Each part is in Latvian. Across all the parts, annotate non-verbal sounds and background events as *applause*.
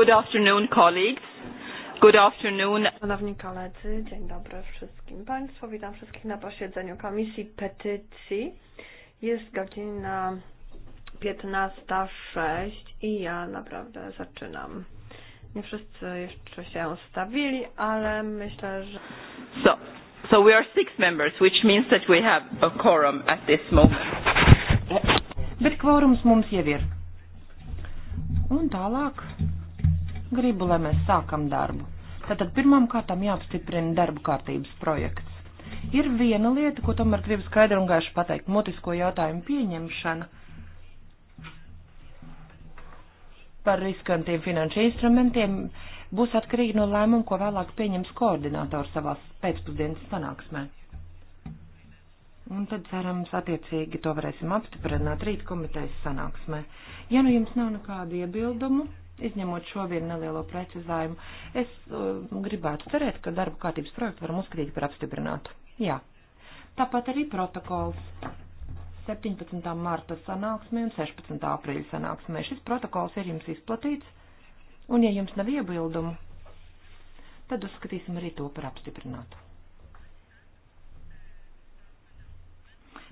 Good afternoon, colleagues. Good afternoon. Szanowni koledzy, dzień dobry wszystkim Państwu. Witam wszystkich na posiedzeniu Komisji Petycji. Jest godzina 15.06 i ja naprawdę zaczynam. Nie wszyscy jeszcze się stawili, ale myślę, że... So, so we are six members, which means that we have a quorum at this moment. Bet kvorums mums jau ir. Un tālāk gribu, lai mēs sākam darbu. Tātad pirmām kārtām jāapstiprina darba kārtības projekts. Ir viena lieta, ko tomēr gribu skaidri un gaiši pateikt - mutisko jautājumu pieņemšana par riskantiem finanšu instrumentiem būs atkarīgi no lēmuma, ko vēlāk pieņems koordinātors savās pēcpusdienas sanāksmē. Un tad cerams, attiecīgi to varēsim apstiprināt rīt komitejas sanāksmē. Ja nu jums nav nekādu iebildumu, izņemot šo vienu nelielo precizējumu. Es uh, gribētu cerēt, ka darba kārtības projektu varam uzskatīt par apstiprinātu. Jā. Tāpat arī protokols 17. marta sanāksmē un 16. aprīļa sanāksmē. Šis protokols ir jums izplatīts, un ja jums nav iebildumu, tad uzskatīsim arī to par apstiprinātu.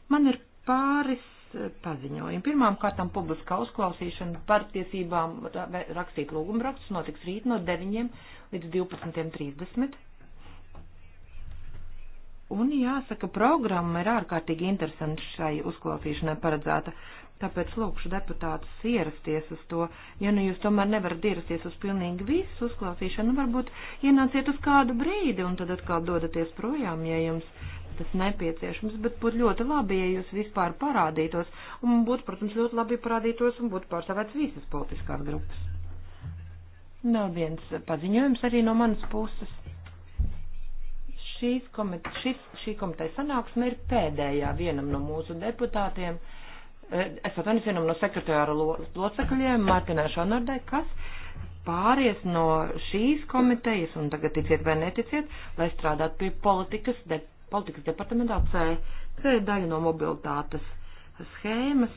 Man ir pāris Eh, paziņojumu. Pirmām kārtām publiskā uzklausīšana par tiesībām rakstīt lūgumrakstus notiks rīt no 9 līdz 12.30. Un jāsaka, programma ir ārkārtīgi interesanta šai uzklausīšanai paredzēta. Tāpēc lūkšu deputātus ierasties uz to. Ja nu jūs tomēr nevarat ierasties uz pilnīgi visu uzklausīšanu, varbūt ienāciet uz kādu brīdi un tad atkal dodaties projām, ja jums tas nepieciešams, bet būtu ļoti labi, ja jūs vispār parādītos, un būtu, protams, ļoti labi parādītos un būtu pārstāvēts visas politiskās grupas. Nav viens paziņojums arī no manas puses. Šīs komite, šis, šī komiteja sanāksme ir pēdējā vienam no mūsu deputātiem, eh, es atvainojos vienam no sekretāra locekļiem, Mārtiņai Šanardai, kas pāries no šīs komitejas, un tagad ticiet vai neticiet, lai strādātu pie politikas, de, politikas departamentā C. Tā ir daļa no mobilitātes schēmas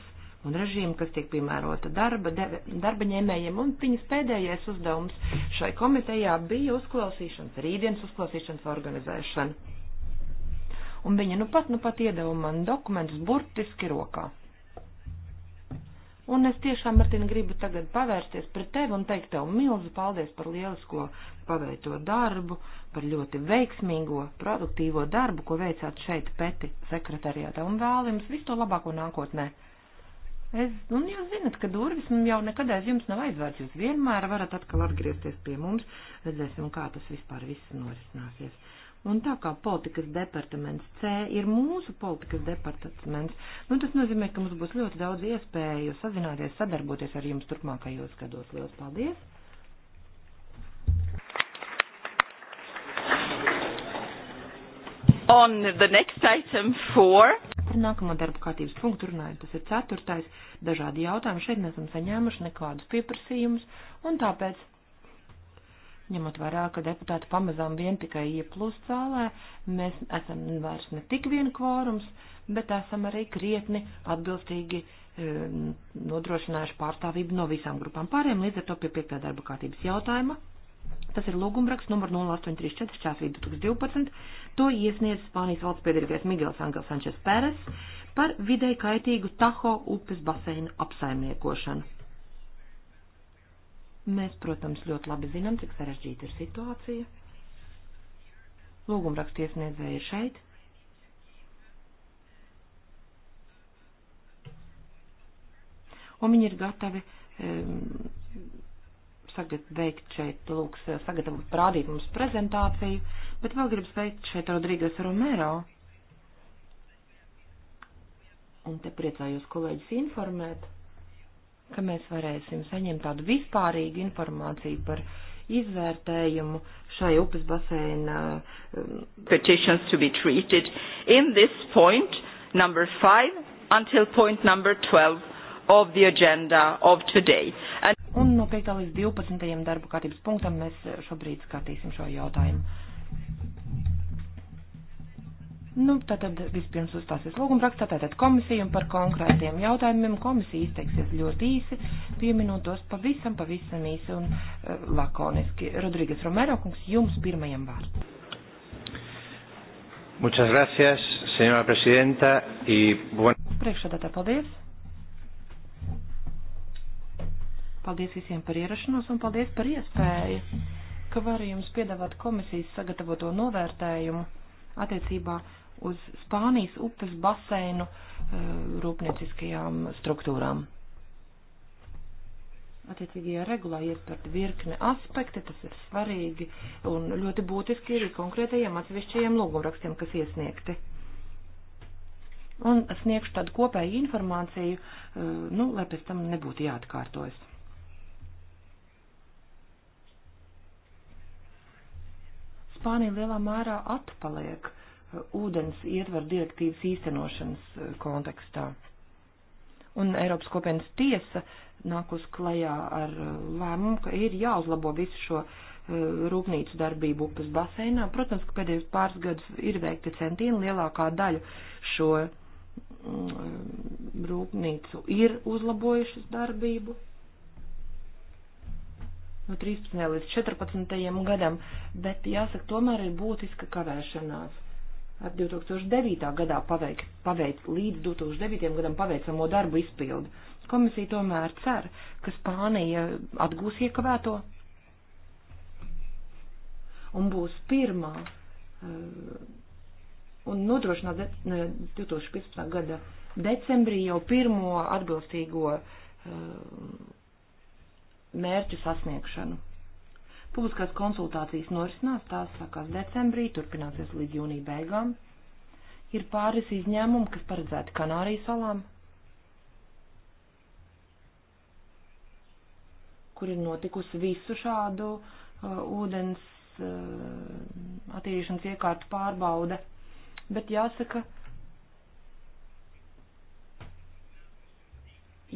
un režīma, kas tiek piemērota darba, de, darba ņēmējiem, un viņas pēdējais uzdevums šai komitejā bija uzklausīšanas, rītdienas uzklausīšanas organizēšana. Un viņa nu pat, nu pat iedeva man dokumentus burtiski rokā. Un es tiešām, Martina, gribu tagad pavērsties pret tevi un teikt tev milzu paldies par lielisko paveikto darbu, par ļoti veiksmīgo, produktīvo darbu, ko veicāt šeit peti sekretariātā un vēl jums visu to labāko nākotnē. Es, un jūs zinat, ka durvis jau nekad aiz jums nav aizvērts, jūs vienmēr varat atkal atgriezties pie mums, redzēsim, kā tas vispār viss norisināsies. Un tā kā politikas departaments C ir mūsu politikas departaments, nu tas nozīmē, ka mums būs ļoti daudz iespēju sazināties, sadarboties ar jums turpmākajos gados. Lielas paldies! On the next item four. Par nākamo darba kārtības punktu runājot, tas ir ceturtais. Dažādi jautājumi šeit nesam saņēmuši nekādus pieprasījumus, un tāpēc ņemot vērā, ka deputāti pamazām vien tikai ieplūst zālē, mēs esam vairs ne tik vien kvorums, bet esam arī krietni atbilstīgi e, nodrošinājuši pārstāvību no visām grupām. Pārējiem līdz ar to pie piektā darba kārtības jautājuma. Tas ir lūgumraksts numur 0834 čāsvīd 2012. To iesniedz Spānijas valsts piedarīgais Miguels Angels Sančes Pēres par videi kaitīgu Taho upes baseina apsaimniekošanu. Mēs, protams, ļoti labi zinām, cik sarežģīta ir situācija. Lūgumrakstu iesniedzēji ir šeit. Un viņi ir gatavi um, sagat, veikt šeit, lūks, sagatavot, parādīt mums prezentāciju, bet vēl gribas veikt šeit Rodrīgas Romero. Un te priecājos kolēģis informēt ka mēs varēsim saņemt tādu vispārīgu informāciju par izvērtējumu šai upes baseina um, petitions to be treated in this point number 5 until point number 12 of the agenda of today. And Un no 5. līdz 12. darba kārtības punktam mēs šobrīd skatīsim šo jautājumu. Nu, tātad vispirms uzstāsies lūgumrakstā, tātad komisija un par konkrētiem jautājumiem. Komisija izteiksies ļoti īsi, pieminot tos pavisam, pavisam īsi un uh, lakoniski. Rodrīgas Romero kungs, jums pirmajam vārds. Muchas gracias, señora presidenta, y buen... Priekšādātā, paldies. Paldies visiem par ierašanos un paldies par iespēju, ka varu jums piedāvāt komisijas sagatavoto novērtējumu attiecībā uz Spānijas upes baseinu eh, rūpnieciskajām struktūrām. Attiecīgajā regulā ietvert virkne aspekti, tas ir svarīgi un ļoti būtiski ir konkrētajiem atsevišķajiem lūgumrakstiem, kas iesniegti. Un sniegšu tādu kopēju informāciju, eh, nu, lai pēc tam nebūtu jāatkārtojas. Spānija lielā mērā atpaliek ūdens ietvaru direktīvas īstenošanas eh, kontekstā. Un Eiropas kopienas tiesa nāk uz klajā ar eh, lēmumu, ka ir jāuzlabo visu šo eh, rūpnīcu darbību upes baseinā. Protams, ka pēdējos pāris gadus ir veikti centieni, lielākā daļa šo mm, rūpnīcu ir uzlabojušas darbību. No 13. līdz 14. gadam, bet jāsaka, tomēr ir būtiska kavēšanās ar 2009. gadā paveikt, paveikt līdz 2009. gadam paveicamo darbu izpildu. Komisija tomēr cer, ka Spānija atgūs iekavēto un būs pirmā eh, un nodrošinās 2015. Eh, gada decembrī jau pirmo atbilstīgo eh, mērķu sasniegšanu. Publiskās konsultācijas norisinās, tās sākās decembrī, turpināsies līdz jūnija beigām. Ir pāris izņēmumi, kas paredzēti Kanārijas salām, kur ir notikusi visu šādu uh, ūdens uh, attīrīšanas iekārtu pārbaude. Bet jāsaka,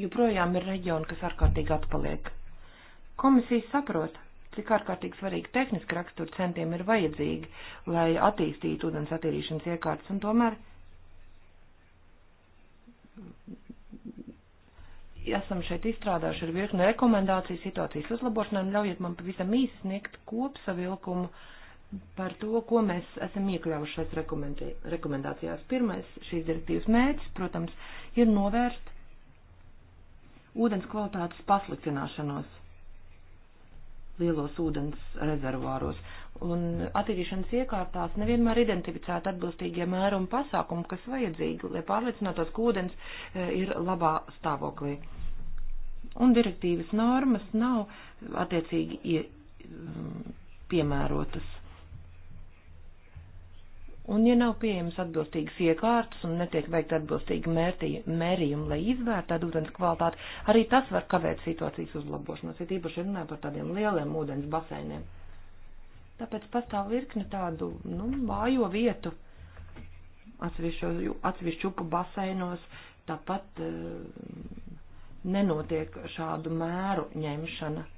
joprojām ir reģioni, kas ārkārtīgi atpaliek. Komisija saprota, cik ārkārtīgi svarīgi tehniski rakstura centiem ir vajadzīgi, lai attīstītu ūdens attīrīšanas iekārtas, un tomēr esam šeit izstrādājuši ar virkni rekomendāciju situācijas uzlabošanai, un ļaujiet man pavisam īsi sniegt kopsavilkumu par to, ko mēs esam iekļaujuši šajās rekomendācijās. Pirmais šīs direktīvas mērķis, protams, ir novērst ūdens kvalitātes pasliktināšanos lielos ūdens rezervāros. Un attīrīšanas iekārtās nevienmēr identificēta atbilstīgie mērumi pasākumi, kas vajadzīgi, lai pārliecinātos, ka ūdens e, ir labā stāvoklī. Un direktīvas normas nav attiecīgi piemērotas. Un, ja nav pieejamas atbilstīgas iekārtas un netiek veikta atbilstīga mērtī, mērījuma, lai izvērtētu ūdens kvalitāti, arī tas var kavēt situācijas uzlabošanos, ir īpaši runājot par tādiem lieliem ūdens baseiniem. Tāpēc pastāv virkne tādu, nu, vājo vietu atsevišķu upu baseinos, tāpat uh, nenotiek šādu mēru ņemšana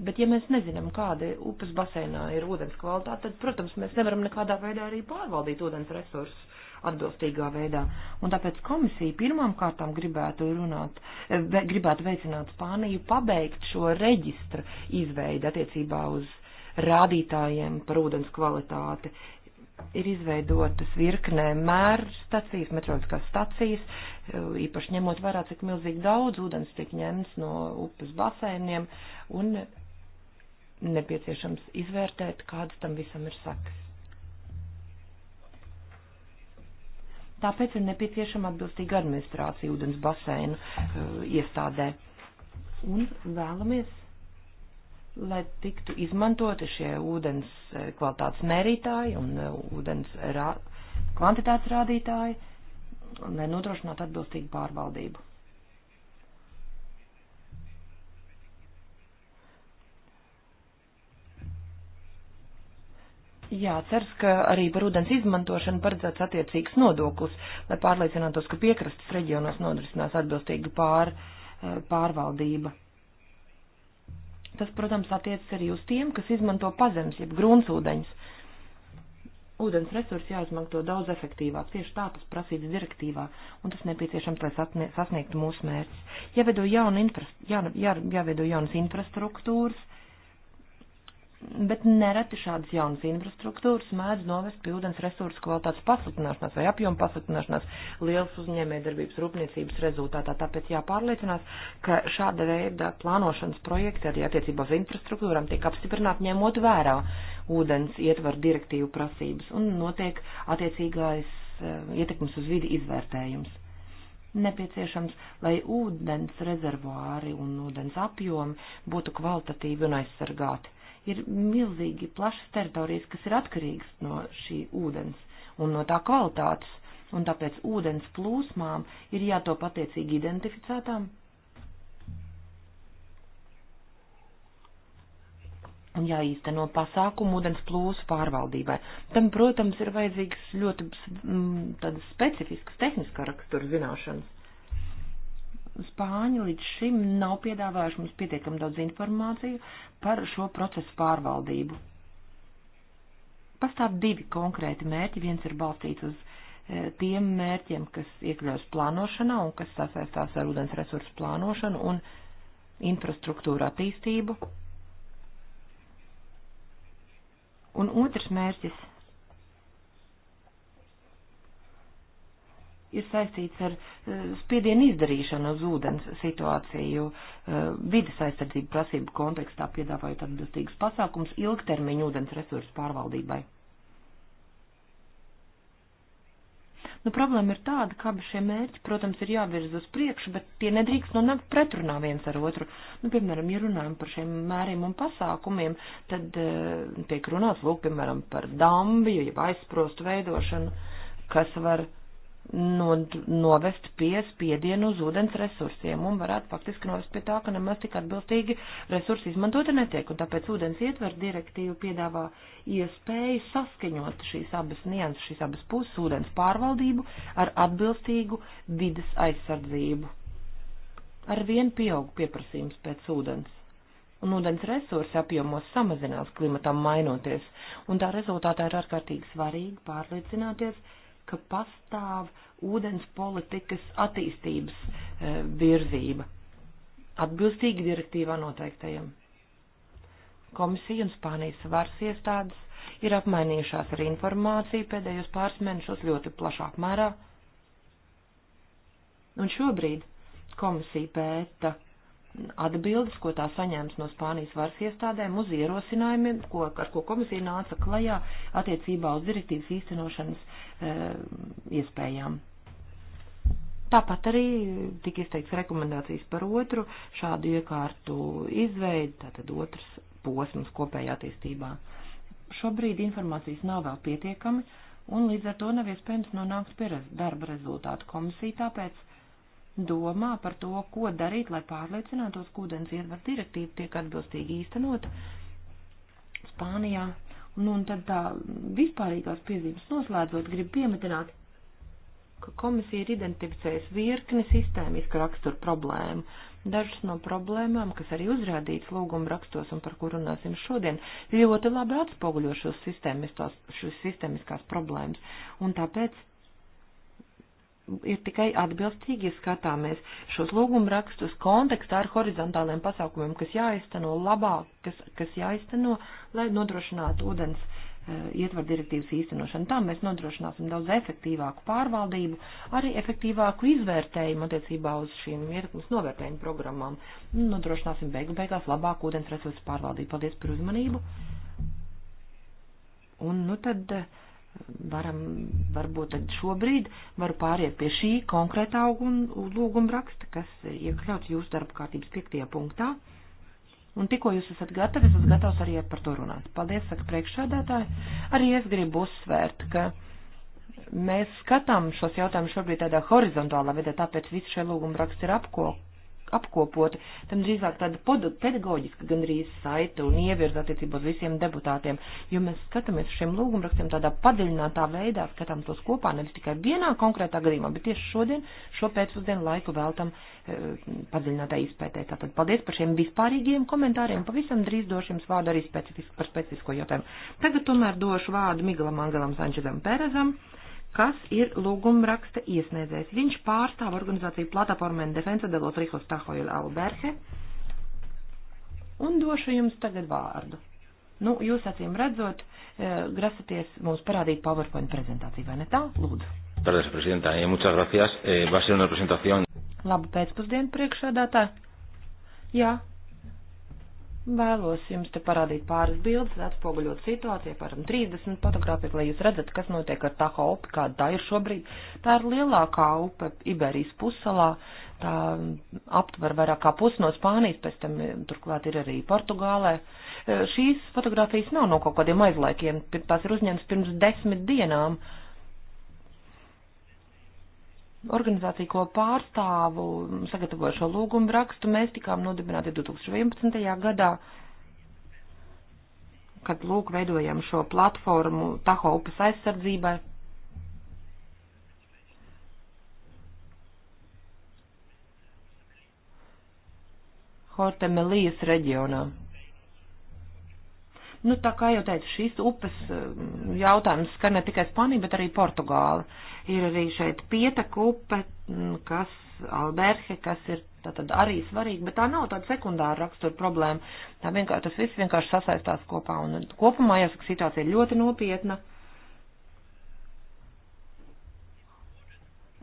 Bet, ja mēs nezinām, kāda upes basēnā ir ūdens kvalitāte, tad, protams, mēs nevaram nekādā veidā arī pārvaldīt ūdens resursus atbilstīgā veidā. Un tāpēc komisija pirmām kārtām gribētu runāt, eh, gribētu veicināt Spāniju pabeigt šo reģistra izveidu attiecībā uz rādītājiem par ūdens kvalitāti. Ir izveidotas virknē mēru stacijas, metrodiskās stacijas, eh, īpaši ņemot vērā, cik milzīgi daudz ūdens tiek ņemts no upes basēniem, un nepieciešams izvērtēt, kādas tam visam ir sakas. Tāpēc ir nepieciešama atbilstīga administrācija ūdens basēnu uh, iestādē. Un vēlamies, lai tiktu izmantoti šie ūdens eh, kvalitātes mērītāji un eh, ūdens rā, kvantitātes rādītāji, lai nodrošinātu atbilstīgu pārvaldību. Jā, cerams, ka arī par ūdens izmantošanu paredzēts attiecīgs nodoklis, lai pārliecinātos, ka piekrastes reģionos nodrošinās atbilstīga pār, eh, pārvaldība. Tas, protams, attiecas arī uz tiem, kas izmanto pazemes, jeb gruntsūdeņus. Ūdens resursi jāizmanto daudz efektīvāk, tieši tā tas prasīts direktīvā, un tas nepieciešams, lai sasniegtu mūsu mērķis. Jāvedo, jauna infra, jā, jā, jāvedo jaunas infrastruktūras, bet nereti šādas jaunas infrastruktūras mēdz novest pie ūdens resursu kvalitātes pasliktināšanās vai apjoma pasliktināšanās liels uzņēmējdarbības rūpniecības rezultātā. Tāpēc jāpārliecinās, ka šāda veida plānošanas projekti arī attiecībā uz infrastruktūram tiek apstiprināti ņemot vērā ūdens ietvaru direktīvu prasības un notiek attiecīgais eh, ietekmes uz vidi izvērtējums nepieciešams, lai ūdens rezervuāri un ūdens apjomi būtu kvalitatīvi un aizsargāti ir milzīgi plašas teritorijas, kas ir atkarīgas no šī ūdens un no tā kvalitātes, un tāpēc ūdens plūsmām ir jātop attiecīgi identificētām. Un jāīsteno pasākumu ūdens plūsu pārvaldībai. Tam, protams, ir vajadzīgas ļoti mm, tādas specifiskas tehniskā rakstura zināšanas. Spāņi līdz šim nav piedāvājuši mums pietiekam daudz informāciju par šo procesu pārvaldību. Pastāv divi konkrēti mērķi. Viens ir balstīts uz e, tiem mērķiem, kas iekļaus plānošanā un kas sasaistās ar ūdens resursu plānošanu un infrastruktūru attīstību. Un otrs mērķis ir saistīts ar eh, spiedienu izdarīšanu uz ūdens situāciju, eh, vidas aizsardzību prasību kontekstā, piedāvājot atbilstīgus pasākums ilgtermiņu ūdens resursu pārvaldībai. Nu, problēma ir tāda, ka abi šie mērķi, protams, ir jāvirza uz priekšu, bet tie nedrīkst nonākt pretrunā viens ar otru. Nu, piemēram, ja runājam par šiem mēriem un pasākumiem, tad uh, tiek runāts, lūk, piemēram, par dambju, jeb aizsprostu veidošanu, kas var uh, no, novest pie spiedienu uz ūdens resursiem un varētu faktiski novest pie tā, ka nemaz tik atbilstīgi resursi izmantoti netiek. Un tāpēc ūdens ietver direktīvu piedāvā iespēju saskaņot šīs abas nianses, šīs abas puses ūdens pārvaldību ar atbilstīgu vidas aizsardzību. Ar vienu pieaug pieprasījums pēc ūdens un ūdens resursi apjomos samazinās klimatam mainoties, un tā rezultātā ir ārkārtīgi svarīgi pārliecināties, ka pastāv ūdens politikas attīstības e, virzība atbilstīgi direktīvā noteiktajam. Komisija un Spānijas varas iestādes ir apmainījušās ar informāciju pēdējos pāris mēnešos ļoti plašā apmērā, un šobrīd komisija pēta atbildes, ko tā saņēma no Spānijas varas iestādēm uz ierosinājumiem, ko, ar ko komisija nāca klajā attiecībā uz direktīvas īstenošanas e, iespējām. Tāpat arī tika izteikts rekomendācijas par otru šādu iekārtu izveidi, tātad otrs posms kopējā attīstībā. Šobrīd informācijas nav vēl pietiekami, un līdz ar to nav iespējams nonākt pie darba rezultātu komisija, tāpēc domā par to, ko darīt, lai pārliecinātos, ka ūdens ietver direktīva tiek atbilstīgi īstenot Spānijā. Nu, un tad tā vispārīgās piezīmes noslēdzot, gribu piemetināt, ka komisija ir identificējusi virkni sistēmisku raksturu problēmu. Dažas no problēmām, kas arī uzrādīts lūguma rakstos un par kur runāsim šodien, ļoti labi atspoguļo šos sistēmiskās problēmas, un tāpēc ir tikai atbilstīgi, ja skatāmies šos lūgumu rakstus kontekstā ar horizontāliem pasākumiem, kas jāizteno labāk, kas, kas jāizteno, lai nodrošinātu ūdens uh, e, ietvar direktīvas īstenošanu. Tā mēs nodrošināsim daudz efektīvāku pārvaldību, arī efektīvāku izvērtējumu attiecībā uz šīm ietekmes novērtējumu programmām. Nodrošināsim beigu beigās labāku ūdens resursu pārvaldību. Paldies par uzmanību. Un nu tad. Uh, varam, varbūt tad šobrīd varu pāriet pie šī konkrētā lūguma raksta, kas ir iekļauts jūsu darba kārtības piektajā punktā. Un tikko jūs esat gatavi, es esmu gatavs arī par to runāt. Paldies, saka priekšsādātāji. Arī es gribu uzsvērt, ka mēs skatām šos jautājumus šobrīd tādā horizontālā veidā, tāpēc visi šie lūguma raksti ir apkopoti apkopota, tam drīzāk tāda pedagoģiska gandrīz saita un ievirza attiecībā uz visiem deputātiem, jo mēs skatāmies šiem lūgumrakstiem tādā padziļinātā veidā, skatām tos kopā, nevis tikai vienā konkrētā gadījumā, bet tieši šodien, šo pēcpusdienu laiku veltam e, padziļinātā izpētē. Tātad paldies par šiem vispārīgiem komentāriem, pavisam drīz došu jums vārdu arī specifiski par specifisko jautājumu. Tagad tomēr došu vārdu Miguelam Angelam Sančezam Perezam kas ir lūguma raksta iesniedzējs. Viņš pārstāv organizāciju Plataforma en Defensa de los Rijos Tahoil Alberge. Un došu jums tagad vārdu. Nu, jūs acīm redzot, eh, grasaties mums parādīt PowerPoint prezentāciju, vai ne tā? Lūdzu. Tardes, prezidentā. Ja, eh, muchas gracias. Eh, va ser una presentación. Labu pēcpusdienu priekšādātā. Jā, Vēlos jums te parādīt pāris bildes, atspoguļot situāciju, apmēram 30 fotogrāfiju, lai jūs redzat, kas notiek ar Taho upi, kāda tā ir šobrīd. Tā ir lielākā upe Iberijas pussalā, tā aptver vairāk kā pusi no Spānijas, pēc tam eh, turklāt ir arī Portugālē. Eh, šīs fotogrāfijas nav no kaut kādiem aizlaikiem, tās ir uzņemtas pirms desmit dienām. Uh, organizācija, ko pārstāvu, sagatavoja šo lūgumu rakstu, mēs tikām nodibināti 2011. gadā, kad lūk veidojam šo platformu Taho upes aizsardzībai. Hortemelijas reģionā. Nu, tā kā jau teicu, šīs upes eh, jautājums skar ne tikai Spāniju, bet arī Portugāli. Ir arī šeit pietaku upe, mm, kas Alberhe, kas ir tātad arī svarīga, bet tā nav tāda sekundāra rakstura problēma. Tā vienkārši, tas viss vienkārši sasaistās kopā, un kopumā, jāsaka, situācija ir ļoti nopietna.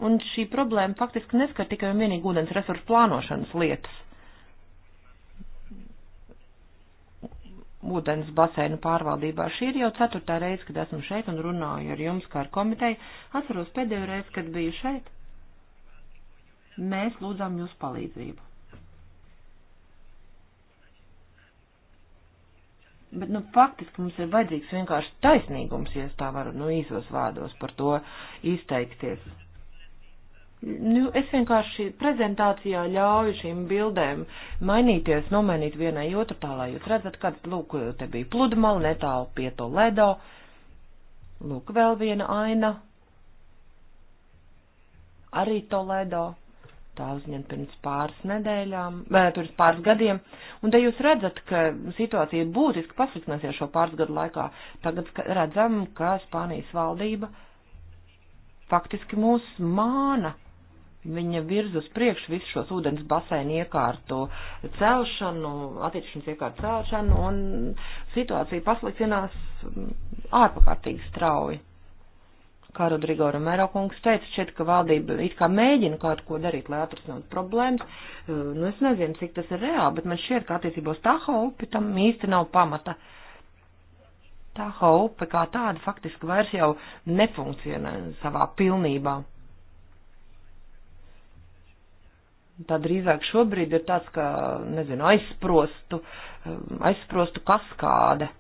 Un šī problēma faktiski neskar tikai un vienīgi ūdens resursu plānošanas lietas ūdens baseinu pārvaldībā. Šī ir jau ceturtā reize, kad esmu šeit un runāju ar jums kā ar komiteju. Atceros pēdējo reizi, kad biju šeit. Mēs lūdzām jūsu palīdzību. Bet, nu, faktiski mums ir vajadzīgs vienkārši taisnīgums, ja es tā varu, nu, īsos vārdos par to izteikties Nu, es vienkārši prezentācijā ļauju šīm bildēm mainīties, nomainīt vienai otru tā, lai jūs redzat, kad, lūk, te bija pludmale, netālu pie to ledo. Lūk, vēl viena aina. Arī to ledo. Tā uzņem pirms pāris nedēļām, vai pirms pāris gadiem. Un te jūs redzat, ka situācija būtiski pasliktināsies šo pāris gadu laikā. Tagad redzam, ka Spānijas valdība faktiski mūs māna Viņa virz uz priekšu visu šos ūdens basēnu iekārtu celšanu, attīstības iekārtu celšanu, un situācija pasliktinās mm, ārpakārtīgi strauji. Kā Rodrigo Romero kungs teica, šķiet, ka valdība it kā mēģina kaut ko darīt, lai atrisinātu problēmas. Nu, es nezinu, cik tas ir reāli, bet man šķiet, ka attiecībos tā haupi tam īsti nav pamata. Uh, tā haupa kā tāda faktiski vairs jau nefunkcionē savā pilnībā. Tā drīzāk šobrīd ir tāds, ka, nezinu, aizsprostu, um, aizsprostu kaskāde.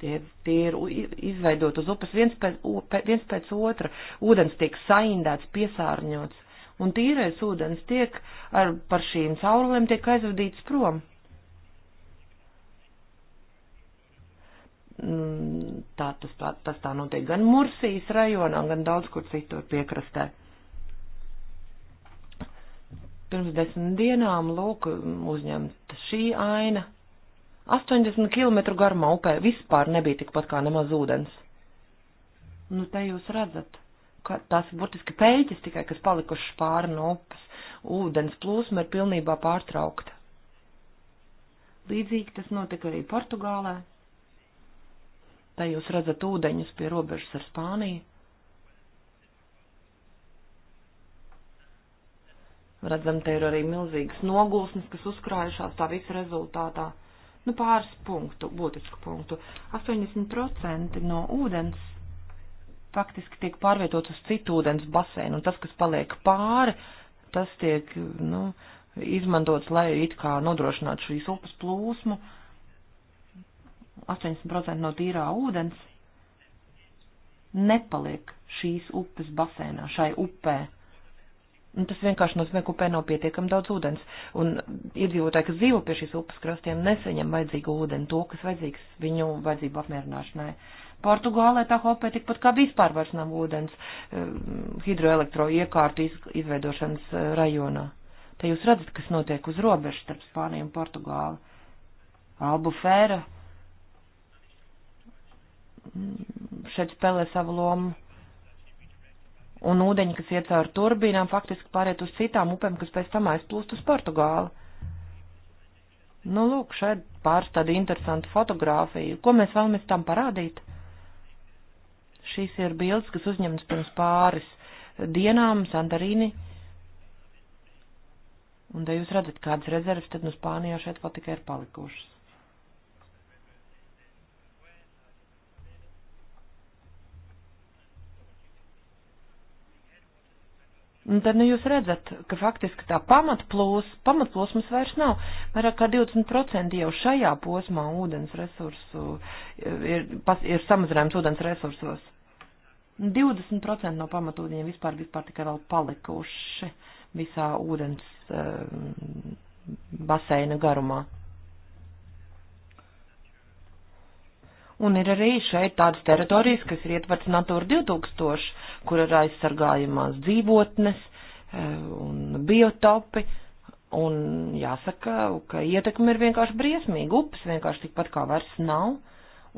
Tie, tie ir izveidot uz upes viens pēc, viens pēc otra. Ūdens tiek saindēts, piesārņots, un tīrais ūdens tiek ar, par šīm caurulēm tiek aizvadīts prom. Mm, tā, tas, tā, tas tā notiek gan Mursijas rajonā, gan daudz kur citur piekrastē. Pirms desmit dienām, lūk, uzņemta šī aina. 80 km garumā upē vispār nebija tikpat kā nemaz ūdens. Nu, te jūs redzat, ka tās ir burtiski pēķis tikai, kas palikušas pāri no upes. Ūdens plūsma ir pilnībā pārtraukta. Līdzīgi tas notika arī Portugālē. Te jūs redzat ūdeņus pie robežas ar Spāniju. Redzam, te ir arī milzīgas nogulsnes, kas uzkrājušās tā visa rezultātā. Nu, pāris punktu, būtisku punktu. 80% no ūdens faktiski tiek pārvietot uz citu ūdens basēnu, un tas, kas paliek pāri, tas tiek, nu, izmantots, lai it kā nodrošinātu šīs upes plūsmu. 80% no tīrā ūdens nepaliek šīs upes basēnā, šai upē. Un tas vienkārši nozīmē, ka upē nav pietiekami daudz ūdens. Un iedzīvotāji, kas dzīvo pie šīs upes krastiem, neseņem vajadzīgu ūdeni, to, kas vajadzīgs viņu vajadzību apmierināšanai. Portugālē tā hopē tikpat kā vispār vairs nav ūdens eh, hidroelektro iekārtu izveidošanas eh, rajonā. Te jūs redzat, kas notiek uz robežas starp Spāniju un Portugāli. Albufēra mm, šeit spēlē savu lomu un ūdeņi, kas iet cauri turbīnām, faktiski pāriet uz citām upēm, kas pēc tam aizplūst uz Portugāli. Nu, lūk, šeit pāris tādu interesantu fotogrāfiju. Ko mēs vēlamies tam parādīt? Šīs ir bildes, kas uzņemtas pirms pāris dienām Santarīni. Un te jūs redzat, kādas rezerves tad nu Spānijā šeit vēl tikai ir palikušas. Un tad nu, jūs redzat, ka faktiski tā pamatplūs, pamatplūsmas vairs nav. Vairāk kā 20% jau šajā posmā ūdens resursu e, ir, pas, ir samazinājums ūdens resursos. 20% no pamatūdeņiem vispār, vispār tikai vēl palikuši visā ūdens um, baseina garumā. Un ir arī šeit tādas teritorijas, kas ir ietverts Natūra 2000, kur ir aizsargājumās dzīvotnes e, un biotopi. Un jāsaka, ka ietekme ir vienkārši briesmīga. Upes vienkārši tikpat kā vairs nav.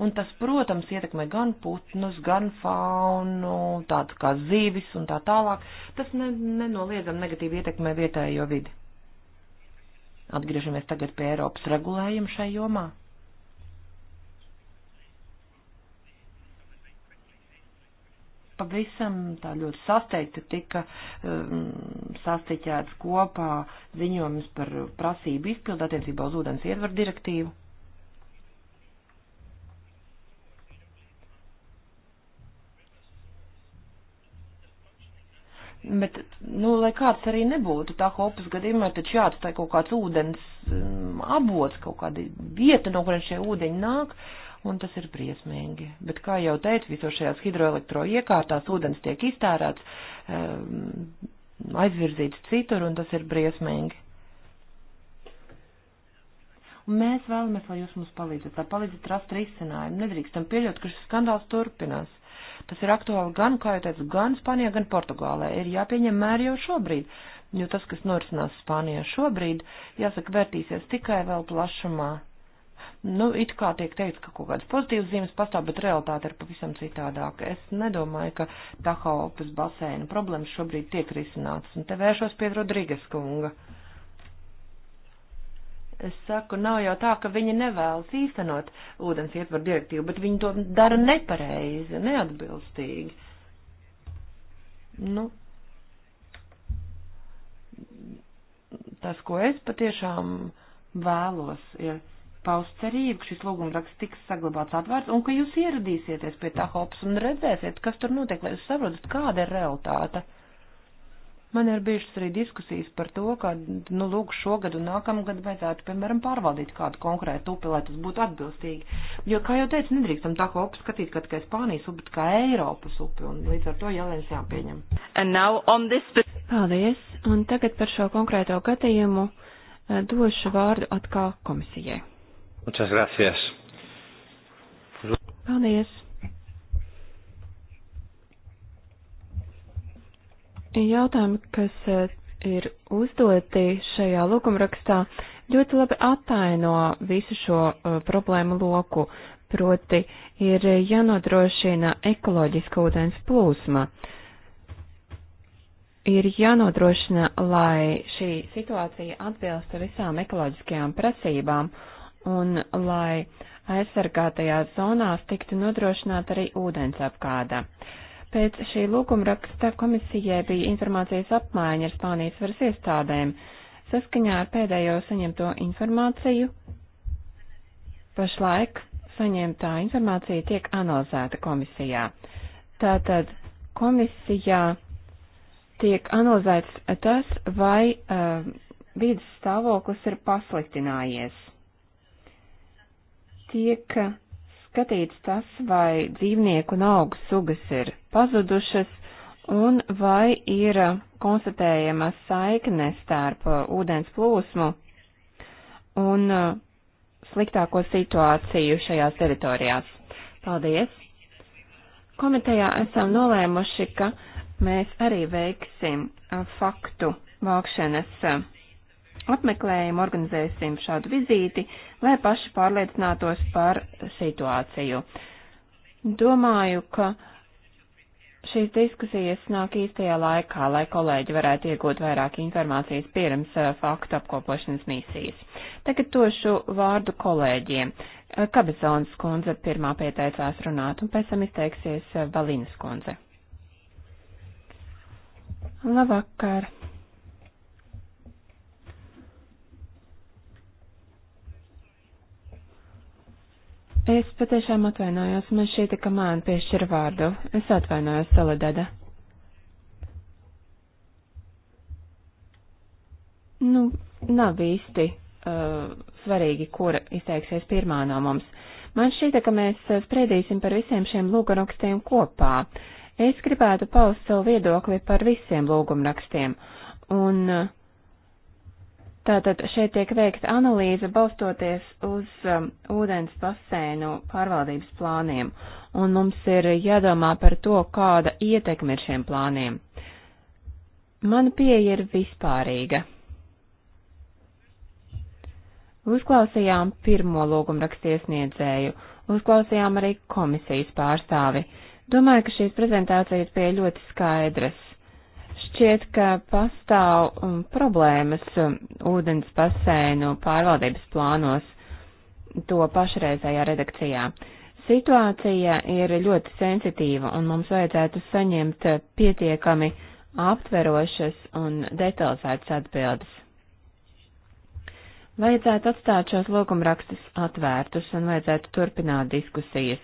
Un tas, protams, ietekmē gan putnus, gan faunu, tādu kā zīvis un tā tālāk. Tas ne, nenoliedzami negatīvi ietekmē vietējo vidi. Atgriežamies tagad pie Eiropas regulējuma šai jomā. pavisam tā ļoti sasteigta tika um, sastiķēts kopā ziņojums par prasību izpildu attiecībā uz ūdens iedvaru direktīvu. Bet, nu, lai kāds arī nebūtu, tā hopas gadījumā taču jāatstāj kaut kāds ūdens um, avots, kaut kāda vieta, no kurien šie ūdeņi nāk. Uh, un tas ir briesmīgi. Bet, kā jau teicu, visos šajās hidroelektro iekārtās ūdens tiek iztērēts, ehm, aizvirzīts citur, un tas ir briesmīgi. Un mēs vēlamies, lai jūs mums palīdzat, lai palīdzat rast risinājumu. Nedrīkstam pieļaut, ka šis skandāls turpinās. Tas ir aktuāli gan, kā jau teicu, gan Spānijā, gan Portugālē. Ir jāpieņem mēri jau šobrīd, jo tas, kas norisinās Spānijā šobrīd, jāsaka, vērtīsies tikai vēl plašumā nu, it kā tiek teikt, ka kaut kādas pozitīvas zīmes pastāv, bet realitāte ir pavisam citādāka. Es nedomāju, ka Tahopas basēna problēmas šobrīd tiek risinātas, un te vēršos pie Rodrīgas kunga. Es saku, nav jau tā, ka viņi nevēlas īstenot ūdens ietvaru direktīvu, bet viņi to dara nepareizi, neatbilstīgi. Nu, tas, ko es patiešām vēlos, ir. Ja paust cerību, ka šis lūgumraksts tiks saglabāts atvērts un ka jūs ieradīsieties pie tā hops un redzēsiet, kas tur notiek, lai jūs saprotat, kāda ir realitāte. Man ir bijušas arī diskusijas par to, ka, nu, lūk, šogad un nākamgad vajadzētu, piemēram, pārvaldīt kādu konkrētu upi, lai tas būtu atbilstīgi. Jo, kā jau teicu, nedrīkstam tā kā upi skatīt, ka tikai Spānijas upi, kā Eiropas upi, un līdz ar to jālēns jāpieņem. This... Paldies, un tagad par šo konkrēto gadījumu eh, došu vārdu atkal komisijai. Muchas gracias. Paldies. Jautājumi, kas eh, ir uzdoti šajā lūgumrakstā, ļoti labi ataino visu šo uh, problēmu loku, proti ir jānodrošina ekoloģiska ūdens plūsma. Ir jānodrošina, lai šī situācija atbilsta visām ekoloģiskajām prasībām un lai aizsargātajās zonās tiktu nodrošināta arī ūdens apkāda. Pēc šī lūgumraksta komisijai bija informācijas apmaiņa ar Spānijas varas iestādēm. Saskaņā ar pēdējo saņemto informāciju pašlaik saņemtā informācija tiek analizēta komisijā. Tātad komisijā tiek analizēts tas, vai uh, vidas stāvoklis ir pasliktinājies tiek skatīts tas, vai dzīvnieku un augu sugas ir pazudušas un vai ir konstatējama saikne starp uh, ūdens plūsmu un uh, sliktāko situāciju šajās teritorijās. Paldies! Komitejā esam nolēmuši, ka mēs arī veiksim uh, faktu vākšanas apmeklējumu, organizēsim šādu vizīti, lai paši pārliecinātos par situāciju. Domāju, ka šīs diskusijas nāk īstajā laikā, lai kolēģi varētu iegūt vairāk informācijas pirms eh, faktu apkopošanas misijas. Tagad tošu vārdu kolēģiem. Eh, Kabezonas kundze pirmā pieteicās runāt, un pēc tam izteiksies Valinas eh, kundze. Labvakar! Es patiešām atvainojos, man šķiet, ka man piešķir vārdu. Es atvainojos, Saladada. Nu, nav īsti uh, svarīgi, kura izteiksies pirmā no mums. Man šķita, ka mēs uh, spriedīsim par visiem šiem lūgumrakstiem kopā. Es gribētu paust savu viedokli par visiem lūgumrakstiem. Un uh, Tātad šeit tiek veikta analīze balstoties uz um, ūdens basēnu pārvaldības plāniem, un mums ir jādomā par to, kāda ietekme ir šiem plāniem. Mana pieeja ir vispārīga. Uzklausījām pirmo lūgumrakstiesniedzēju, uzklausījām arī komisijas pārstāvi. Domāju, ka šīs prezentācijas bija ļoti skaidras šķiet, ka pastāv um, problēmas um, ūdens basēnu pārvaldības plānos to pašreizējā redakcijā. Situācija ir ļoti sensitīva un mums vajadzētu saņemt uh, pietiekami aptverošas un detalizētas atbildes. Vajadzētu atstāt šos lūgumrakstus atvērtus un vajadzētu turpināt diskusijas.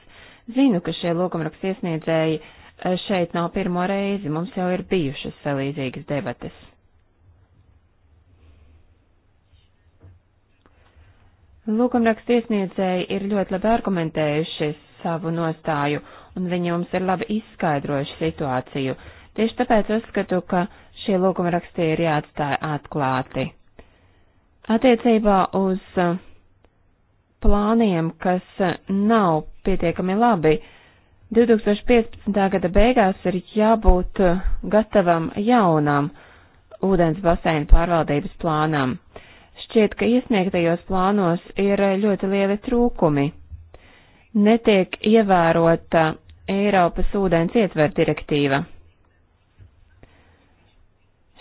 Zinu, ka šie lūgumrakstu iesniedzēji uh, Eh, šeit nav pirmo reizi, mums jau ir bijušas salīdzīgas debates. Lūgumraksta iesniedzēji ir ļoti labi argumentējuši savu nostāju, un viņi mums ir labi izskaidrojuši situāciju. Tieši tāpēc uzskatu, ka šie lūgumraksti ir jāatstāja atklāti. Attiecībā uz eh, plāniem, kas eh, nav pietiekami labi, uh, 2015. gada beigās ir jābūt eh, gatavam jaunam ūdens baseinu pārvaldības plānam. Šķiet, ka iesniegtajos plānos ir ļoti lieli trūkumi. Netiek ievērota Eiropas ūdens ietver direktīva.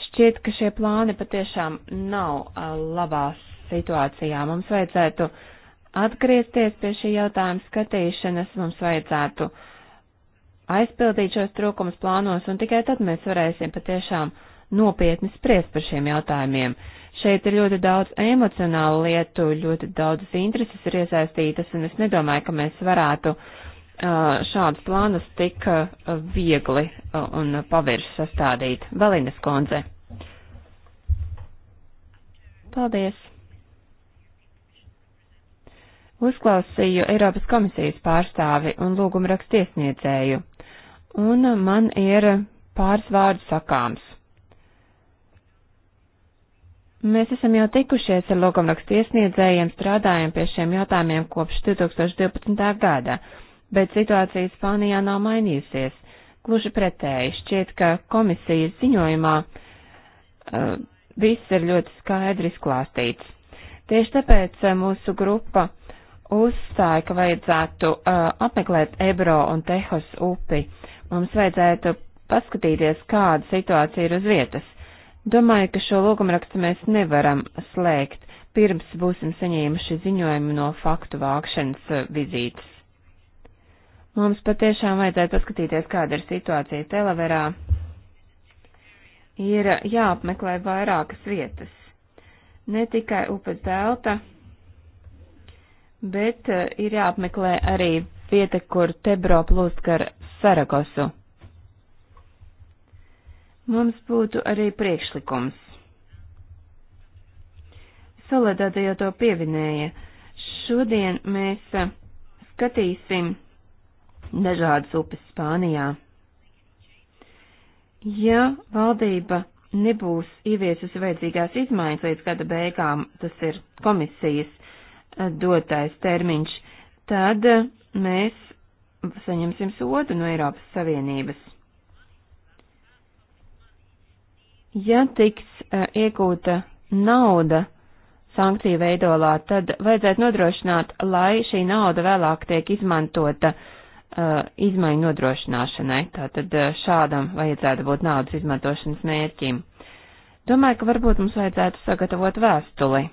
Šķiet, ka šie plāni patiešām nav eh, labās situācijā. Mums vajadzētu atgriezties pie šī jautājuma skatīšanas, mums vajadzētu uh, aizpildīt šos trūkumus plānos, un tikai tad mēs varēsim patiešām nopietni spriest par šiem jautājumiem. Šeit ir ļoti daudz emocionālu lietu, ļoti daudzas intereses ir iesaistītas, un es nedomāju, ka mēs varētu šādus plānus tik viegli un pavirši sastādīt. Valīnas Konze. Paldies! Uzklausīju Eiropas komisijas pārstāvi un lūgumu rakstiesniedzēju un man ir pāris vārdu sakāms. Mēs esam jau tikušies ar logomrakstu iesniedzējiem, strādājam pie šiem jautājumiem kopš 2012. gada, bet situācija Spānijā nav mainījusies. Gluži pretēji, šķiet, ka komisijas ziņojumā uh, viss ir ļoti skaidri izklāstīts. Tieši tāpēc uh, mūsu grupa uzstāja, ka vajadzētu uh, apmeklēt Ebro un Tehos upi Mums vajadzētu paskatīties, kāda situācija ir uz vietas. Domāju, ka šo lūgumrakstu mēs nevaram slēgt, pirms būsim saņēmuši ziņojumu no faktu vākšanas uh, vizītes. Mums patiešām vajadzētu paskatīties, kāda ir situācija Telaverā. Ir jāapmeklē vairākas vietas. Ne tikai upes delta, bet uh, ir jāapmeklē arī vieta, kur Tebro plūst kar Saragosu. Mums būtu arī priekšlikums. Soledāte jau to pieminēja. Šodien mēs skatīsim dažādas upes Spānijā. Ja valdība nebūs ieviesusi vajadzīgās izmaiņas līdz gada beigām, tas ir komisijas dotais termiņš, tad mēs saņemsim sodu no Eiropas Savienības. Ja tiks uh, iegūta nauda sankciju veidolā, tad vajadzētu nodrošināt, lai šī nauda vēlāk tiek izmantota uh, izmaiņu nodrošināšanai. Tātad uh, šādam vajadzētu būt naudas izmantošanas mērķim. Domāju, ka varbūt mums vajadzētu sagatavot vēstuli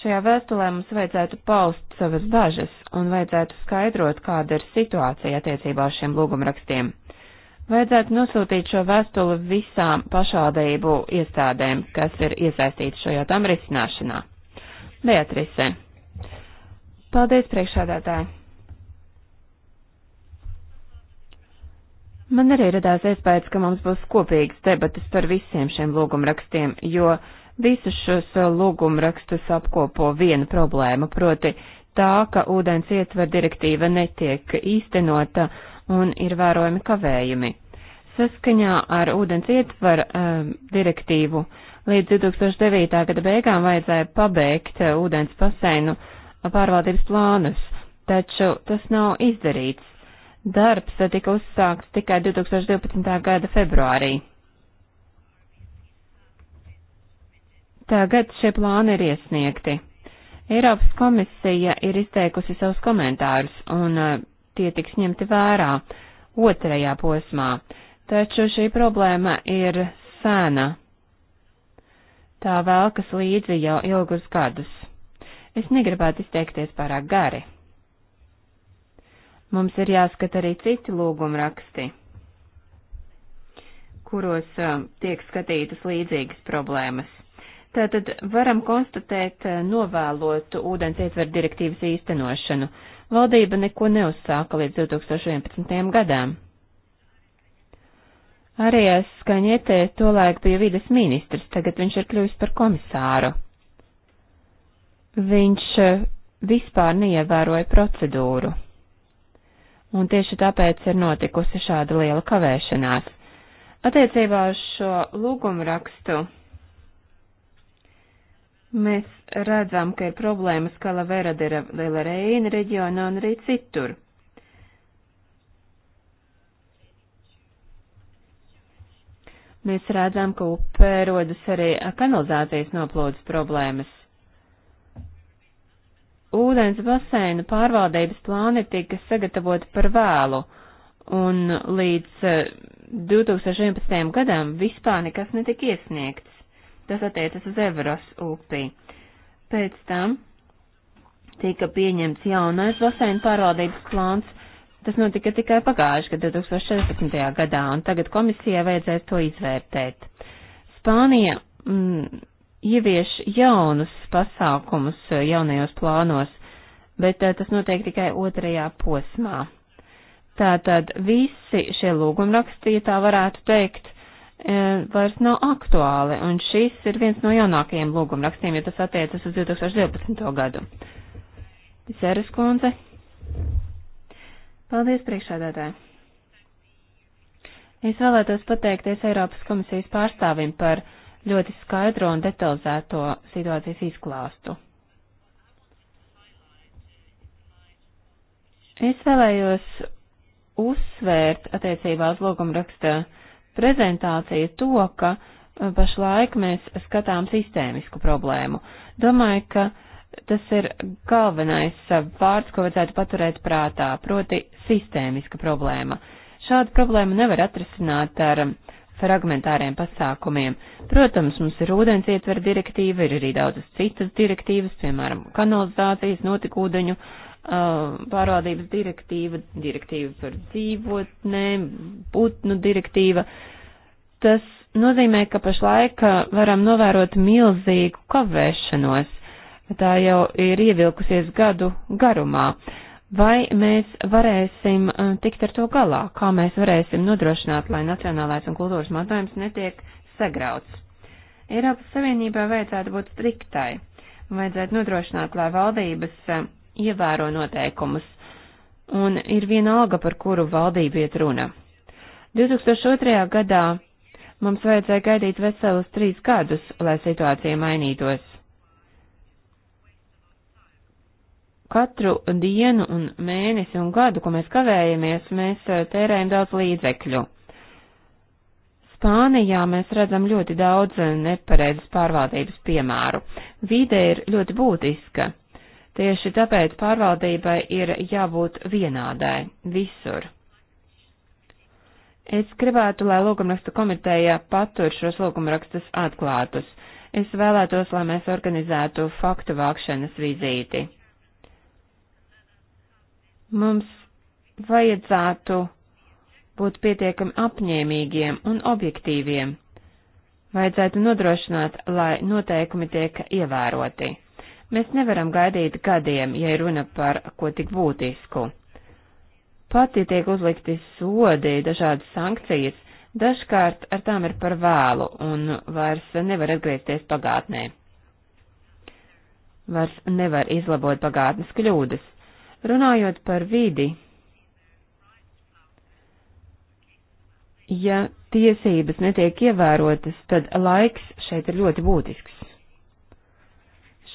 Šajā vēstulē mums vajadzētu paust savas bažas un vajadzētu skaidrot, kāda ir situācija attiecībā uz šiem lūgumrakstiem. Vajadzētu nosūtīt šo vēstuli visām pašvaldību iestādēm, kas ir iesaistītas šo jautājumu risināšanā. Beatrise. Paldies, priekšādātāji. Man arī radās iespējas, ka mums būs kopīgas debatas par visiem šiem lūgumrakstiem, jo uh, Visus šos eh, lūgumrakstus apkopo viena problēma, proti tā, ka ūdens ietver direktīva netiek īstenota un ir vērojami kavējumi. Saskaņā ar ūdens ietver um, direktīvu līdz 2009. gada beigām vajadzēja pabeigt eh, ūdens paseinu pārvaldības plānus, taču tas nav izdarīts. Darbs tika uzsākts tikai 2012. gada februārī. Tagad šie plāni ir iesniegti. Eiropas komisija ir izteikusi savus komentārus, un uh, tie tiks ņemti vērā otrajā posmā, taču šī problēma ir sena. Tā velkas līdzi jau ilgus gadus. Es negribētu izteikties pārāk gari. Mums ir jāskata arī citi lūguma raksti, kuros uh, tiek skatītas līdzīgas problēmas. Tātad varam konstatēt eh, novēlotu ūdens ietveru direktīvas īstenošanu. Valdība neko neuzsāka līdz 2011. gadām. Arijas Skaņietē tolaik bija vides ministrs, tagad viņš ir kļuvis par komisāru. Viņš eh, vispār neievēroja procedūru. Un tieši tāpēc ir notikusi šāda liela kavēšanās. Attiecībā uz šo lūgumu rakstu Mēs redzam, ka ir problēmas Kalavera de la Reina reģionā un arī citur. Mēs redzam, ka upē rodas arī kanalizācijas noplūdes problēmas. Ūdens baseinu pārvaldības plāni tika sagatavoti par vēlu, un līdz 2011. Eh, gadam vispār nekas netika iesniegts. Tas attiecas uz Everas upi. Pēc tam tika pieņemts jaunais basēnu pārvaldības plāns. Tas notika tikai pagājuši, kad 2016. gadā, un tagad komisijai vajadzēs to izvērtēt. Spānija mm, ievieš jaunus pasākumus eh, jaunajos plānos, bet eh, tas notiek tikai otrajā posmā. Tātad visi šie lūgumraksti, ja tā varētu teikt, E, vairs nav aktuāli, un šis ir viens no jaunākajiem lūgumrakstiem, jo tas attiecas uz 2012. gadu. Sēras kundze. Paldies priekšādātāji. Es vēlētos pateikties Eiropas komisijas pārstāvim par ļoti skaidro un detalizēto situācijas izklāstu. Es vēlējos uzsvērt attiecībā uz lūgumraksta raksta prezentācija to, ka e, pašlaik mēs skatām sistēmisku problēmu. Domāju, ka tas ir galvenais vārds, ko vajadzētu paturēt prātā, proti sistēmiska problēma. Šādu problēmu nevar atrisināt ar fragmentāriem pasākumiem. Protams, mums ir ūdens ietvera direktīva, ir arī daudzas citas direktīvas, piemēram, kanalizācijas, notikūdeņu Uh, pārvaldības direktīva, direktīva par dzīvotnēm, putnu direktīva. Tas nozīmē, ka pašlaik uh, varam novērot milzīgu kavēšanos. Tā jau ir ievilkusies gadu garumā. Vai mēs varēsim uh, tikt ar to galā? Kā mēs varēsim nodrošināt, lai nacionālais un kultūras mantojums netiek sagrauts? Eiropas Savienībā vajadzētu būt striktai. Vajadzētu nodrošināt, lai valdības ievēro noteikumus, un ir viena alga, par kuru valdība iet runa. 2002. gadā mums vajadzēja gaidīt veselus trīs gadus, lai situācija mainītos. Katru dienu un mēnesi un gadu, ko mēs kavējamies, mēs eh, tērējam daudz līdzekļu. Spānijā mēs redzam ļoti daudz eh, nepareizes pārvaldības piemēru. Vide ir ļoti būtiska. Tieši tāpēc pārvaldībai ir jābūt vienādai visur. Es gribētu, lai lūgumrakstu komiteja patur šos lūgumrakstus atklātus. Es vēlētos, lai mēs organizētu faktu vākšanas vizīti. Mums vajadzētu būt pietiekami apņēmīgiem un objektīviem. Vajadzētu nodrošināt, lai noteikumi tiek ievēroti. Mēs nevaram gaidīt gadiem, ja runa par ko tik būtisku. Pati tiek uzlikti sodi, dažādas sankcijas, dažkārt ar tām ir par vēlu un vairs nevar atgriezties pagātnē. Vairs nevar izlabot pagātnes kļūdas. Runājot par vidi, ja tiesības netiek ievērotas, tad laiks šeit ir ļoti būtisks.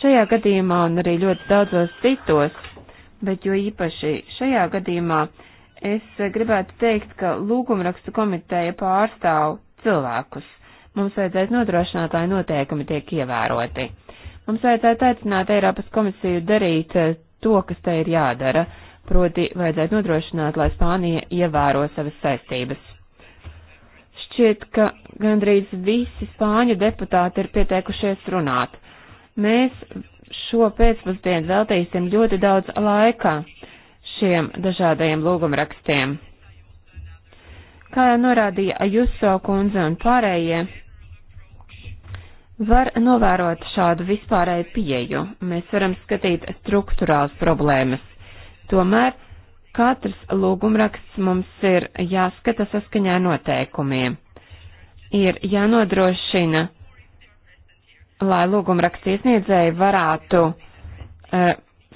Šajā gadījumā un arī ļoti daudzos citos, bet jo īpaši šajā gadījumā es gribētu teikt, ka lūgumrakstu komiteja pārstāv cilvēkus. Mums vajadzētu nodrošinātāji noteikumi tiek ievēroti. Mums vajadzētu aicināt Eiropas komisiju darīt eh, to, kas tai ir jādara, proti vajadzētu nodrošināt, lai Spānija ievēro savas saistības. Šķiet, ka gandrīz visi spāņu deputāti ir pieteikušies runāt. Mēs šo pēcpusdienu veltīsim ļoti daudz laika šiem dažādajiem lūgumrakstiem. Kā jau norādīja Ajuso kundze un pārējie, var novērot šādu vispārēju pieju. Mēs varam skatīt struktūrāls problēmas. Tomēr katrs lūgumraksts mums ir jāskata saskaņā noteikumiem. Ir jānodrošina lai lūgumraksts iesniedzēji varētu e,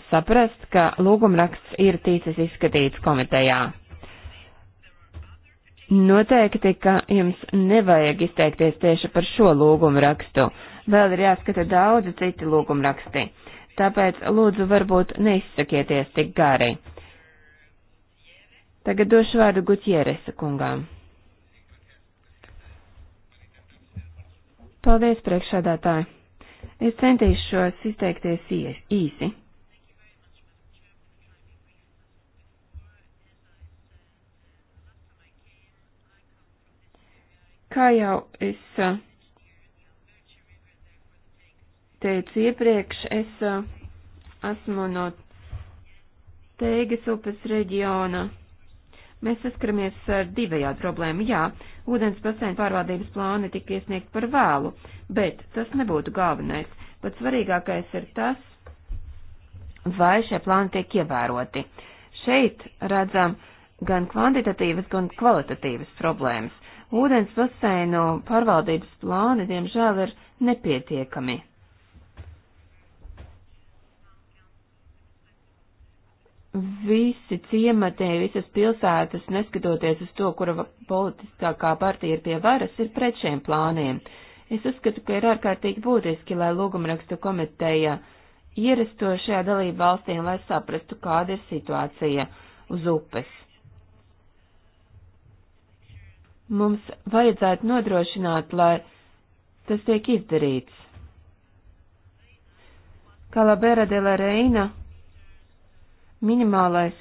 saprast, ka lūgumraksts ir ticis izskatīts komitejā. Noteikti, ka jums nevajag izteikties tieši par šo lūgumrakstu. Vēl ir jāskata daudzi citi lūgumraksti. Tāpēc lūdzu varbūt neizsakieties tik gari. Tagad došu vārdu Gutieresa kungām. Paldies, priekšsēdētāji. Es centīšos izteikties īsi. Kā jau es uh, teicu iepriekš, es uh, esmu no Teigas upes reģiona Mēs saskaramies ar divējādu problēmu. Jā, ūdens basēna pārvaldības plāni tika iesniegt par vēlu, bet tas nebūtu galvenais. Pats svarīgākais ir tas, vai šie plāni tiek ievēroti. Šeit redzam gan kvantitatīvas, gan kvalitatīvas problēmas. Ūdens basēnu pārvaldības plāni, diemžēl, ir nepietiekami visi ciemati, visas pilsētas, neskatoties uz to, kura politiskākā partija ir pie varas, ir pret šiem plāniem. Es uzskatu, ka ir ārkārtīgi būtiski, lai lūgumrakstu komiteja ierasto šajā dalību valstī un lai saprastu, kāda ir situācija uz upes. Mums vajadzētu nodrošināt, lai tas tiek izdarīts. Kalabera de la Reina minimālais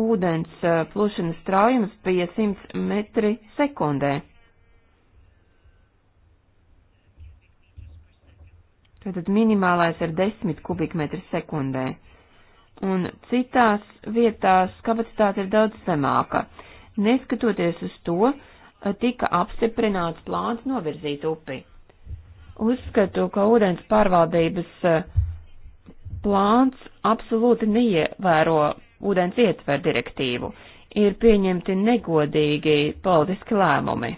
ūdens eh, plūšanas straujums bija 100 metri sekundē. Tātad minimālais ir 10 kubikmetri sekundē. Un citās vietās kapacitāte ir daudz zemāka. Neskatoties uz to, eh, tika apstiprināts plāns novirzīt upi. Uzskatu, ka ūdens pārvaldības uh, plāns absolūti neievēro ūdens ietver direktīvu. Ir pieņemti negodīgi politiski lēmumi.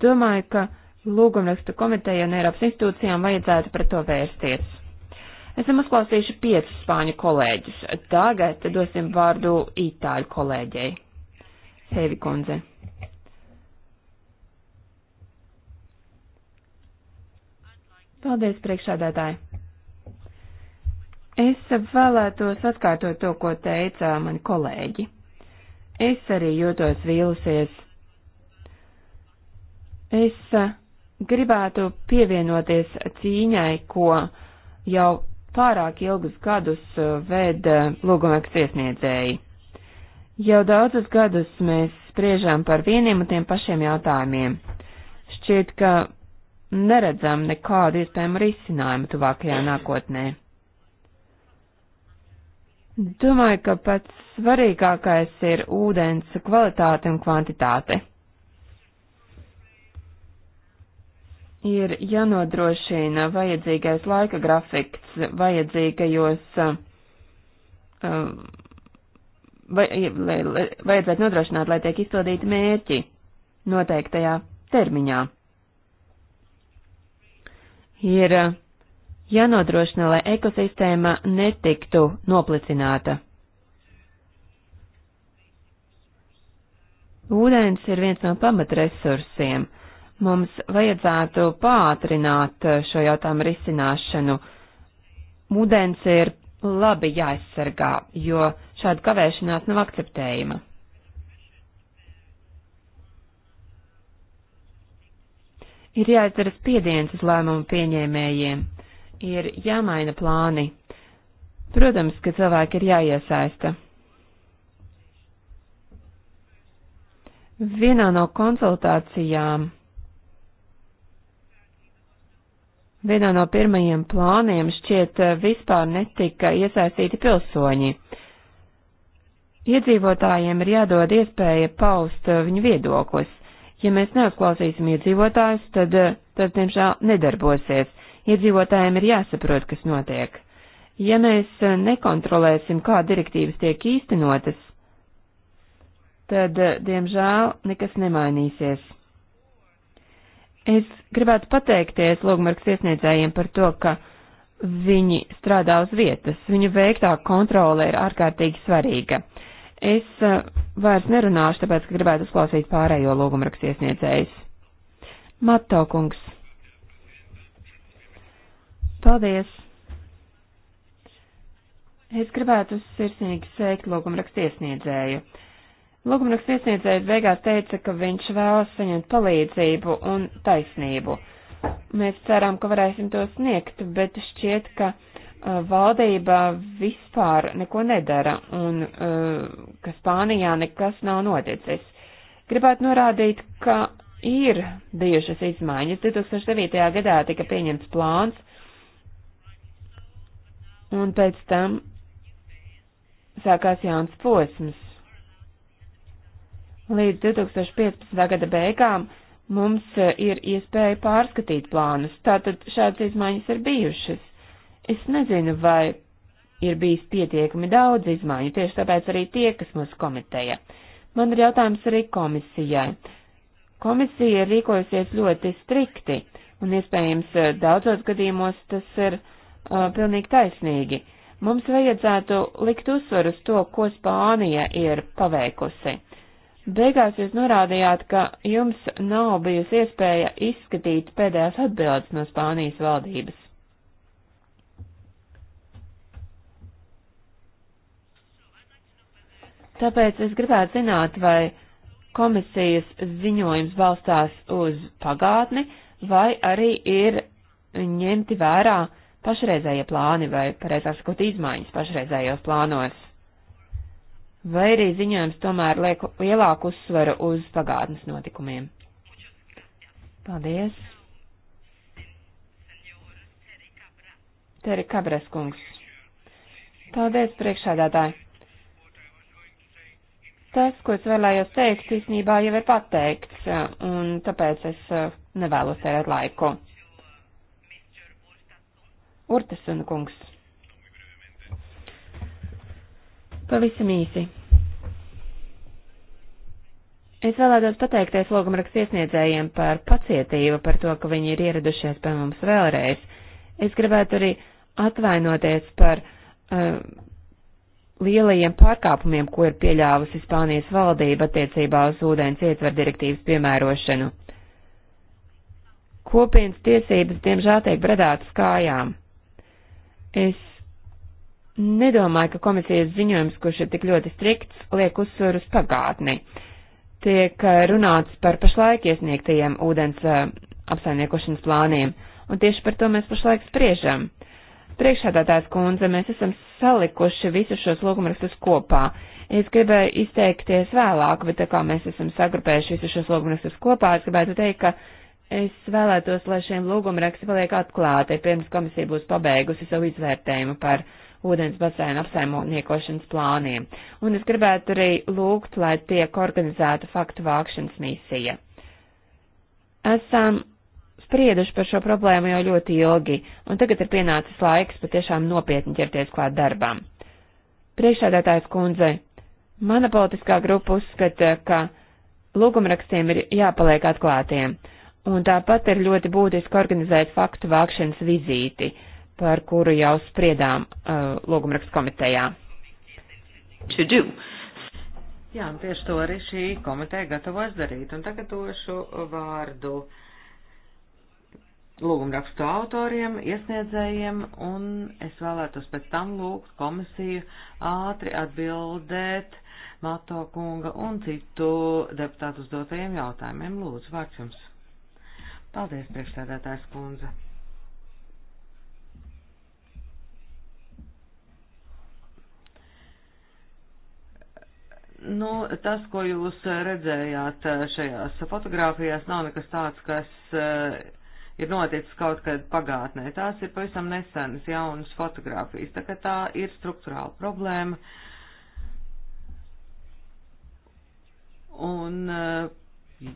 Domāju, ka lūgumrakstu komiteja un Eiropas institūcijām vajadzētu pret to vērsties. Esam uzklausījuši piecus spāņu kolēģus. Tagad dosim vārdu itāļu kolēģei. Sevi kundze. Paldies, priekšādētāji! Es vēlētos atkārtot to, ko teica mani kolēģi. Es arī jūtos vīlusies. Es eh, gribētu pievienoties cīņai, ko jau pārāk ilgus gadus eh, veda eh, lūgumēks iesniedzēji. Jau daudzus gadus mēs spriežam par vieniem un tiem pašiem jautājumiem. Šķiet, ka neredzam nekādu iespējamu risinājumu tuvākajā nākotnē. Domāju, ka pats svarīgākais ir ūdens kvalitāte un kvantitāte. Ir jānodrošina vajadzīgais laika grafiks, vajadzīgajos, uh, uh, vai, lai, lai, vajadzētu nodrošināt, lai tiek izpildīti mērķi noteiktajā termiņā. Ir uh, jānodrošina, lai ekosistēma netiktu noplicināta. Ūdens ir viens no pamatresursiem. Mums vajadzētu pātrināt šo jautājumu risināšanu. Ūdens ir labi jāaizsargā, jo šāda kavēšanās nav akceptējama. Ir jāizdara spiediens uz lēmumu pieņēmējiem ir jāmaina plāni. Protams, ka cilvēki ir jāiesaista. Vienā no konsultācijām, vienā no pirmajiem plāniem šķiet eh, vispār netika iesaistīti pilsoņi. Iedzīvotājiem ir jādod iespēja paust eh, viņu viedoklis. Ja mēs neuzklausīsim iedzīvotājus, tad eh, tas, diemžēl, nedarbosies Iedzīvotājiem ir jāsaprot, kas notiek. Ja mēs nekontrolēsim, kā direktīvas tiek īstenotas, tad, diemžēl, nekas nemainīsies. Es gribētu pateikties Logmarks iesniedzējiem par to, ka viņi strādā uz vietas, viņu veiktā kontrole ir ārkārtīgi svarīga. Es eh, vairs nerunāšu, tāpēc, ka gribētu uzklausīt pārējo lūgumrakstu iesniedzējus. Matto kungs. Paldies! Es gribētu sirsnīgi sveikt logumrakstu iesniedzēju. Logumrakstu iesniedzējs beigās teica, ka viņš vēlas saņemt palīdzību un taisnību. Mēs ceram, ka varēsim to sniegt, bet šķiet, ka uh, valdība vispār neko nedara un uh, ka Spānijā nekas nav noticis. Gribētu norādīt, ka ir bijušas izmaiņas. 2009. gadā tika pieņemts plāns un pēc tam sākās jauns posms. Līdz 2015. gada beigām mums e, ir iespēja pārskatīt plānus, tātad šādas izmaiņas ir bijušas. Es nezinu, vai ir bijis pietiekami daudz izmaiņu, tieši tāpēc arī tie, kas mūsu komiteja. Man ir jautājums arī komisijai. Komisija ir rīkojusies ļoti strikti, un iespējams e, daudzos gadījumos tas ir uh, uh, pilnīgi taisnīgi. Mums vajadzētu likt uzsvaru uz to, ko Spānija ir paveikusi. Beigās jūs norādījāt, ka jums nav bijusi iespēja izskatīt pēdējās atbildes no Spānijas valdības. Tāpēc es gribētu zināt, vai komisijas ziņojums balstās uz pagātni, vai arī ir ņemti vērā pašreizējie plāni vai, pareizāk sakot, izmaiņas pašreizējos plānos? Vai arī ziņojums tomēr liek lielāku uzsvaru uz pagātnes notikumiem? Paldies! Teri Kabres kungs. Paldies, priekšādātāji. Tas, ko es vēlējos teikt, īsnībā jau ir pateikts, un tāpēc es eh, nevēlos tērēt laiku. Urtasuna kungs. Pavisam īsi. Es vēlētos pateikties logumraksta iesniedzējiem par pacietību, par to, ka viņi ir ieradušies pie mums vēlreiz. Es gribētu arī atvainoties par uh, lielajiem pārkāpumiem, ko ir pieļāvusi Spānijas valdība attiecībā uz ūdens ietver direktīvas piemērošanu. Kopienas tiesības, diemžēl, tiek bradātas kājām. Es nedomāju, ka komisijas ziņojums, kurš ir tik ļoti strikts, liek uzsveru uz pagātni. Tiek eh, runāts par pašlaik iesniegtajiem ūdens eh, apsaimniekošanas plāniem, un tieši par to mēs pašlaik spriežam. Priekšādātājs kundze, mēs esam salikuši visus šos lūgumrakstus kopā. Es gribēju izteikties vēlāk, bet tā kā mēs esam sagrupējuši visus šos lūgumrakstus kopā, es gribētu teikt, ka Es vēlētos, lai šiem lūgumraksti paliek atklāti, pirms komisija būs pabeigusi savu izvērtējumu par ūdens basēnu apsaimniekošanas plāniem. Un es gribētu arī lūgt, lai tiek organizēta faktu vākšanas misija. Esam sprieduši par šo problēmu jau ļoti ilgi, un tagad ir pienācis laiks patiešām nopietni ķerties klāt darbām. Priekšādātājs kundze, mana politiskā grupa uzskata, ka lūgumrakstiem ir jāpaliek atklātiem Un tāpat ir ļoti būtiski organizēt faktu vākšanas vizīti, par kuru jau spriedām uh, lūgumrakstu komitejā. Jā, un tieši to arī šī komiteja gatavojas darīt. Un tagad došu vārdu lūgumrakstu autoriem, iesniedzējiem, un es vēlētos pēc tam lūgt komisiju ātri atbildēt Mato kunga un citu deputātu uzdotajiem jautājumiem. Lūdzu, vārds jums. Paldies, priekšstādātājs kundze. Nu, tas, ko jūs redzējāt šajās fotogrāfijās, nav nekas tāds, kas eh, ir noticis kaut kad pagātnē. Tās ir pavisam nesenas jaunas fotogrāfijas, tā ka tā ir struktūrāla problēma. Un eh,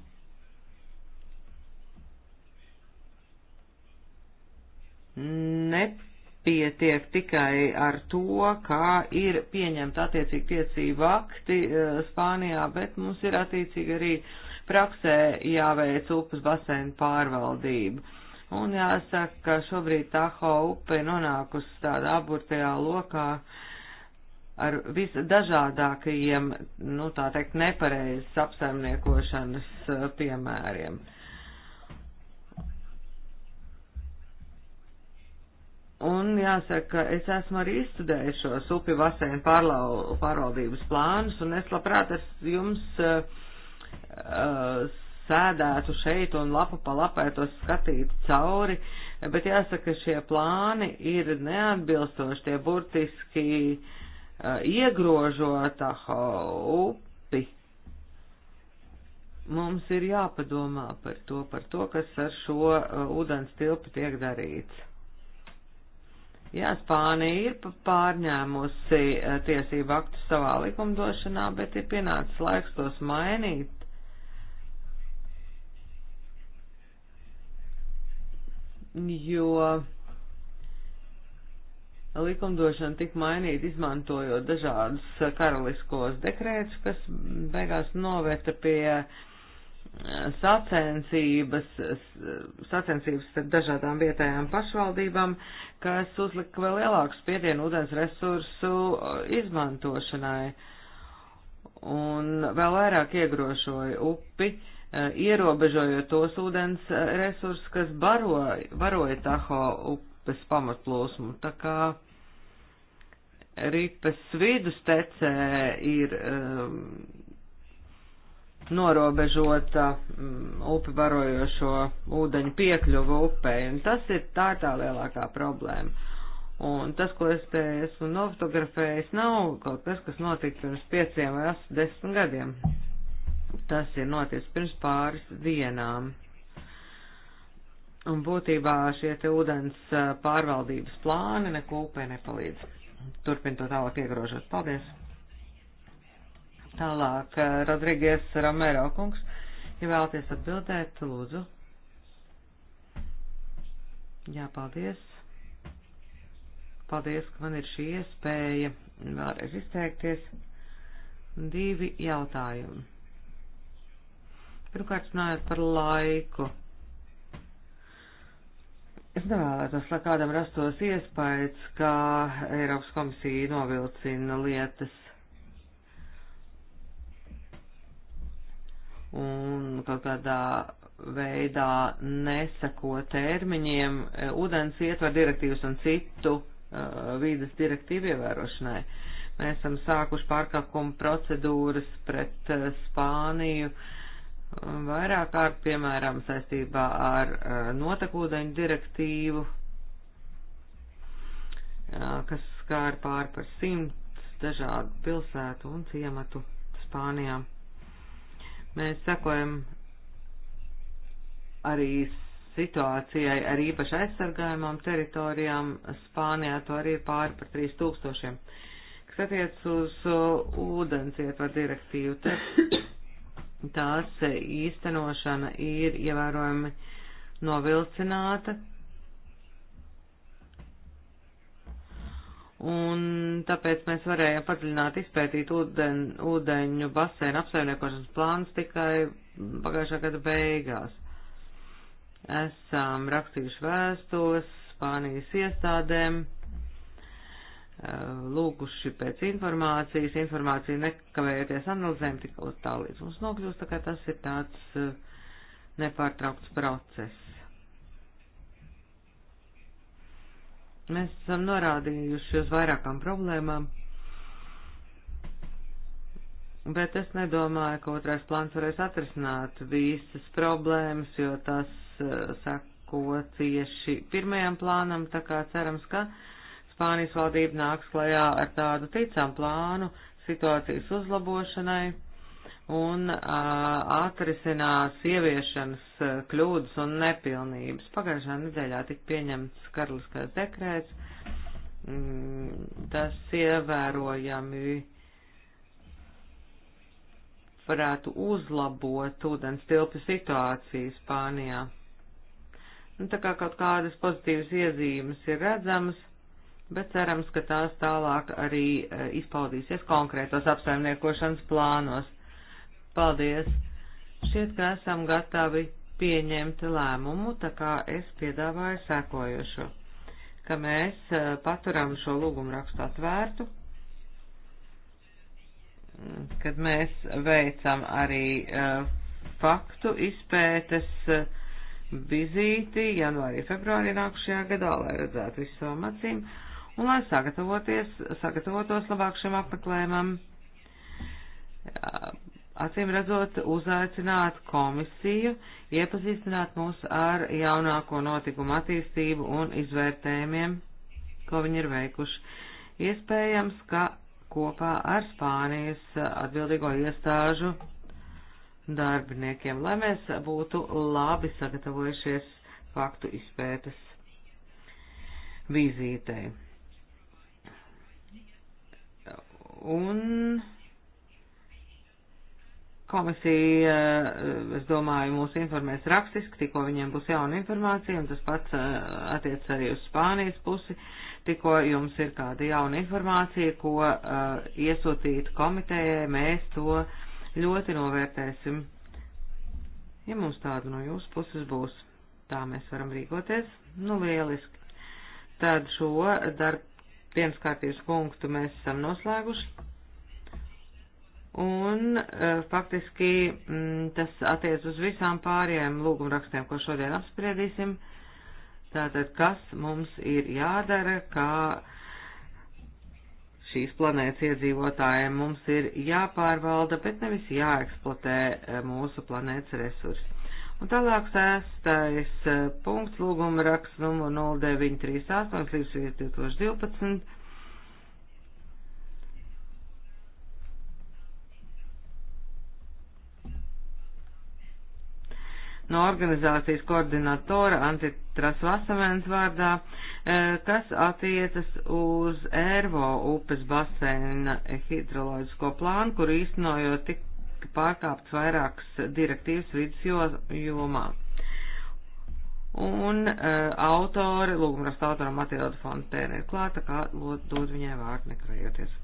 nepietiek tikai ar to, kā ir pieņemta attiecīgi tiesība akti e, Spānijā, bet mums ir attiecīgi arī praksē jāveic upes basēnu pārvaldība. Un jāsaka, ka šobrīd Taho upe nonākusi tādā aburtajā lokā ar visdažādākajiem, nu tā teikt, nepareizes apsaimniekošanas e, piemēriem. Un jāsaka, es esmu arī izstudējis šos upju basēnu pārvaldības plānus, un es labprāt es jums uh, uh, sēdētu šeit un lapu pa lapai tos skatītu cauri, bet jāsaka, šie plāni ir neatbilstoši, tie burtiski uh, iegrožota upi. Mums ir jāpadomā par to, par to, kas ar šo uh, ūdens tilpu tiek darīts. Jā, Spānija ir pārņēmusi eh, tiesību aktu savā likumdošanā, bet ir pienācis laiks tos mainīt. Jo likumdošana tika mainīta izmantojot dažādus karaliskos dekrētus, kas beigās novērta pie uh, sacensības, sacensības starp dažādām vietējām pašvaldībām, kas uzlika vēl lielāku spiedienu ūdens resursu uh, izmantošanai un vēl vairāk iegrošoja upi, uh, ierobežojot tos ūdens uh, resursus, kas baroja, baroja Taho upes pamatplūsmu. Tā kā Ripes vidustecē ir um, norobežota mm, upi barojošo ūdeņu piekļuvu upē, un tas ir tā ir tā lielākā problēma. Un tas, ko es te esmu nofotografējis, nav kaut kas, kas notika pirms pieciem vai desmit gadiem. Tas ir noticis pirms pāris dienām. Un būtībā šie te ūdens pārvaldības plāni neko upē nepalīdz. Turpin to tālāk iegrožot. Paldies! Tālāk, eh, Rodrīgies Romero kungs, ja vēlaties atbildēt, lūdzu. Jā, paldies. Paldies, ka man ir šī iespēja vēlreiz izteikties. Divi jautājumi. Pirmkārt, runājot par laiku. Es nevēlētos, lai kādam rastos iespējas, ka Eiropas komisija novilcina lietas un kaut kādā veidā nesako termiņiem e, ūdens ietver direktīvas un citu uh, vīdes direktīvu ievērošanai. Mēs esam sākuši pārkāpumu procedūras pret uh, Spāniju vairāk kārt, piemēram, saistībā ar uh, notekūdeņu direktīvu, kas skār pār par simts dažādu pilsētu un ciematu Spānijām. Mēs sakojam arī situācijai ar īpaši aizsargājumām teritorijām. Spānijā to arī ir pāri par 3000. Kas attiec uz uh, ūdens ietvaru direktīvu, tad *coughs* tās uh, īstenošana ir ievērojami novilcināta, un tāpēc mēs varējām padziļināt izpētīt ūdeņ, ūdeņu basēnu apsaimniekošanas plāns tikai pagājušā gada beigās. Esam rakstījuši vēstules Spānijas iestādēm, eh, lūguši pēc informācijas, informāciju nekavējoties analizēm, tik uz tālīdz mums nokļūst, tā kā tas ir tāds eh, nepārtraukts process. Mēs esam norādījuši uz vairākām problēmām, bet es nedomāju, ka otrais plāns varēs atrisināt visas problēmas, jo tas uh, sako cieši pirmajam plānam, tā kā cerams, ka Spānijas valdība nāks klajā ar tādu ticām plānu situācijas uzlabošanai un a, atrisinās ieviešanas kļūdas un nepilnības. Pagājušā nedēļā tika pieņemts karaliskais dekrēts, mm, tas ievērojami varētu uzlabot ūdens tilpu situāciju Spānijā. Nu, tā kā kaut kādas pozitīvas iezīmes ir redzamas, bet cerams, ka tās tālāk arī izpaudīsies konkrētos apsaimniekošanas plānos. Paldies! Šķiet, ka esam gatavi pieņemt lēmumu, tā kā es piedāvāju sēkojošo, ka mēs e, paturam šo lūgumu rakstu atvērtu, kad mēs veicam arī e, faktu izpētes e, vizīti janvārī, februārī nākušajā gadā, lai redzētu visu savam acīm un lai sagatavoties, sagatavotos labāk šim apmeklējumam acīm redzot, uzaicināt komisiju, iepazīstināt mūs ar jaunāko notikumu attīstību un izvērtējumiem, ko viņi ir veikuši. Iespējams, ka kopā ar Spānijas atbildīgo iestāžu darbiniekiem, lai mēs būtu labi sagatavojušies faktu izpētes vizītei. Un Komisija, eh, es domāju, mūs informēs rakstiski, tikko viņiem būs jauna informācija, un tas pats eh, attiec arī uz Spānijas pusi. Tikko jums ir kāda jauna informācija, ko uh, iesūtīt komitejai, mēs to ļoti novērtēsim. Ja mums tāda no jūsu puses būs, tā mēs varam rīkoties, nu lieliski. Tad šo darbu dienas kārtības punktu mēs esam noslēguši. Un faktiski tas attiec uz visām pārējām lūgumrakstiem, ko šodien apspriedīsim. Tātad, kas mums ir jādara, kā šīs planētas iedzīvotājiem mums ir jāpārvalda, bet nevis jāeksploatē mūsu planētas resursi. Un tālāk sēstais punkts lūguma raksts numur 0938 līdz 2012 no organizācijas koordinatora Antitras Vasamens vārdā, eh, kas attiecas uz Ervo upes baseina hidroloģisko plānu, kur īstenojot tik pārkāpts vairākas direktīvas vidas jomā. Un uh, autori, lūgumraksta autoram Matilda Fontēna ir klāta, kā dod viņai vārdu nekrajoties.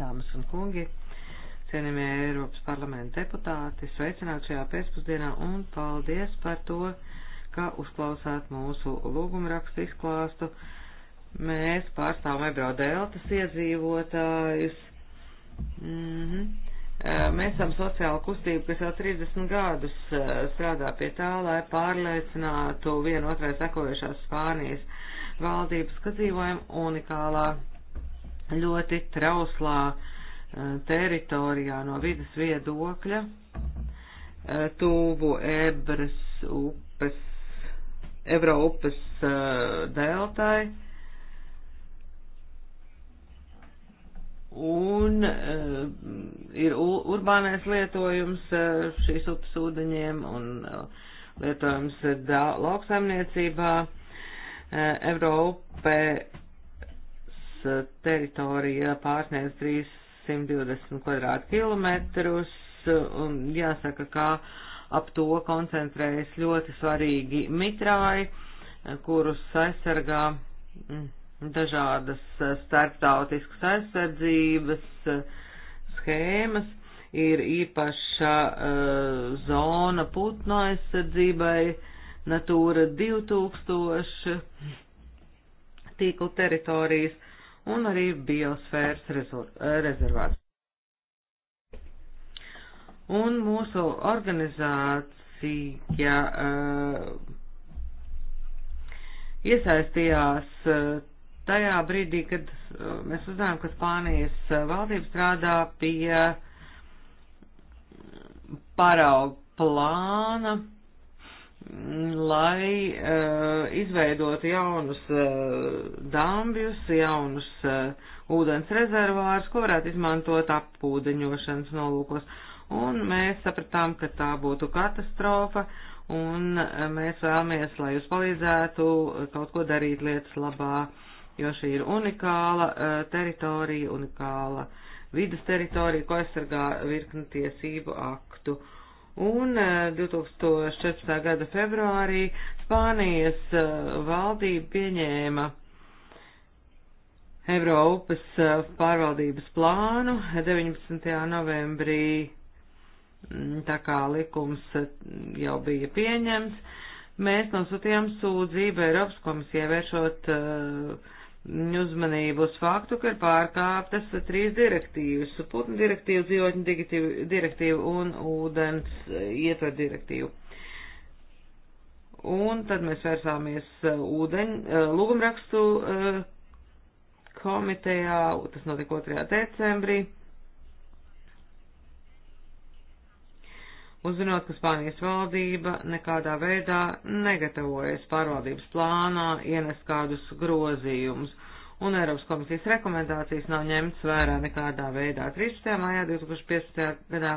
Dāmas un kungi. Uh, cienījamie Eiropas parlamenta deputāti, sveicināt šajā pēcpusdienā un paldies par to, ka uzklausāt mūsu lūgumrakstu izklāstu. Mēs pārstāvam Ebro deltas iedzīvotājus. Mm -hmm. Mēs esam sociāla kustība, kas jau 30 gadus strādā pie tā, lai pārliecinātu vienu otrai sekojušās Spānijas valdības, ka dzīvojam unikālā, ļoti trauslā Eh, teritorijā no vidas viedokļa eh, tuvu Ebras upes, Ebra upes eh, deltai. Un uh, ir urbānais lietojums uh, šīs upes ūdeņiem un uh, lietojums da, lauksaimniecībā. Uh, Eiropē teritorija pārsniedz 3 120 kvadrātkilometrus, un jāsaka, ka ap to koncentrējas ļoti svarīgi mitrāji, kurus aizsargā mm, dažādas starptautiskas aizsardzības schēmas. Ir īpaša uh, zona putnu aizsardzībai, Natūra 2000 tīkla teritorijas, un arī biosfēras rezervāts. Un mūsu organizācija uh, iesaistījās uh, tajā brīdī, kad uh, mēs uzzinājām, ka Spānijas valdība strādā pie paraugu plāna lai uh, eh, izveidotu jaunus uh, dambjus, jaunus uh, ūdens rezervārus, ko varētu izmantot apūdeņošanas nolūkos. Un mēs sapratām, ka tā būtu katastrofa, un uh, mēs vēlamies, lai jūs palīdzētu kaut ko darīt lietas labā, jo šī ir unikāla uh, teritorija, unikāla vidas teritorija, ko aizsargā virkni tiesību aktu. Uh, Un 2014. Eh, gada februārī Spānijas eh, valdība pieņēma Eiropas eh, pārvaldības plānu 19. novembrī, mm, tā kā likums jau bija pieņemts, mēs nosūtījām sūdzību Eiropas komisijai vēršot uh, uzmanību uz faktu, ka ir pārkāptas trīs direktīvas - putnu direktīva, dzīvotņu direktīva un ūdens ietver direktīvu. Un tad mēs vērsāmies eh, ūdeņ, eh, lūgumrakstu eh, komitejā, tas notika 2. decembrī. uzzinot, ka Spānijas valdība nekādā veidā negatavojas pārvaldības plānā ienest kādus grozījumus, un Eiropas komisijas rekomendācijas nav ņemts vērā nekādā veidā. 13. maijā 2015. gadā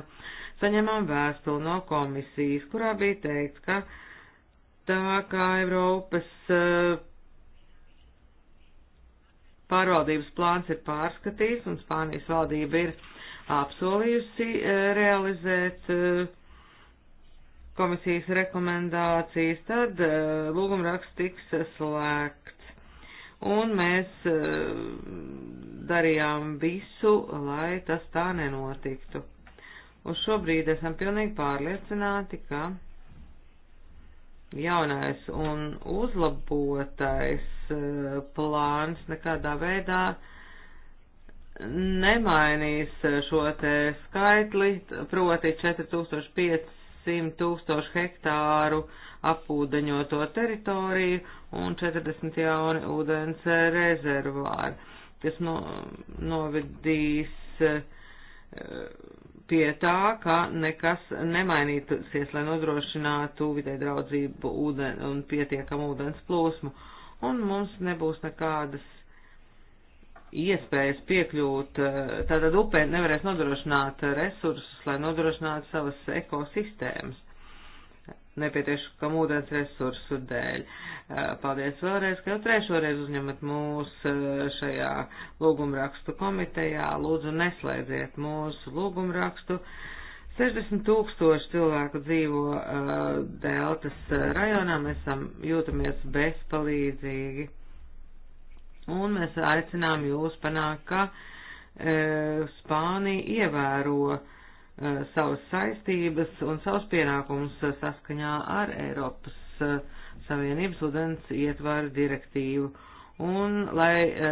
saņemam vēstuli no komisijas, kurā bija teikts, ka tā kā Eiropas uh, pārvaldības plāns ir pārskatīts un Spānijas valdība ir apsolījusi uh, realizēt uh, komisijas rekomendācijas, tad eh, lūgumraksts tiks slēgts. Un mēs eh, darījām visu, lai tas tā nenotiktu. Uz šobrīd esam pilnīgi pārliecināti, ka jaunais un uzlabotais eh, plāns nekādā veidā nemainīs šo te skaitli, proti 4500 100 tūkstošu hektāru apūdeņoto teritoriju un 40 jauni ūdens rezervāri, kas no, novedīs eh, pie tā, ka nekas nemainīsies, lai nodrošinātu vidē draudzību ūden, un pietiekamu ūdens plūsmu, un mums nebūs nekādas iespējas piekļūt, eh, tātad upē nevarēs nodrošināt resursus, lai nodrošinātu savas ekosistēmas nepietiešam ūdens resursu dēļ. Eh, paldies vēlreiz, ka jau trešoreiz uzņemat mūs eh, šajā lūgumrakstu komitejā. Lūdzu, neslēdziet mūsu lūgumrakstu. 60 tūkstoši cilvēku dzīvo uh, Deltas rajonā, mēs esam jūtamies bezpalīdzīgi. Un mēs aicinām jūs panākt, ka e, Spānija ievēro e, savas saistības un savus pienākumus saskaņā ar Eiropas e, Savienības ūdens ietvaru direktīvu. Un lai e,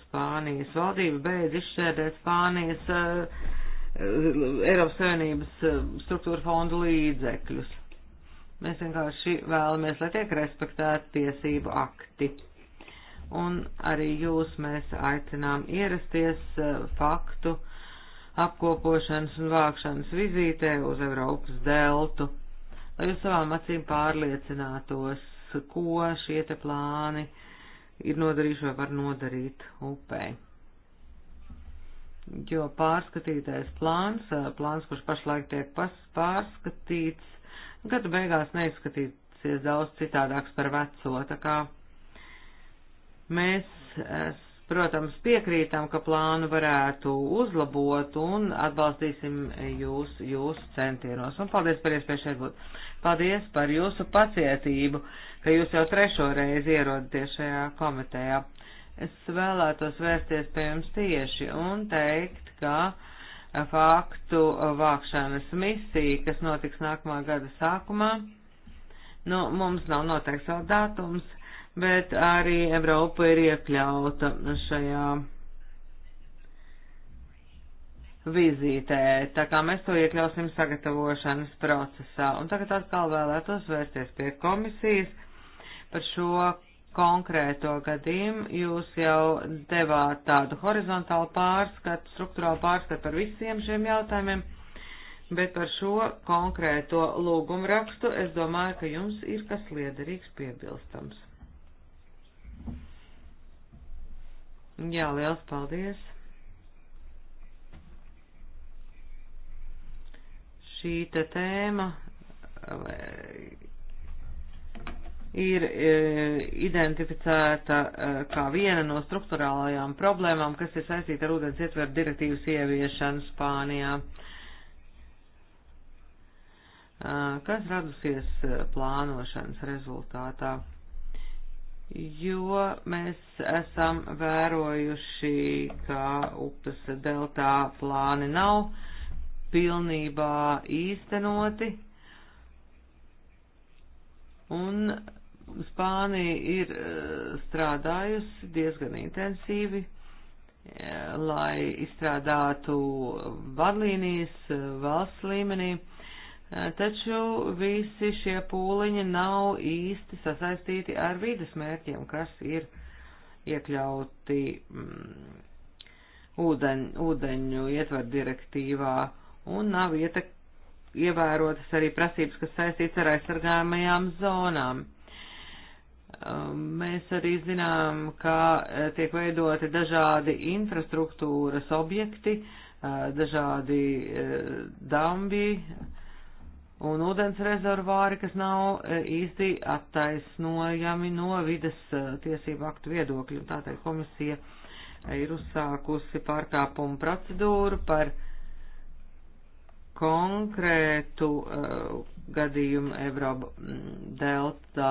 Spānijas valdība beidz izšķērdēt Spānijas e, Eiropas Savienības e, struktūra fondu līdzekļus. Mēs vienkārši vēlamies, lai tiek respektēti tiesību akti un arī jūs mēs aicinām ierasties eh, faktu apkopošanas un vākšanas vizītē uz Eiropas deltu, lai jūs savām acīm pārliecinātos, ko šie te plāni ir nodarījuši vai var nodarīt upē. Jo pārskatītais plāns, eh, plāns, kurš pašlaik tiek pārskatīts, gada beigās neizskatīsies daudz citādāks par veco, tā kā Mēs, protams, piekrītam, ka plānu varētu uzlabot un atbalstīsim jūs, jūsu centienos. Un paldies par iespēju šeit būt. Paldies par jūsu pacietību, ka jūs jau trešo reizi ierodaties šajā komitejā. Es vēlētos vērsties pie jums tieši un teikt, ka faktu vākšanas misija, kas notiks nākamā gada sākumā. Nu, mums nav noteikts vēl datums, bet arī Eiropa ir iekļauta šajā vizītē, tā kā mēs to iekļausim sagatavošanas procesā. Un tagad atkal vēlētos vērsties pie komisijas par šo konkrēto gadījumu. Jūs jau devāt tādu horizontālu pārskatu, struktūrālu pārskatu par visiem šiem jautājumiem, bet par šo konkrēto lūgumu rakstu es domāju, ka jums ir kas liederīgs piebilstams. Jā, liels paldies. Šī te tēma ir e, identificēta e, kā viena no struktūrālajām problēmām, kas ir saistīta ar ūdens ietveru direktīvas ieviešanu Spānijā, e, kas radusies plānošanas rezultātā jo mēs esam vērojuši, ka upes deltā plāni nav pilnībā īstenoti, un Spānija ir eh, strādājusi diezgan intensīvi, eh, lai izstrādātu vadlīnijas eh, valsts līmenī Eh, taču visi šie pūliņi nav īsti sasaistīti ar vīdes mērķiem, kas ir iekļauti mm, ūdeņ, ūdeņu ietver direktīvā un nav ietek, ievērotas arī prasības, kas saistīts ar aizsargājumajām zonām. Um, mēs arī zinām, ka eh, tiek veidoti dažādi infrastruktūras objekti, eh, dažādi dambi, un ūdens rezervāri, kas nav e, īsti attaisnojami no vides e, tiesību aktu viedokļu. Tātad komisija e, ir uzsākusi pārkāpumu procedūru par konkrētu uh, gadījumu Eiropa deltā.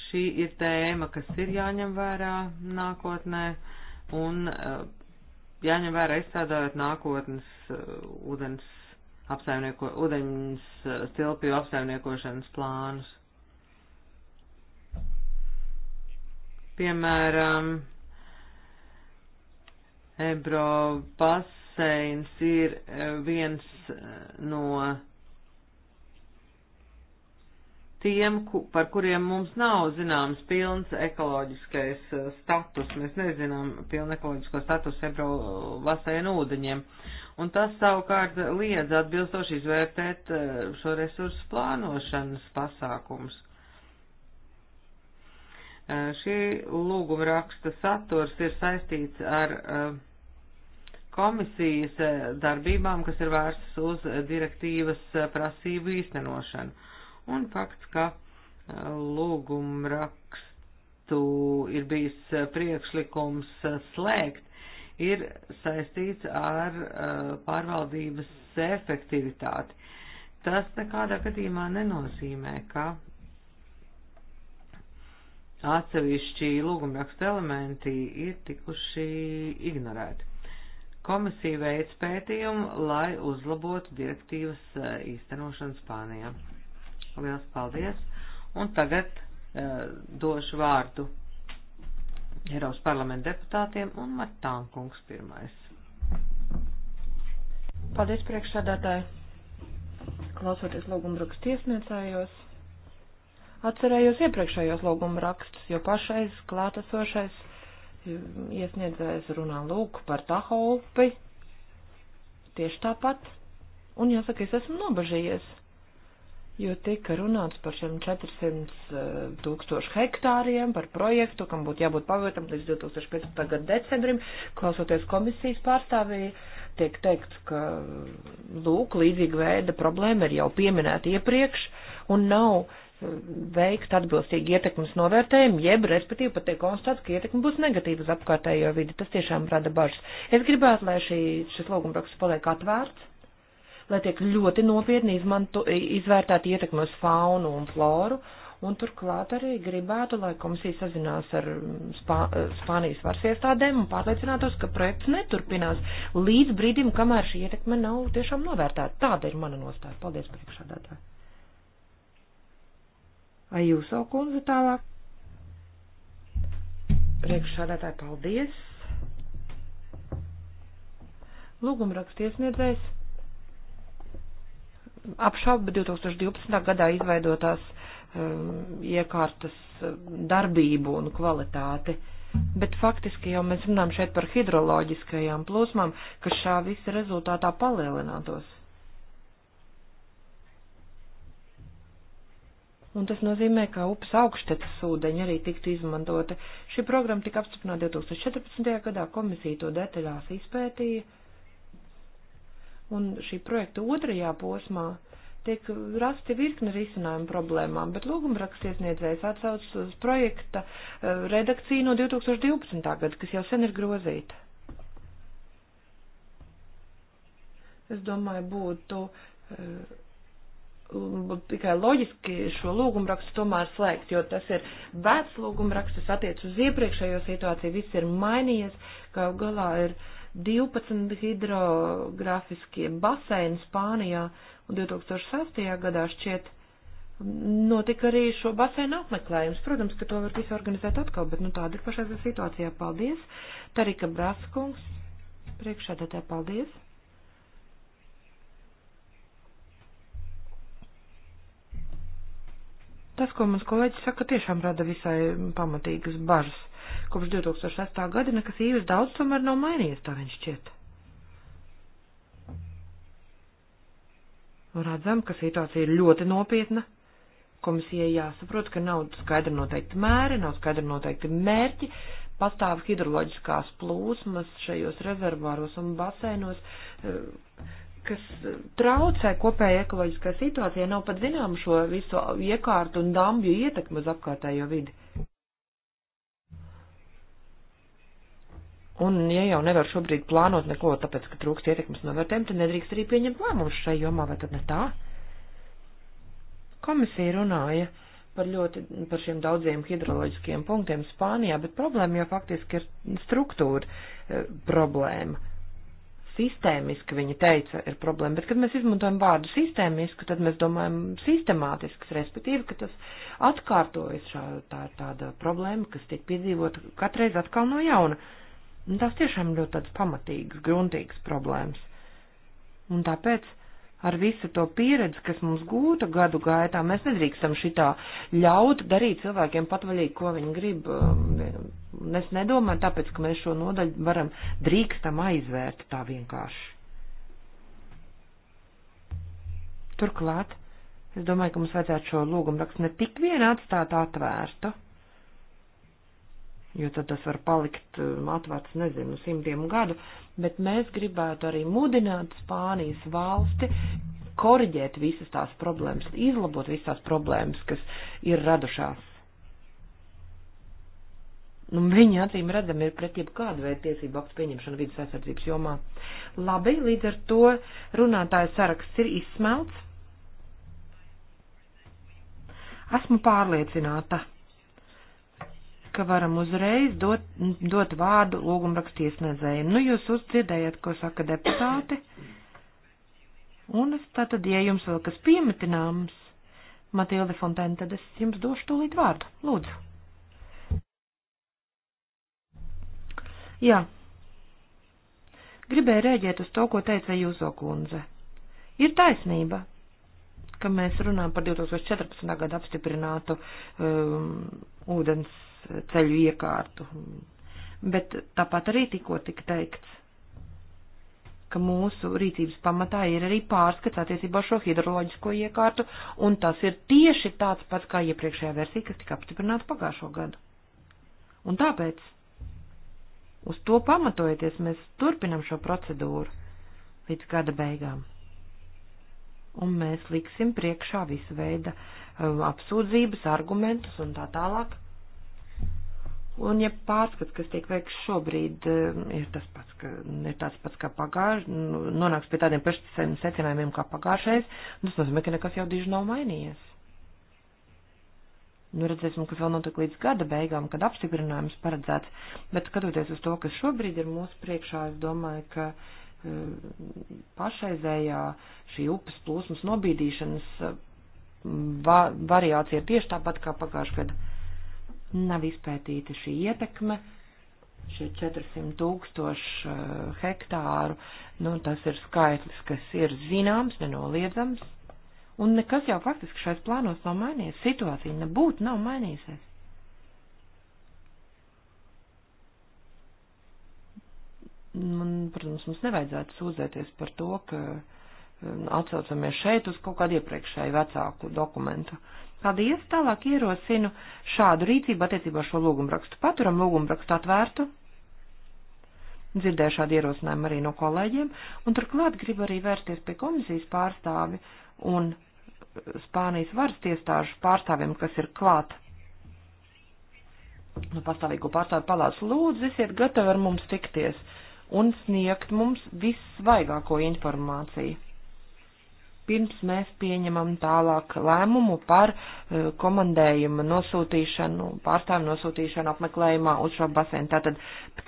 Šī ir tēma, kas ir jāņem vērā nākotnē un uh, jāņem vērā izstrādājot nākotnes uh, ūdens apsaimnieko, ūdeņas eh, stilpju apsaimniekošanas plānus. Piemēram, Ebro baseins ir eh, viens eh, no tiem, par kuriem mums nav zināms pilns ekoloģiskais status. Mēs nezinām pilnu ekoloģisko statusu Ebro baseinu ūdeņiem. Uh, un tas savukārt liedz atbilstoši izvērtēt eh, šo resursu plānošanas pasākums. Eh, šī lūguma raksta saturs ir saistīts ar eh, komisijas darbībām, kas ir vērstas uz direktīvas prasību īstenošanu. Un fakts, ka lūguma rakstu ir bijis priekšlikums slēgt ir saistīts ar uh, pārvaldības efektivitāti. Tas nekādā gadījumā nenozīmē, ka atsevišķi lūgumrakstu elementi ir tikuši ignorēti. Komisija veic pētījumu, lai uzlabotu direktīvas eh, īstenošanu Spānijā. Lielas paldies! Un tagad uh, došu vārdu Eiropas parlamenta deputātiem un Martām kungs pirmais. Paldies priekšsādātāji. Klausoties logumrakstu tiesniecējos, atcerējos iepriekšējos logumrakstus, jo pašais klātesošais iesniedzējs runā lūk par tahopi. Tieši tāpat. Un jāsaka, es esmu nobažījies jo tika runāts par šiem 400 eh, tūkstošu hektāriem, par projektu, kam būtu jābūt pavietam līdz 2015. gada decembrim. Klausoties komisijas pārstāvī, tiek teikt, ka lūk, līdzīga veida problēma ir jau pieminēta iepriekš un nav eh, veikt atbilstīgi ietekmes novērtējumu, jeb, respektīvi, pat tiek konstatēts, ka ietekme būs negatīva uz apkārtējo vidi. Tas tiešām rada bažas. Es gribētu, lai šī, šis lūgumraksts paliek atvērts lai tiek ļoti nopietni izmanto, izvērtēt ietekmi uz faunu un floru. Un turklāt arī gribētu, lai komisija sazinās ar Spā Spānijas varas iestādēm un pārliecinātos, ka projekts neturpinās līdz brīdim, kamēr šī ietekme nav tiešām novērtēta. Tāda ir mana nostāja. Paldies, priekšādātāji. Ai jūs savu kundzi tālāk? Priekšādātāji, paldies. Lūgumrakstu iesniedzējs apšauba 2012. gadā izveidotās um, iekārtas um, darbību un kvalitāti. Bet faktiski jau mēs runājam šeit par hidroloģiskajām plūsmām, kas šā visa rezultātā palielinātos. Un tas nozīmē, ka upes augštetas ūdeņi arī tiktu izmantota. Šī programma tika apstiprināta 2014. gadā, komisija to detaļās izpētīja Un šī projekta otrajā posmā tiek rasti virkni risinājumu problēmām, bet lūgumraksts iesniedzējs atsaucas uz projekta eh, redakciju no 2012. gada, kas jau sen ir grozīta. Es domāju, eh, būtu tikai loģiski šo lūgumrakstu tomēr slēgt, jo tas ir vecs lūgumraksts, tas attiec uz iepriekšējo situāciju, viss ir mainījies, kā galā ir uh, 12 hidrografiskie baseini Spānijā, un 2006. gadā šķiet notika arī šo baseinu apmeklējums. Protams, ka to var visu organizēt atkal, bet nu tāda ir pašreizā situācijā. Paldies! Tarika Braskungs, priekšādātē, paldies! Tas, ko mans kolēģis saka, tiešām rada visai pamatīgas bažas kopš 2006. gada nekas īpaši daudz tomēr nav mainījies, tā viņš šķiet. Redzam, ka situācija ir ļoti nopietna. Komisijai jāsaprot, ka nav skaidri noteikti mēri, nav skaidri noteikti mērķi, pastāv hidroloģiskās plūsmas šajos rezervāros un basēnos, eh, kas traucē kopējai ekoloģiskai situācijai, nav pat zinām šo visu iekārtu un dambju ietekmi uz apkārtējo vidi. Un, ja jau nevar šobrīd plānot neko, tāpēc, ka trūkst ietekmes novērtējumu, tad nedrīkst arī pieņemt lēmumus šai jomā, vai tad ne tā? Komisija runāja par ļoti, par šiem daudziem hidroloģiskiem punktiem Spānijā, bet problēma jau faktiski ir struktūra e, problēma. Sistēmiski, viņa teica, ir problēma, bet kad mēs izmantojam vārdu sistēmiski, tad mēs domājam sistemātisks, respektīvi, ka tas atkārtojas šā, tā, tāda problēma, kas tiek piedzīvota katreiz atkal no jauna. Uh, Un nu, tās tiešām ļoti tāds pamatīgs, gruntīgs problēmas. Un tāpēc ar visu to pieredzi, kas mums gūta gadu gaitā, mēs nedrīkstam šitā ļaut darīt cilvēkiem patvaļīgi, ko viņi grib. Um, es nedomāju, tāpēc, ka mēs šo nodaļu varam drīkstam aizvērt tā vienkārši. Turklāt, es domāju, ka mums vajadzētu šo lūgumu rakstu ne tik vien atstāt atvērtu, jo tad tas var palikt um, atvērts, nezinu, simtiem gadu, bet mēs gribētu arī mudināt Spānijas valsti koriģēt visas tās problēmas, izlabot visas tās problēmas, kas ir radušās. Nu, viņa acīm redzam ir pret jebkādu veidu tiesību aktu pieņemšanu vidas aizsardzības jomā. Labi, līdz ar to runātāja saraksts ir izsmelts. Esmu pārliecināta ka varam uzreiz dot, dot vārdu lūgumrakstu iesniedzējiem. Nu, jūs uzdzirdējat, ko saka deputāti. Un es tātad, ja jums vēl kas piemetināms, Matilde Fontaine, tad es jums došu tūlīt vārdu. Lūdzu. Jā. Gribēju rēģēt uz to, ko teica Jūzo kundze. Ir taisnība, ka mēs runājam par 2014. gada apstiprinātu um, ūdens ceļu iekārtu. Bet tāpat arī tikko tika teikts, ka mūsu rīcības pamatā ir arī pārskats attiecībā šo hidroloģisko iekārtu, un tas ir tieši tāds pats kā iepriekšējā versija, kas tika apstiprināta pagājušo gadu. Un tāpēc, uz to pamatojoties, mēs turpinam šo procedūru līdz gada beigām. Un mēs liksim priekšā visu veidu um, apsūdzības, argumentus un tā tālāk. Un, ja pārskats, kas tiek veikts šobrīd, eh, ir tas pats, ka, ir tāds pats kā pagājušais, nu, nonāks pie tādiem pašiem secinājumiem kā pagājušais, nu, tas nozīmē, ka nekas jau diži nav mainījies. Nu, redzēsim, kas vēl notiek līdz gada beigām, kad apstiprinājums paredzēts, bet skatoties uz to, kas šobrīd ir mūsu priekšā, es domāju, ka eh, pašreizējā šī upes plūsmas nobīdīšanas eh, variācija ir tieši tāpat kā pagājušajā gadā nav izpētīta šī ietekme, šie 400 tūkstoši eh, hektāru, nu tas ir skaitlis, kas ir zināms, nenoliedzams, un nekas jau faktiski šais plānos nav mainījies, situācija nebūtu nav mainījusies. Un, protams, mums nevajadzētu sūdzēties par to, ka eh, atsaucamies šeit uz kaut kādu iepriekšēju vecāku dokumentu. Paldies, tālāk ierosinu šādu rīcību attiecībā šo lūgumrakstu. Paturam lūgumrakstu atvērtu. Dzirdēju šādu ierosinājumu arī no kolēģiem, un turklāt gribu arī vērsties pie komisijas pārstāvi un Spānijas varas tiestāžu pārstāvjiem, kas ir klāt. Nu, pastāvīgo pārstāvju palāts lūdzu, esiet gatavi ar mums tikties un sniegt mums vissvaigāko informāciju pirms mēs pieņemam tālāk lēmumu par e, komandējuma nosūtīšanu, pārstāvu nosūtīšanu apmeklējumā uz šo basēnu. Tātad,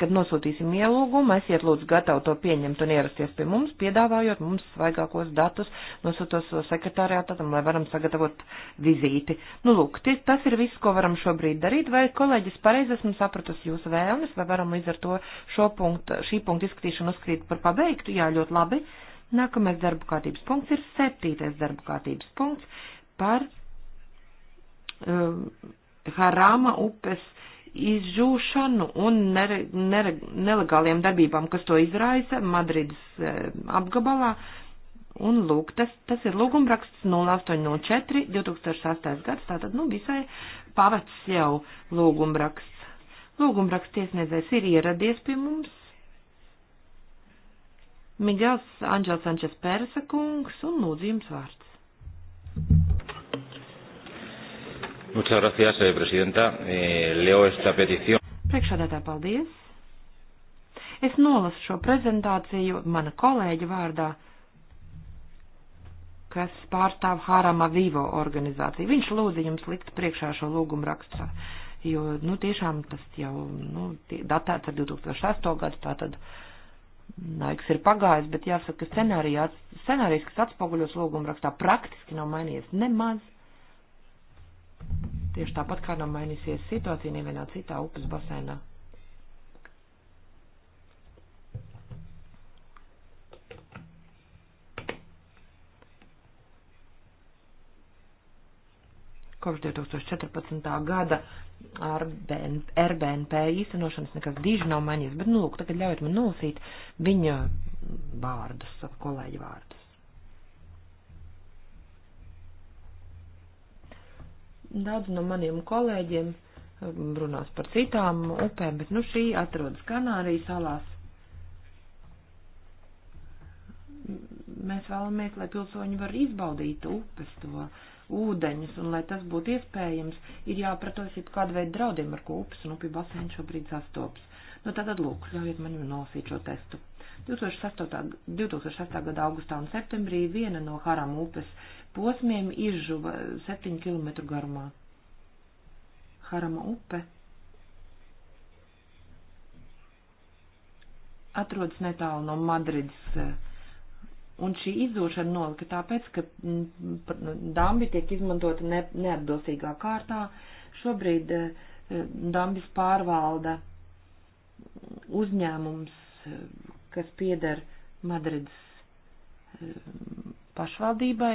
kad nosūtīsim ielūgumu, esiet lūdzu gatavi to pieņemt un ierasties pie mums, piedāvājot mums svaigākos datus, nosūtos to sekretariātam, lai varam sagatavot vizīti. Nu, lūk, tie, tas ir viss, ko varam šobrīd darīt, vai kolēģis pareizi esmu sapratusi jūsu vēlmes, vai varam līdz ar to šo punktu, šī punktu izskatīšanu uzskatīt par pabeigtu? Jā, ļoti labi. Nākamais darba kārtības punkts ir septītais darba kārtības punkts par um, eh, Harāma upes izžūšanu un nere, nere, nelegāliem darbībām, kas to izraisa Madrides eh, apgabalā. Un lūk, tas, tas ir lūgumraksts 0804 2008. gads, tātad, nu, visai pavacs jau lūgumraksts. Lūgumraksts iesniedzējs ir ieradies pie mums Migels Anģels Sančes Pērsa kungs un lūdzu jums vārds. Muchas gracias, eh, presidenta. Eh, leo esta petición. Priekšādātā paldies. Es nolasu šo prezentāciju mana kolēģa vārdā, kas pārstāv Harama Vivo organizāciju. Viņš lūdza jums likt priekšā šo lūgumu rakstā, jo, nu, tiešām tas jau, nu, datēts ar 2008. gadu, tātad. tad laiks ir pagājis, bet jāsaka, ka scenārijs, scenārijs kas atspoguļos lūgumrakstā, praktiski nav mainījies nemaz. Tieši tāpat kā nav mainīsies situācija nevienā citā upes basēnā. Kopš 2014. gada ar RBNP īstenošanas nekas diži nav mainījies, bet, nu, lūk, tagad ļaujiet man nolasīt viņa vārdus, savu kolēģi vārdus. Daudz no maniem kolēģiem um, runās par citām upēm, bet, nu, šī atrodas Kanārijas salās. Mēs vēlamies, lai pilsoņi var izbaudīt upes to ūdeņus, un lai tas būtu iespējams, ir jāpratos jau kāda veida draudiem, ar ko upes un upju basēni šobrīd sastopas. Nu, tātad, lūk, ļaujiet man nolasīt šo testu. 2008, 2008. gada augustā un septembrī viena no Haram upes posmiem izžuva 7 km garumā. Harama upe atrodas netālu no Madrids eh, Un šī izzūšana nolika tāpēc, ka mm, dambi tiek izmantota ne, neatbilstīgā kārtā. Šobrīd eh, dambis pārvalda uzņēmums, eh, kas pieder Madrids eh, pašvaldībai.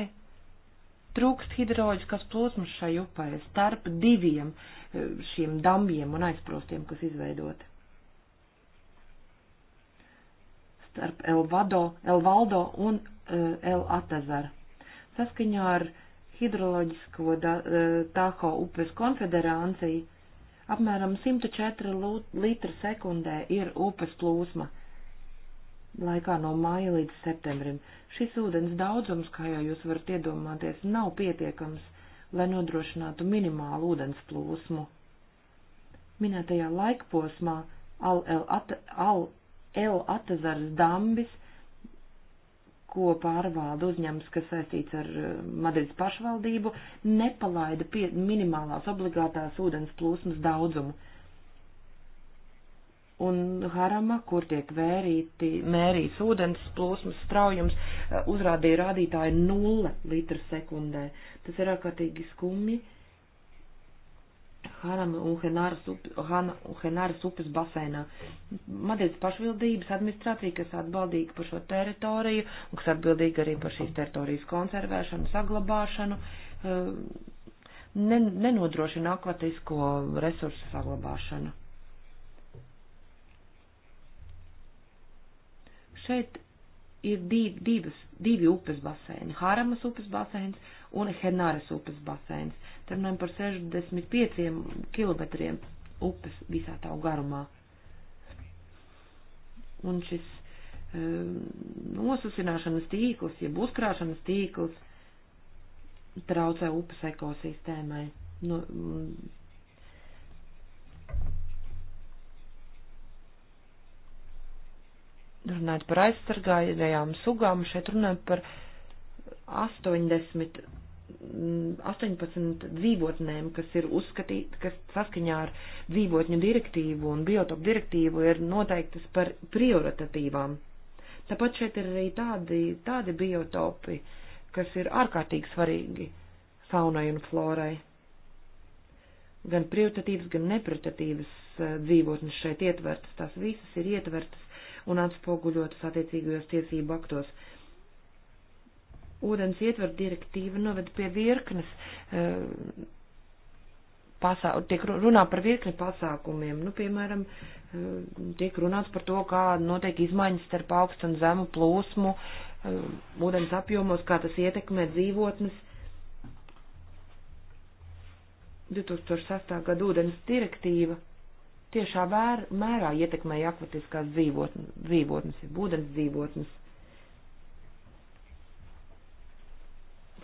Trūkst hidroloģiskas plūsmas šai upai starp diviem šiem dambiem un aizprostiem, kas izveidoti. starp Elvado, Elvaldo un uh, El Atazaru. Saskaņā ar hidroloģisko da, uh, eh, Tāho upes konfederāciju apmēram 104 litri sekundē ir upes plūsma laikā no māja līdz septembrim. Šis ūdens daudzums, kā jau jūs varat iedomāties, nav pietiekams, lai nodrošinātu minimālu ūdens plūsmu. Minētajā laikposmā Al-El-Atazaru EU Atazars Dambis, ko pārvalda uzņēmums, kas saistīts ar eh, Madrids pašvaldību, nepalaida pie minimālās obligātās ūdens plūsmas daudzumu. Un harama, kur tiek vērīti, mērīts ūdens plūsmas straujums, eh, uzrādīja rādītāju 0 litru sekundē. Tas ir ārkārtīgi skumji. Uh, Hanam un Henāras, up, Hana un Henāras upes basēnā. Madrides pašvildības administrācija, kas atbildīga par šo teritoriju un kas atbildīga arī par šīs teritorijas konservēšanu, saglabāšanu, eh, ne, nenodrošina akvatisko resursu saglabāšanu. Šeit ir div, divas, divi upes baseini - Haramas upes baseins un Henāras upes baseins. Te runājam par 65 kilometriem upes visā tā garumā. Un šis e, nosusināšanas tīkls, jeb uzkrāšanas tīkls traucē upes ekosistēmai. Nu, runājot par aizsargājumajām sugām, šeit runājot par uh, 80, 18 mm, dzīvotnēm, kas ir uzskatīt, kas saskaņā ar dzīvotņu direktīvu un biotopu direktīvu ir noteiktas par prioritatīvām. Tāpat šeit ir arī tādi, tādi biotopi, kas ir ārkārtīgi svarīgi faunai un florai. Gan prioritatīvas, gan neprioritatīvas eh, dzīvotnes šeit ietvertas, tās visas ir ietvertas un atspoguļotas attiecīgajos tiesību aktos. Uh, ūdens ietver direktīva noved pie virknes uh, pasā, tiek runā par virkni pasākumiem. Nu, piemēram, uh, tiek runāts par to, kā notiek izmaiņas starp augstu un zemu plūsmu, uh, ūdens apjomos, kā tas ietekmē dzīvotnes. 2006. gada ūdens direktīva tiešā vēr, mērā ietekmēja akvatiskās dzīvotnes, dzīvotnes, ūdens dzīvotnes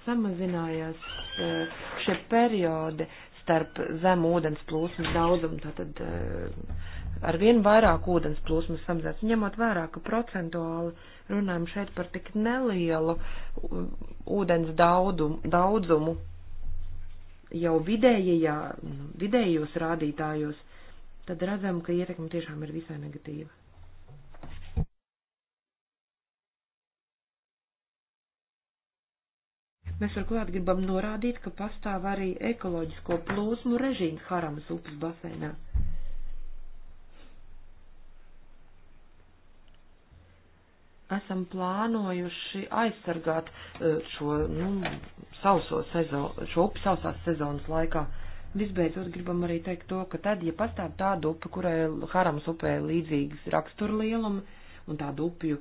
samazinājās eh, šie periodi starp zem ūdens plūsmas daudzumu, tātad eh, ar vien vairāk ūdens plūsmas samazinās, ņemot vērā, ka procentuāli runājam šeit par tik nelielu ūdens daudzumu, daudzumu jau vidējajā, nu, vidējos rādītājos, tad redzam, ka ietekme tiešām ir visai negatīva. Mēs turklāt gribam norādīt, ka pastāv arī ekoloģisko plūsmu režīms Haramas upes basēnā. Esam plānojuši aizsargāt eh, šo, nu, sauso sezonu, šo upi sausās sezonas laikā. Visbeidzot, gribam arī teikt to, ka tad, ja pastāv tāda upe, kurai Haramas upē līdzīgas rakstura lieluma, un tādu upju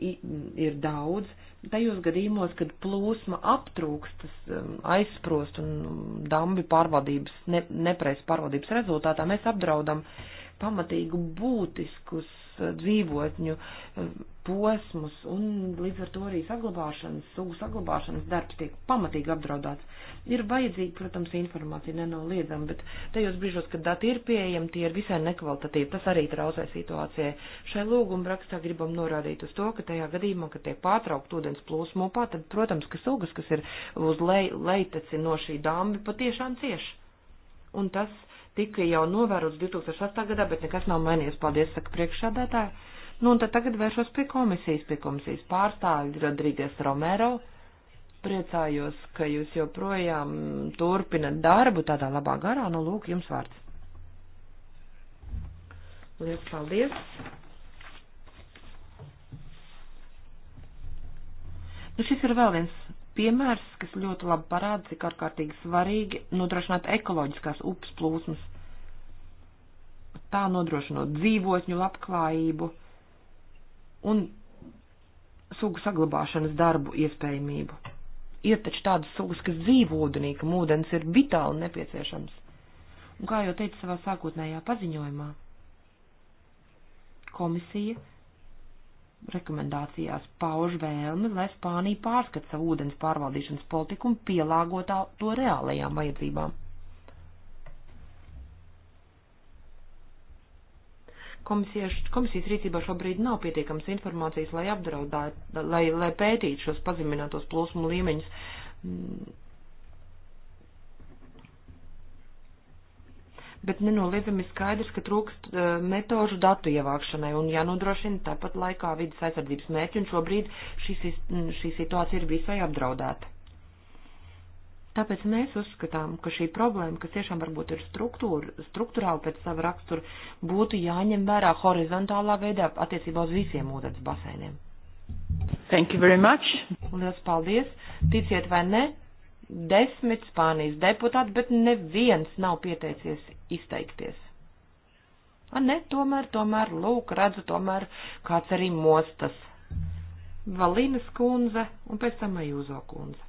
ir daudz, tajos gadījumos, kad plūsma aptrūkstas, um, aizsprost un um, dambi pārvadības, ne, nepreis pārvadības rezultātā, mēs apdraudam pamatīgu būtiskus dzīvotņu eh, posmus, un līdz ar to arī saglabāšanas, sugu saglabāšanas darbs tiek pamatīgi apdraudāts. Ir vajadzīga, protams, informācija nenoliedzama, bet tajos brīžos, kad dati ir pieejami, tie ir visai nekvalitatīvi. Tas arī trausē situācijai. Šai lūguma rakstā gribam norādīt uz to, ka tajā gadījumā, kad tiek pārtraukt ūdens plūsmu upā, tad, protams, ka sugas, kas ir uz lej, lejteci no šī dāmbi, patiešām cieši. Un tas tika jau novērots 2008. gadā, bet nekas nav mainījies. Paldies, saka priekšādātāji. Nu, un tad tagad vēršos pie komisijas, pie komisijas pārstāvja Rodrīgas Romero. Priecājos, ka jūs joprojām turpinat darbu tādā labā garā. Nu, lūk, jums vārds. Lielas paldies! Nu, šis ir vēl viens piemērs, kas ļoti labi parāda, cik ārkārtīgi svarīgi nodrošināt ekoloģiskās upes plūsmas. Tā nodrošinot dzīvotņu labklājību un sugu saglabāšanas darbu iespējamību. Ir taču tādas sugas, kas dzīvo ūdenī, kam ūdens ir vitāli nepieciešams. Un kā jau teicu savā sākotnējā paziņojumā, komisija rekomendācijās pauž vēlmi, lai Spānija pārskat savu ūdens pārvaldīšanas politiku un pielāgotā to reālajām vajadzībām. Komisijas, komisijas rīcībā šobrīd nav pietiekams informācijas, lai apdraudētu, lai, lai pētītu šos pazeminātos plosmu līmeņus mm, bet nenoliedzami skaidrs, ka trūkst uh, metožu datu ievākšanai un jānodrošina tāpat laikā vidas aizsardzības mērķi, un šobrīd šī, šī situācija ir visai apdraudēta. Tāpēc mēs uzskatām, ka šī problēma, kas tiešām varbūt ir struktūrāla pēc sava rakstura, būtu jāņem vērā horizontālā veidā attiecībā uz visiem ūdens basēniem. Thank you very much. Lielas paldies. Ticiet vai ne, desmit Spānijas deputāti, bet neviens nav pieteicies izteikties. A, ne, tomēr, tomēr, lūk, redzu, tomēr kāds arī mostas. Valīnas kundze un pēc tam Ajūzo kundze.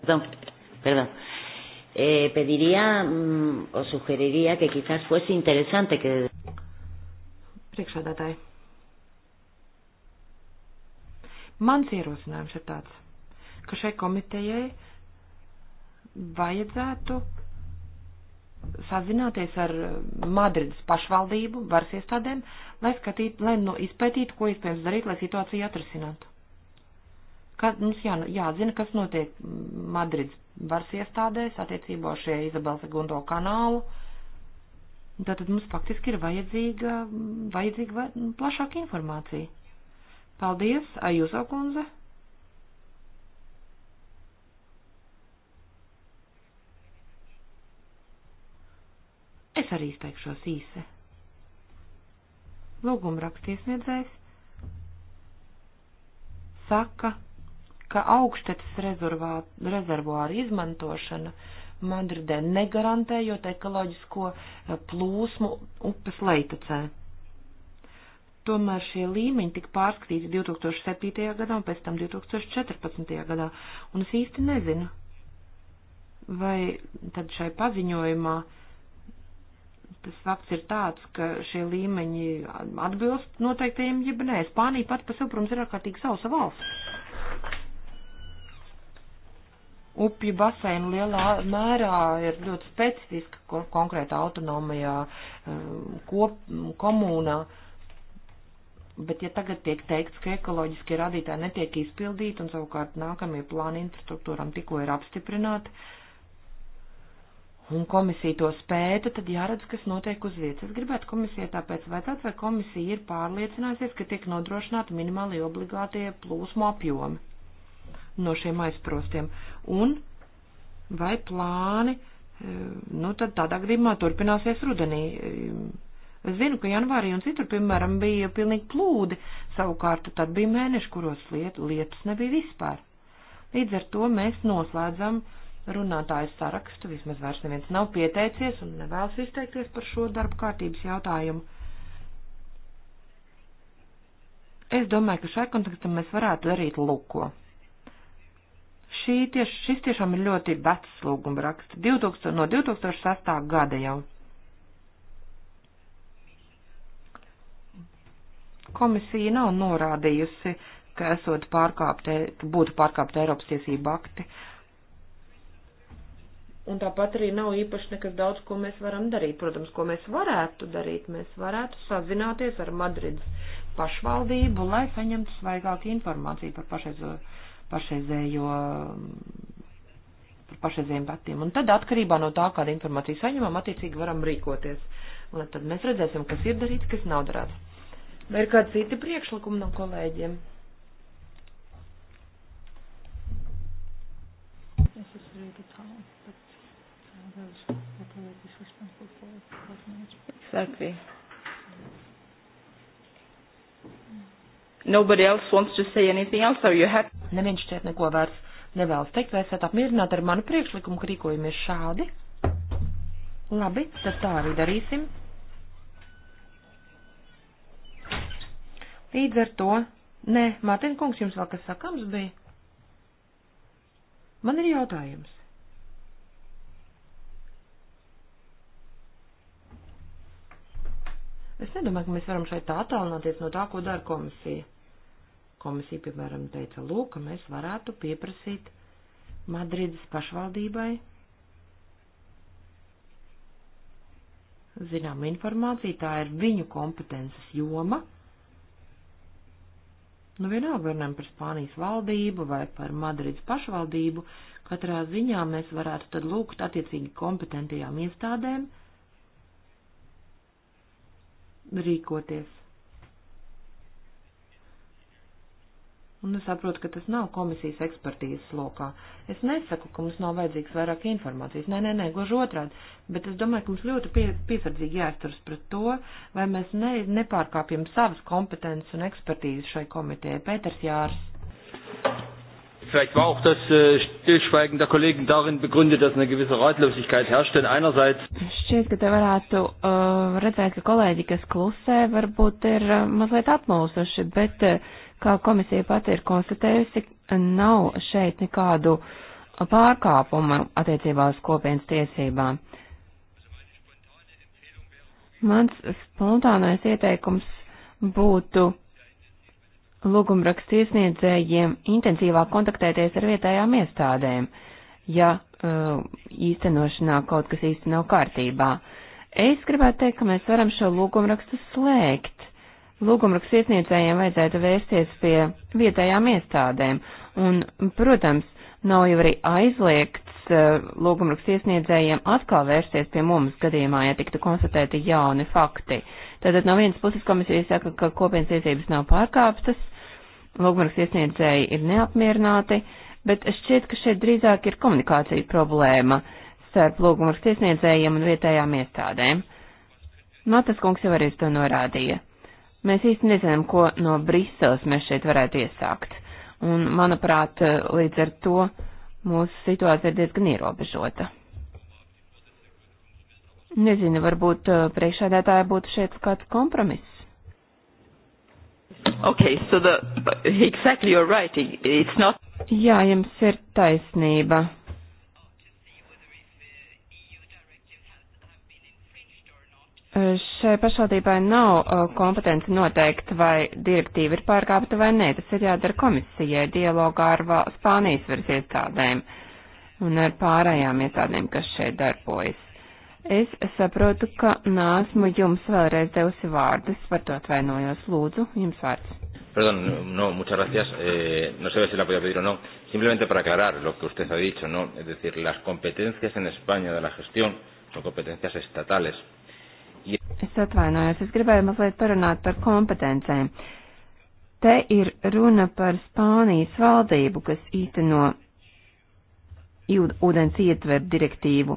Perdón, perdón. Eh, pediría mm, o sugeriría que quizás fuese interesante que. Priekšādātāji. Mans ierosinājums ir tāds, ka šai komitejai vajadzētu sazināties ar Madrides pašvaldību, varas iestādēm, lai skatīt, lai nu, izpētītu, ko iespējams darīt, lai situāciju atrisinātu. Kā, mums jā, jāzina, kas notiek Madrides varas iestādēs attiecībā uz šie Izabels Gundo kanālu Tātad mums faktiski ir vajadzīga, vajadzīga plašāka informācija. Paldies, Ajuzo kundze! Es arī izteikšos īsi. Lūguma rakstiesniedzējs saka, ka augštetes rezervāru izmantošana uh, Madridē, negarantējot ekoloģisko eh, plūsmu upes leitacē. Tomēr šie līmeņi tika pārskatīti 2007. gadā un pēc tam 2014. gadā, un es īsti nezinu, vai tad šai paziņojumā tas fakts ir tāds, ka šie līmeņi atbilst noteiktajiem, jeb nē. Spānija pat pa sev, protams, ir ārkārtīgi sausa valsts. upju baseinu lielā mērā ir ļoti specifiska konkrēta autonomajā um, kop, komunā. Bet ja tagad tiek teikts, ka ekoloģiskie rādītāji netiek izpildīti un savukārt nākamie plāni infrastruktūram tikko ir apstiprināti, un komisija to spēta, tad jāredz, kas notiek uz vietas. Es gribētu komisijai tāpēc vaicāt, vai komisija ir pārliecinājusies, ka tiek nodrošināti minimāli obligātie plūsmu apjomi no šiem aizprostiem. Un vai plāni, e, nu tad tādā gadījumā turpināsies rudenī. E, es zinu, ka janvārī un citur, piemēram, bija pilnīgi plūdi, savukārt tad bija mēneši, kuros liet, lietus nebija vispār. Līdz ar to mēs noslēdzam runātāju sarakstu, vismaz vairs neviens nav pieteicies un nevēlas izteikties par šo darba kārtības jautājumu. Es domāju, ka šai kontekstam mēs varētu darīt luko. Šī tieš, šis tiešām ir ļoti vecs lūguma raksts, 2000, no 2006. gada jau. Komisija nav norādījusi, ka esot pārkāpti, būtu pārkāpti Eiropas tiesību akti. Un tāpat arī nav īpaši nekas daudz, ko mēs varam darīt. Protams, ko mēs varētu darīt, mēs varētu sazināties ar Madrids pašvaldību, lai saņemtu svaigāku informāciju par pašreizo pašreizējo par pašreizējiem datiem. Un tad atkarībā no tā, kāda informācija saņemam, attiecīgi varam rīkoties. Un tad mēs redzēsim, kas ir darīts, kas nav darīts. Vai ir kādi citi priekšlikumi no kolēģiem? Uh, exactly. Nobody else wants to say anything else, are you happy? Neviens šķiet neko vairs nevēlas teikt, vai esat apmierināti ar manu priekšlikumu, ka rīkojamies šādi? Labi, tad tā arī darīsim. Līdz ar to, nē, Mārtiņ kungs, jums vēl kas sakams bija? Man ir jautājums. Es nedomāju, ka mēs varam šeit tā attālināties no tā, ko dara komisija. Komisija, piemēram, teica, lūk, ka mēs varētu pieprasīt Madrides pašvaldībai zināma informācija, tā ir viņu kompetences joma. Nu, vienalga varam par Spānijas valdību vai par Madrides pašvaldību, katrā ziņā mēs varētu tad lūgt attiecīgi kompetentajām iestādēm rīkoties. Un es saprotu, ka tas nav komisijas ekspertīzes lokā. Es nesaku, ka mums nav vajadzīgs vairāk informācijas. Nē, nē, nē, gluži otrādi. Bet es domāju, ka mums ļoti pie, piesardzīgi jāizturas pret to, vai mēs ne, nepārkāpjam savas kompetences un ekspertīzes šai komitē. Pēters Jārs vielleicht war auch das äh, Stillschweigen der Kollegen darin begründet, dass eine gewisse Ratlosigkeit herrscht, denn einerseits. Šķiet, ka te varētu uh, redzēt, ka kolēģi, kas klusē, varbūt ir uh, mazliet apmulsuši, bet, uh, kā komisija pati ir konstatējusi, nav šeit nekādu pārkāpumu attiecībā uz kopienas tiesībām. Mans spontānais ieteikums būtu lūgumrakstu iesniedzējiem intensīvāk kontaktēties ar vietējām iestādēm, ja uh, īstenošanā kaut kas īsti nav kārtībā. Es gribētu teikt, ka mēs varam šo lūgumrakstu slēgt. Lūgumrakstu iesniedzējiem vajadzētu vērsties pie vietējām iestādēm, un, protams, nav jau arī aizliegts Eh, lūgumraksta iesniedzējiem atkal vērsties pie mums gadījumā, ja tiktu konstatēti jauni fakti. Tātad no vienas puses komisija saka, ka kopienas tiesības nav pārkāptas, lūgumraksta iesniedzēji ir neapmierināti, bet šķiet, ka šeit drīzāk ir komunikācija problēma starp lūgumraksta iesniedzējiem un vietējām iestādēm. Matas kungs jau arī to norādīja. Mēs īsti nezinām, ko no Briseles mēs šeit varētu iesākt. Un, manuprāt, eh, līdz ar to mūsu situācija ir diezgan ierobežota. Nezinu, varbūt uh, priekšādētāja būtu šeit kāds kompromiss. Okay, so the, exactly you're right. It's not. Jā, jums ir taisnība. Šai pašvaldībai nav kompetence noteikt, vai direktīva ir pārkāpta vai nē. Tas ir jādara komisijai dialogā ar Spānijas varas iestādēm un ar pārējām iestādēm, kas šeit darbojas. Es saprotu, ka nāsmu jums vēlreiz devusi vārdus, par to atvainojos. Lūdzu, jums vārds. Perdón, no, muchas gracias. Eh, no sé si la podía pedir o no. Simplemente para aclarar lo que usted ha dicho, ¿no? Es decir, las competencias en España de la gestión son competencias estatales. Es atvainojos, es gribēju mazliet parunāt par kompetencēm. Te ir runa par Spānijas valdību, kas īsteno ūdens ietver direktīvu,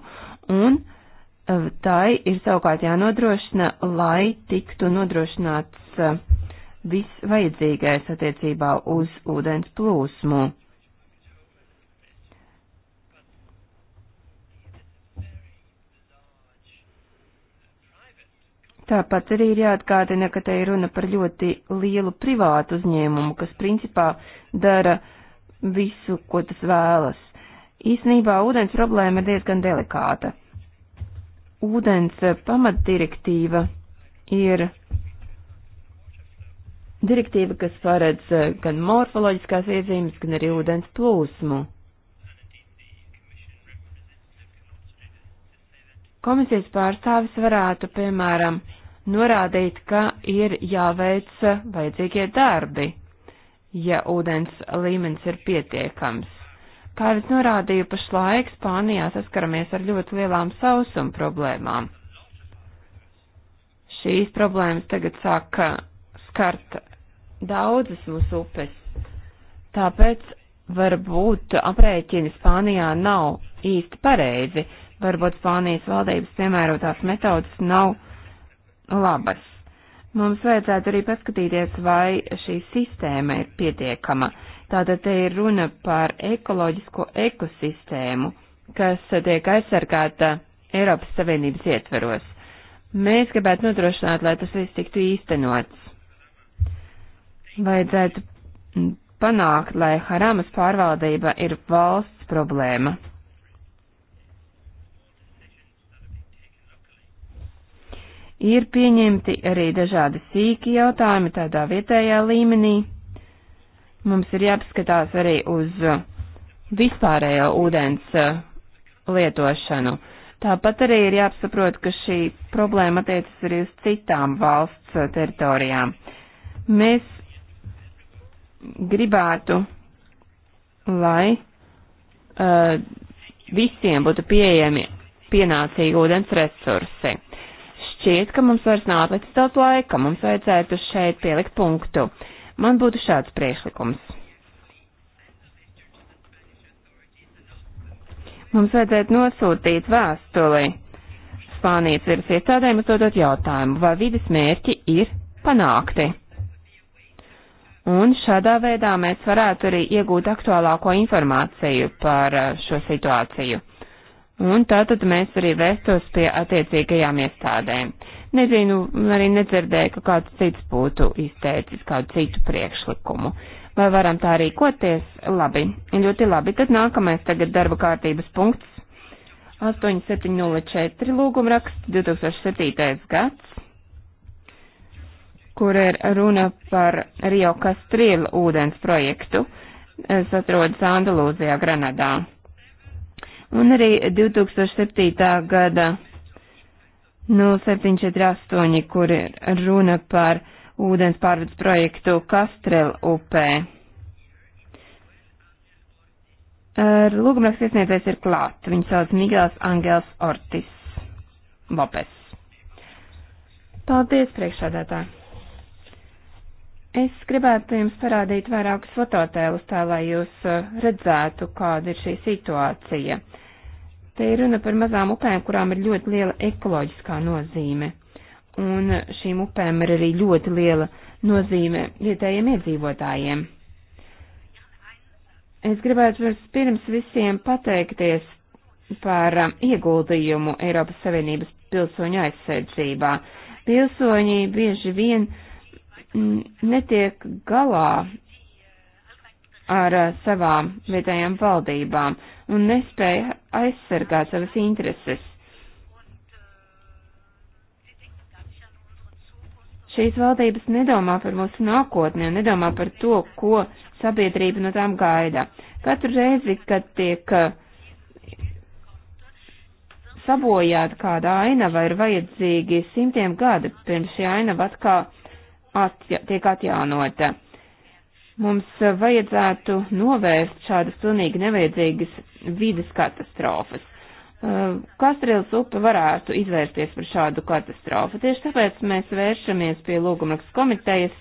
un e, tai ir savukārt jānodrošina, lai tiktu nodrošināts e, viss vajadzīgais attiecībā uz ūdens plūsmu. Tāpat arī ir jāatgādina, ka te ir runa par ļoti lielu privātu uzņēmumu, kas principā dara visu, ko tas vēlas. Īsnībā ūdens problēma ir diezgan delikāta. Ūdens pamatdirektīva ir direktīva, kas paredz gan morfoloģiskās iezīmes, gan arī ūdens plūsmu. komisijas pārstāvis varētu, piemēram, norādīt, ka ir jāveic vajadzīgie darbi, ja ūdens līmenis ir pietiekams. Kā jau es norādīju, pašlaik Spānijā saskaramies ar ļoti lielām sausuma problēmām. Šīs problēmas tagad sāk skart daudzas mūsu upes, tāpēc varbūt aprēķini Spānijā nav īsti pareizi varbūt Spānijas valdības piemērotās metodas nav labas. Mums vajadzētu arī paskatīties, vai šī sistēma ir pietiekama. Tātad te ir runa par ekoloģisko ekosistēmu, kas tiek aizsargāta Eiropas Savienības ietveros. Mēs gribētu nodrošināt, lai tas viss tiktu īstenots. Vajadzētu panākt, lai Haramas pārvaldība ir valsts problēma. Ir pieņemti arī dažādi sīki jautājumi tādā vietējā līmenī. Mums ir jāpaskatās arī uz vispārējo ūdens eh, lietošanu. Tāpat arī ir jāpasaprot, ka šī problēma attiecas arī uz citām valsts eh, teritorijām. Mēs gribētu, lai uh, visiem būtu pieejami pienācīgi ūdens resursi šķiet, ka mums vairs nav atlicis daudz laika, mums vajadzētu šeit pielikt punktu. Man būtu šāds priešlikums. Mums vajadzētu nosūtīt vēstuli Spānijas virs iestādēm uzdodot jautājumu, vai vidas mērķi ir panākti. Un šādā veidā mēs varētu arī iegūt aktuālāko informāciju par uh, šo situāciju un tātad mēs arī vēstos pie attiecīgajām iestādēm. Nezinu, arī nedzirdēju, ka kāds cits būtu izteicis kādu citu priekšlikumu. Vai varam tā rīkoties? Labi, ļoti labi. Tad nākamais tagad darba kārtības punkts. 8704 lūgumraksts 2007. gads, kur ir runa par Rio Kastrīlu ūdens projektu. Es atrodas Andalūzijā, Granadā un arī 2007. gada 0748, kur ir runa par ūdens pārvades projektu Kastrel upē. Lūgumraks iesniedzējs ir klāt. Viņu sauc Migels Angels Ortis Lopes. Paldies, priekšādātā. Es gribētu jums parādīt vairākus fototēlus tā, lai jūs uh, redzētu, kāda ir šī situācija. Uh, Te ir runa par mazām upēm, kurām ir ļoti liela ekoloģiskā nozīme. Un šīm upēm ir arī ļoti liela nozīme vietējiem iedzīvotājiem. Es gribētu vispirms visiem pateikties par um, ieguldījumu Eiropas Savienības pilsoņu aizsardzībā. Pilsoņi bieži vien mm, netiek galā ar eh, savām vietējām valdībām un nespēja aizsargāt savas intereses. Šīs valdības nedomā par mūsu nākotni un nedomā par to, ko sabiedrība no tām gaida. Katru reizi, kad tiek eh, sabojāta kāda ainava, ir vajadzīgi simtiem gadi, pirms šī ainava atkal atja tiek atjaunota. Mums eh, vajadzētu novērst šādas pilnīgi nevajadzīgas vidas katastrofas. Eh, Kastrēls upe varētu izvērsties par šādu katastrofu. Tieši tāpēc mēs vēršamies pie lūgumrakstu komitejas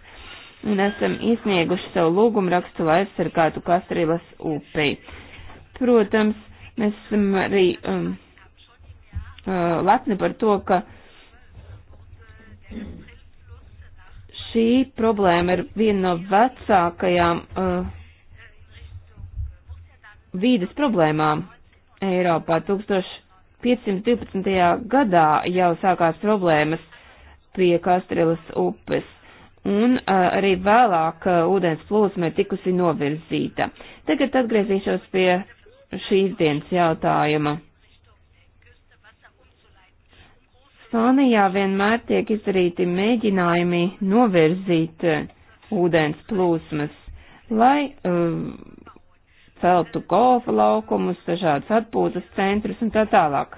un esam izsnieguši savu lūgumrakstu, lai aizsargātu Kastrēlas upi. Protams, mēs esam arī um, uh, lepni par to, ka šī problēma ir viena no vecākajām uh, vīdes problēmām Eiropā. 1512. gadā jau sākās problēmas pie Kastrilas upes, un uh, arī vēlāk uh, ūdens plūsma ir tikusi novirzīta. Tagad atgriezīšos pie šīs dienas jautājuma. Spānijā vienmēr tiek izdarīti mēģinājumi novirzīt eh, ūdens plūsmas, lai um, celtu golfa laukumus, dažādas atpūtas centrus un tā tālāk.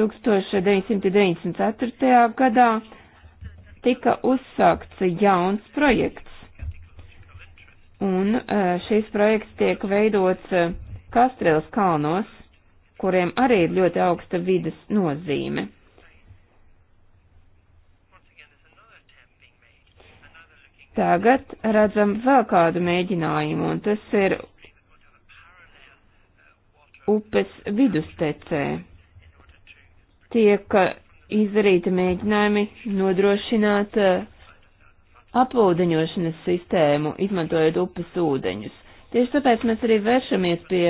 1994. gadā tika uzsākts jauns projekts, un eh, šis projekts tiek veidots Kastrēls kalnos, kuriem arī ir ļoti augsta vidas nozīme. Tagad redzam vēl kādu mēģinājumu, un tas ir upes vidustecē. Tiek izdarīti mēģinājumi nodrošināt uh, aplūdeņošanas sistēmu, izmantojot upes ūdeņus. Tieši tāpēc mēs arī vēršamies pie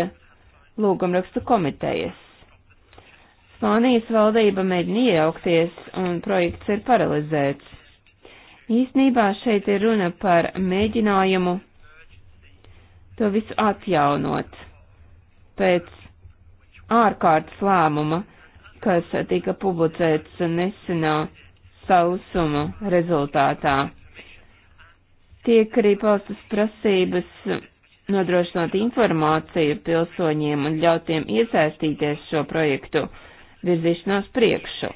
lūgumrakstu komitejas. Spānijas valdība mēģina iejaukties un projekts ir paralizēts. Īsnībā šeit ir runa par mēģinājumu to visu atjaunot pēc ārkārtas lēmuma, kas tika publicēts nesenā sausuma rezultātā. Tiek arī paustas prasības nodrošinot informāciju pilsoņiem un ļautiem iesaistīties šo projektu virzīšanos priekšu.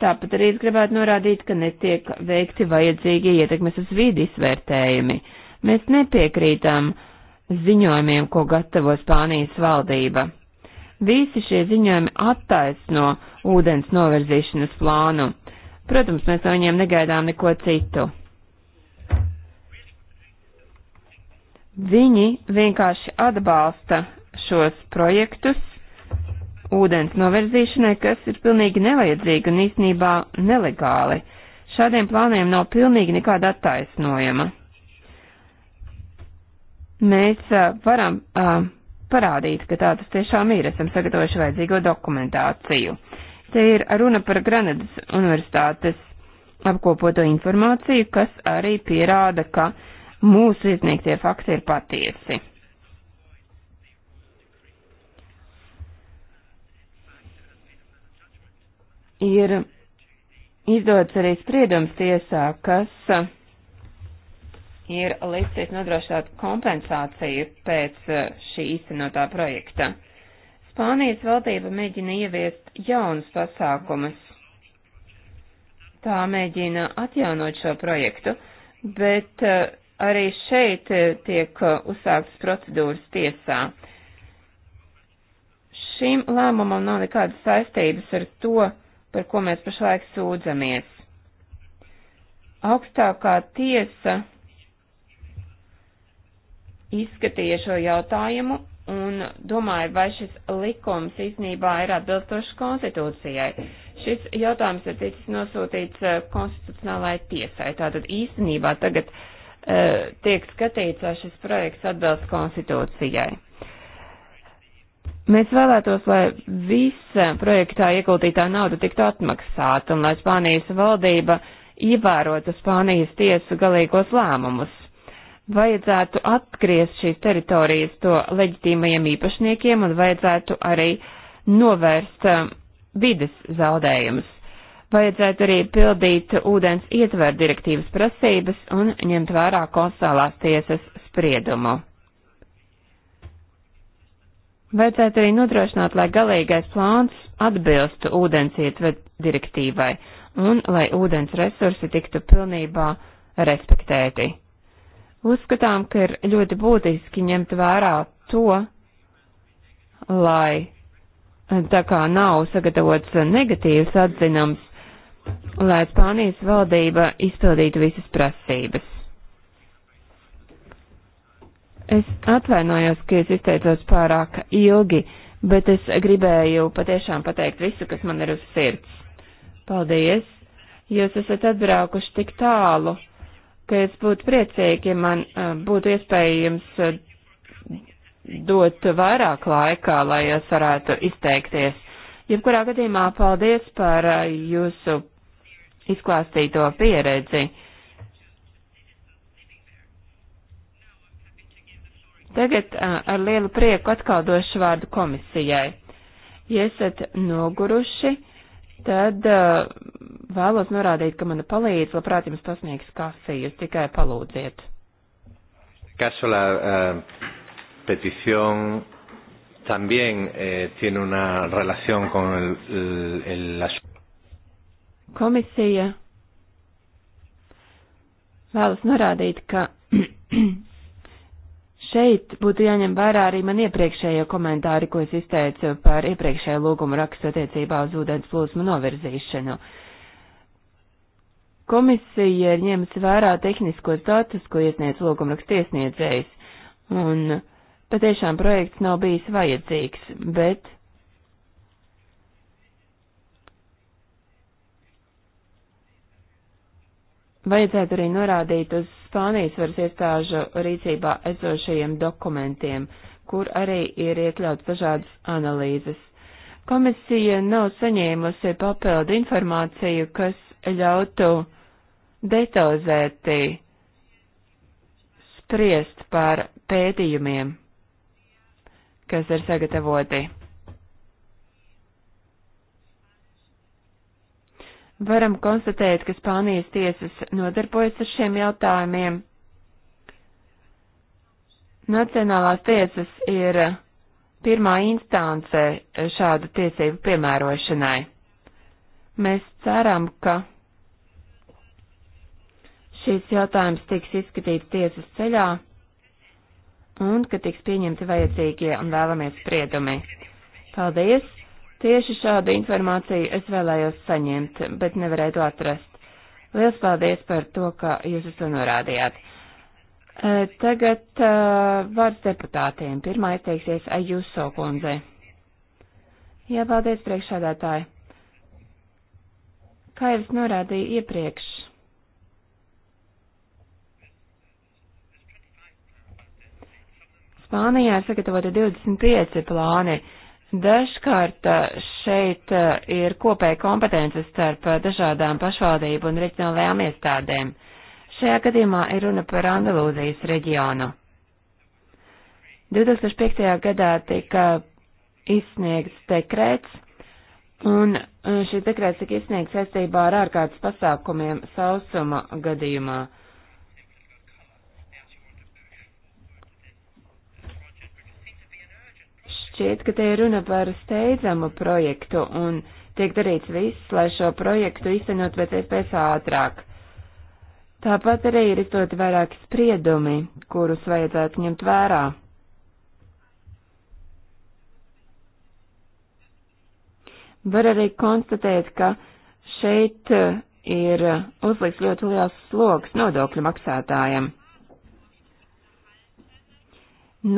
Tāpat arī es gribētu norādīt, ka netiek veikti vajadzīgi ietekmes uz vidi izvērtējumi. Mēs nepiekrītam ziņojumiem, ko gatavo Spānijas valdība. Visi šie ziņojumi attaisno ūdens novirzīšanas plānu. Protams, mēs no viņiem negaidām neko citu. Viņi vienkārši atbalsta šos projektus ūdens novirzīšanai, kas ir pilnīgi nevajadzīga un īsnībā nelegāli. Šādiem plāniem nav pilnīgi nekāda attaisnojuma. Mēs a, varam a, parādīt, ka tā tas tiešām ir, esam sagatavojuši vajadzīgo dokumentāciju. Te ir runa par Granadas universitātes apkopoto informāciju, kas arī pierāda, ka uh, mūsu izniegtie fakti ir patiesi. Ir izdots arī spriedums tiesā, kas ir licis nodrošināt kompensāciju pēc eh, šī īstenotā projekta. Spānijas valdība mēģina ieviest jaunus pasākumus. Tā mēģina atjaunot šo projektu, bet eh, arī šeit eh, tiek eh, uzsāktas procedūras tiesā. Šim lēmumam nav nekādas saistības ar to, par ko mēs pašlaik sūdzamies. Augstākā tiesa izskatīja šo jautājumu un domāju, vai šis likums īstenībā ir atbilstošs konstitūcijai. Šis jautājums ir ticis nosūtīts eh, konstitucionālai tiesai. Tātad īstenībā tagad uh, E, tiek skatīts, vai šis projekts atbilst konstitūcijai. Mēs vēlētos, lai visa projektā ieguldītā nauda tiktu atmaksāta un lai Spānijas valdība ievērotu Spānijas tiesu galīgos lēmumus. Vajadzētu atgriezt šīs teritorijas to leģitīmajiem īpašniekiem un vajadzētu arī novērst um, vides zaudējumus. Vajadzētu arī pildīt ūdens ietver direktīvas prasības un ņemt vērā konstālās tiesas spriedumu. Vajadzētu arī nodrošināt, lai galīgais plāns atbilstu ūdens ietver direktīvai un lai ūdens resursi tiktu pilnībā respektēti. Uzskatām, ka ir ļoti būtiski ņemt vērā to, lai tā kā nav sagatavots negatīvs atzinums, lai Spānijas valdība izpildītu visas prasības. Es atvainojos, ka es izteicos pārāk ilgi, bet es gribēju patiešām pateikt visu, kas man ir uz sirds. Paldies! Jūs esat atbraukuši tik tālu, ka es būtu priecīgi, ja man eh, būtu iespējams eh, dot vairāk laikā, lai jūs varētu izteikties. Jebkurā gadījumā paldies par eh, jūsu izklāstīto pieredzi. Tagad ar lielu prieku atkal došu vārdu komisijai. Ja esat noguruši, tad uh, vēlos norādīt, ka mana palīdz labprāt jums pasniegs kafiju, jūs tikai palūdziet. Caso la uh, petición también eh, tiene una relación con el, el, el asunto. Komisija vēlas norādīt, ka *clears throat* šeit būtu jāņem vērā arī man iepriekšējo komentāri, ko es izteicu par iepriekšējo lūgumu rakstu attiecībā uz ūdens plūsmu novirzīšanu. Komisija ir ņēmusi vērā tehniskos datus, ko iesniedz lūgumraksts iesniedzējs, un patiešām projekts nav bijis vajadzīgs, bet vajadzētu arī norādīt uz Spānijas varas iestāžu rīcībā esošajiem dokumentiem, kur arī ir iekļauts dažādas analīzes. Komisija nav saņēmusi papildu informāciju, kas ļautu detalizēti spriest par pētījumiem, kas ir sagatavoti. Varam konstatēt, ka Spānijas tiesas nodarbojas ar šiem jautājumiem. Nacionālās tiesas ir pirmā instance šādu tiesību piemērošanai. Mēs ceram, ka šīs jautājums tiks izskatīts tiesas ceļā un ka tiks pieņemti vajadzīgie un vēlamies spriedumi. Paldies! Tieši šādu informāciju es vēlējos saņemt, bet nevarēju to atrast. Lielas paldies par to, ka jūs to norādījāt. E, tagad e, vārds deputātiem. Pirmā izteiksies Ajuso kundze. Jā, paldies priekšādātāji. Kā jau es norādīju iepriekš, Spānijā sagatavoti 25 plāni Dažkārt šeit ir kopēja kompetences starp dažādām pašvaldību un reģionālajām iestādēm. Šajā gadījumā ir runa par Andalūzijas reģionu. 2005. gadā tika izsniegts dekrets, un šis dekrets tika izsniegts saistībā ar ārkārtas pasākumiem sausuma gadījumā. Šķiet, ka te ir runa par steidzamu projektu un tiek darīts viss, lai šo projektu iztenot pēc iespējas ātrāk. Tāpat arī ir izdoti vairāki spriedumi, kurus vajadzētu ņemt vērā. Var arī konstatēt, ka šeit eh, ir eh, uzliks ļoti liels sloks nodokļu maksātājiem.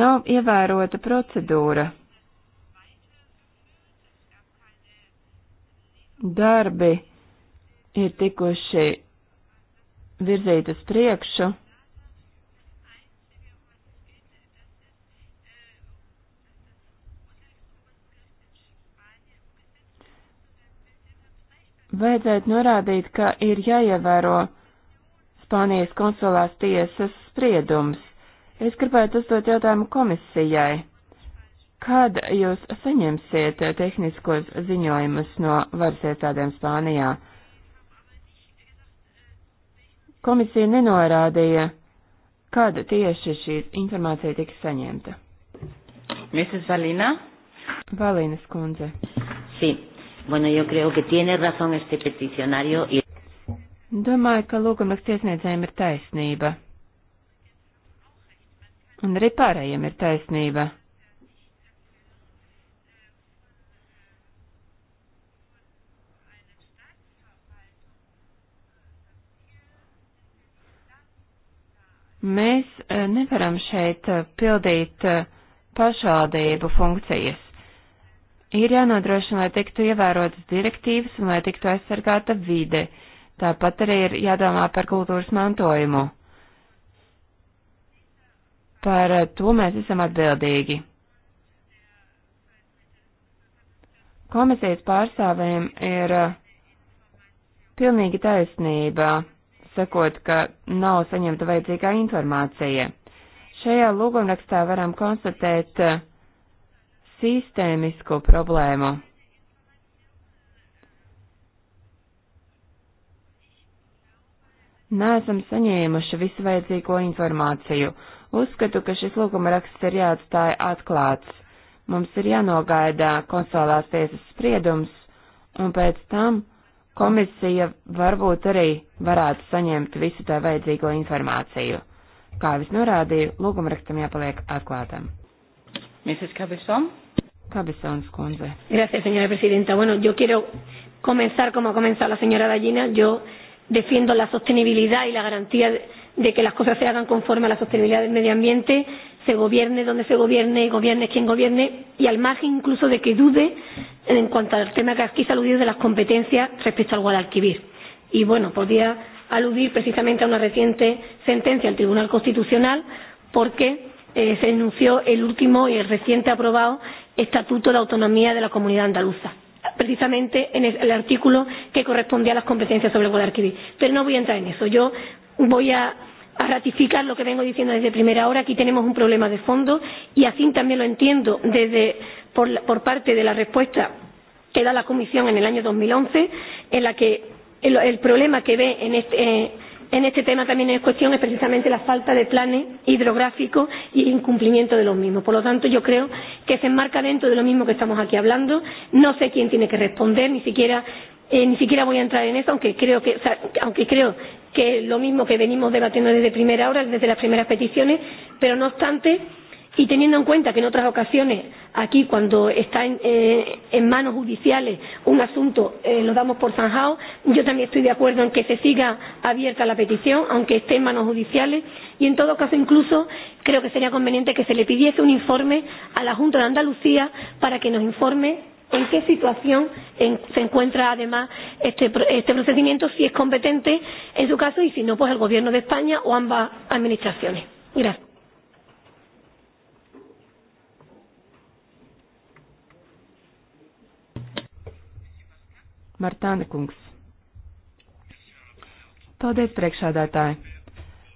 Nav ievērota procedūra, darbi ir tikuši virzīt uz priekšu. Vajadzētu norādīt, ka ir jāievēro Spānijas konsulās tiesas spriedums. Es gribētu uzdot jautājumu komisijai. Kad jūs saņemsiet tehniskos ziņojumus no varas iestādēm Spānijā? Komisija nenorādīja, kad tieši šī informācija tika saņemta. Mrs. Valina? Valinas kundze. Sí. Bueno, yo creo que tiene razón este peticionario. Y... Domāju, ka lūgumaks tiesniedzējiem ir taisnība. Un arī pārējiem ir taisnība Mēs eh, nevaram šeit eh, pildīt eh, pašvaldību funkcijas. Ir jānodrošina, lai tiktu ievērotas direktīvas un lai tiktu aizsargāta vide. Tāpat arī ir jādomā par kultūras mantojumu. Par to mēs esam atbildīgi. Komisijas pārstāvēm ir pilnīgi taisnība sakot, ka nav saņemta vajadzīgā informācija. Šajā lūgumrakstā varam konstatēt eh, sistēmisku problēmu. Nēsam saņēmuši visu vajadzīgo informāciju. Uzskatu, ka šis lūgumraksts ir jāatstāja atklāts. Mums ir jānogaida konsolās tiesas spriedums, un pēc tam komisija varbūt arī varētu saņemt visu tā vajadzīgo informāciju. Kā jau es norādīju, lūgumrakstam jāpaliek atklātam. Mrs. Cabezón. Cabezón, skundze. Gracias, señora presidenta. Bueno, yo quiero comenzar como ha comenzado la señora Gallina. Yo defiendo la sostenibilidad y la garantía de de que las cosas se hagan conforme a la sostenibilidad del medio ambiente, se gobierne donde se gobierne, gobierne quien gobierne, y al margen incluso de que dude en cuanto al tema que aquí se aludido de las competencias respecto al Guadalquivir. Y bueno, podría aludir precisamente a una reciente sentencia del Tribunal Constitucional porque eh, se denunció el último y el reciente aprobado Estatuto de Autonomía de la Comunidad Andaluza precisamente en el, el artículo que correspondía a las competencias sobre el Guadalquivir. Pero no voy a entrar en eso. Yo voy a, a ratificar lo que vengo diciendo desde primera hora. Aquí tenemos un problema de fondo y así también lo entiendo desde, por, la, por parte de la respuesta que da la Comisión en el año 2011, en la que el, el problema que ve en este. Eh, en este tema también en cuestión es precisamente la falta de planes hidrográficos y el incumplimiento de los mismos. Por lo tanto, yo creo que se enmarca dentro de lo mismo que estamos aquí hablando. No sé quién tiene que responder, ni siquiera, eh, ni siquiera voy a entrar en eso, aunque creo que, o sea, aunque creo que es lo mismo que venimos debatiendo desde primera hora, desde las primeras peticiones, pero no obstante, y teniendo en cuenta que en otras ocasiones aquí cuando está en, eh, en manos judiciales un asunto eh, lo damos por zanjado, yo también estoy de acuerdo en que se siga abierta la petición, aunque esté en manos judiciales, y en todo caso incluso creo que sería conveniente que se le pidiese un informe a la Junta de Andalucía para que nos informe en qué situación en, se encuentra además este, este procedimiento, si es competente en su caso y si no, pues el Gobierno de España o ambas administraciones. Gracias. Martāne kungs. Paldies, priekšādātāji.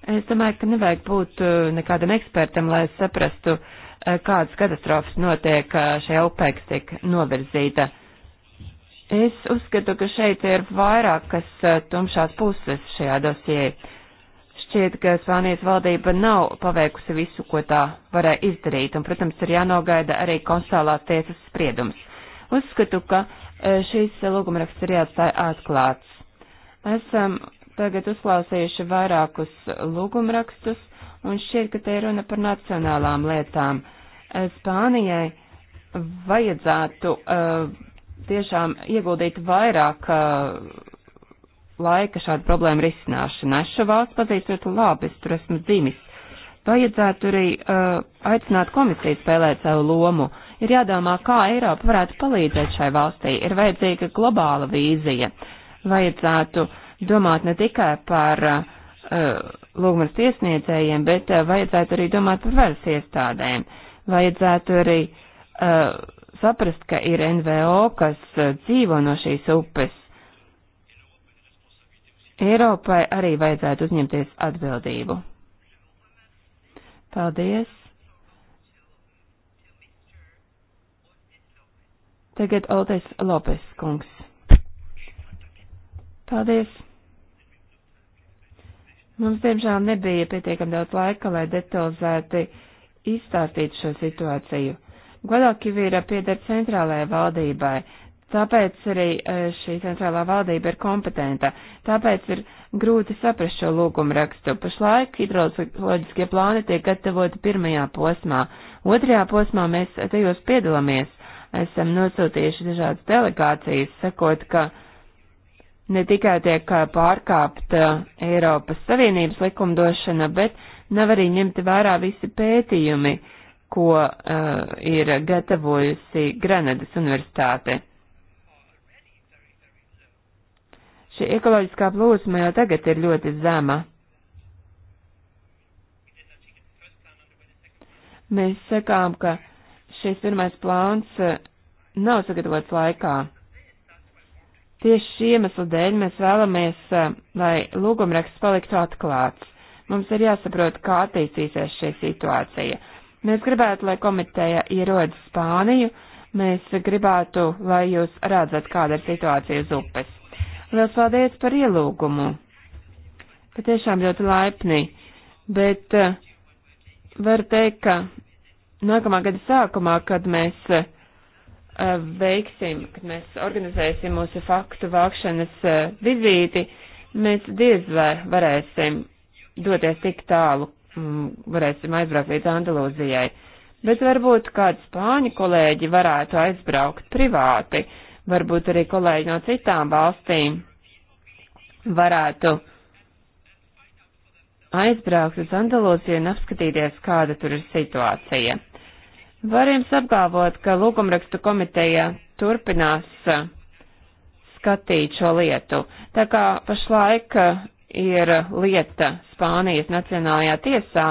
Es domāju, ka nevajag būt eh, nekādam ekspertam, lai saprastu, uh, Eh, kādas katastrofas notiek šajā upē, kas tiek novirzīta. Es uzskatu, ka šeit ir vairākas eh, tumšās puses šajā dosijai. Šķiet, ka Spānijas valdība nav paveikusi visu, ko tā varēja izdarīt, un, protams, ir jānogaida arī konstitucionālās tiesas spriedums. Uzskatu, ka eh, šīs lūgumraksts ir jāatstāja atklāts. Esam tagad uzklausījuši vairākus lūgumrakstus, un šķiet, ka te ir runa par nacionālām lietām. Eh, Spānijai vajadzētu uh, tiešām ieguldīt vairāk uh, laika šādu problēmu risināšanā. Es šo valsts pazīstu ļoti labi, es tur esmu dzimis. Vajadzētu arī uh, aicināt komisiju spēlēt savu lomu. Ir jādomā, kā Eiropa varētu palīdzēt šai valstī. Ir vajadzīga globāla vīzija. Vajadzētu domāt ne tikai par uh, Uh, lūgums tiesniedzējiem, bet uh, vajadzētu arī domāt par varas iestādēm. Vajadzētu arī uh, saprast, ka ir NVO, kas uh, dzīvo no šīs upes. Eiropai arī vajadzētu uzņemties atbildību. Paldies! Tagad Altais Lopes kungs. Paldies! Mums, diemžēl, nebija pietiekami daudz laika, lai detalizēti izstāstītu šo situāciju. Guadalquivira pieder centrālajai valdībai, tāpēc arī e, šī centrālā valdība ir kompetenta, tāpēc ir grūti saprast šo lūgumu rakstu. Pašlaik hidroloģiskie plāni tiek gatavoti pirmajā posmā. Otrajā posmā mēs tajos piedalāmies. Esam nosūtījuši dažādas delegācijas, sakot, ka ne tikai tiek pārkāpta Eiropas Savienības likumdošana, bet nav arī ņemti vērā visi pētījumi, ko uh, ir gatavojusi Granadas Universitāte. Šī ekoloģiskā plūsma jau tagad ir ļoti zema. Mēs sakām, ka šis pirmais plāns nav sagatavots laikā. Tieši šī iemesla dēļ mēs vēlamies, eh, lai lūgumraksts paliktu atklāts. Mums ir jāsaprot, kā attīstīsies šī situācija. Mēs gribētu, lai komiteja ierodas Spāniju, mēs gribētu, lai jūs redzat, kāda ir situācija uz upes. Lielas paldies par ielūgumu. Patiešām ļoti laipni, bet eh, var teikt, ka nākamā gada sākumā, kad mēs eh, Eh, veiksim, kad mēs organizēsim mūsu faktu vākšanas eh, vizīti, mēs diez vai varēsim doties tik tālu, mm, varēsim aizbraukt līdz Andalūzijai. Bet varbūt kāds spāņu kolēģi varētu aizbraukt privāti, varbūt arī kolēģi no citām valstīm varētu aizbraukt uz Andalūziju un apskatīties, kāda tur ir situācija. Var jums apgalvot, ka lūgumrakstu komiteja turpinās uh, skatīt šo lietu, tā kā pašlaik uh, ir lieta Spānijas Nacionālajā tiesā,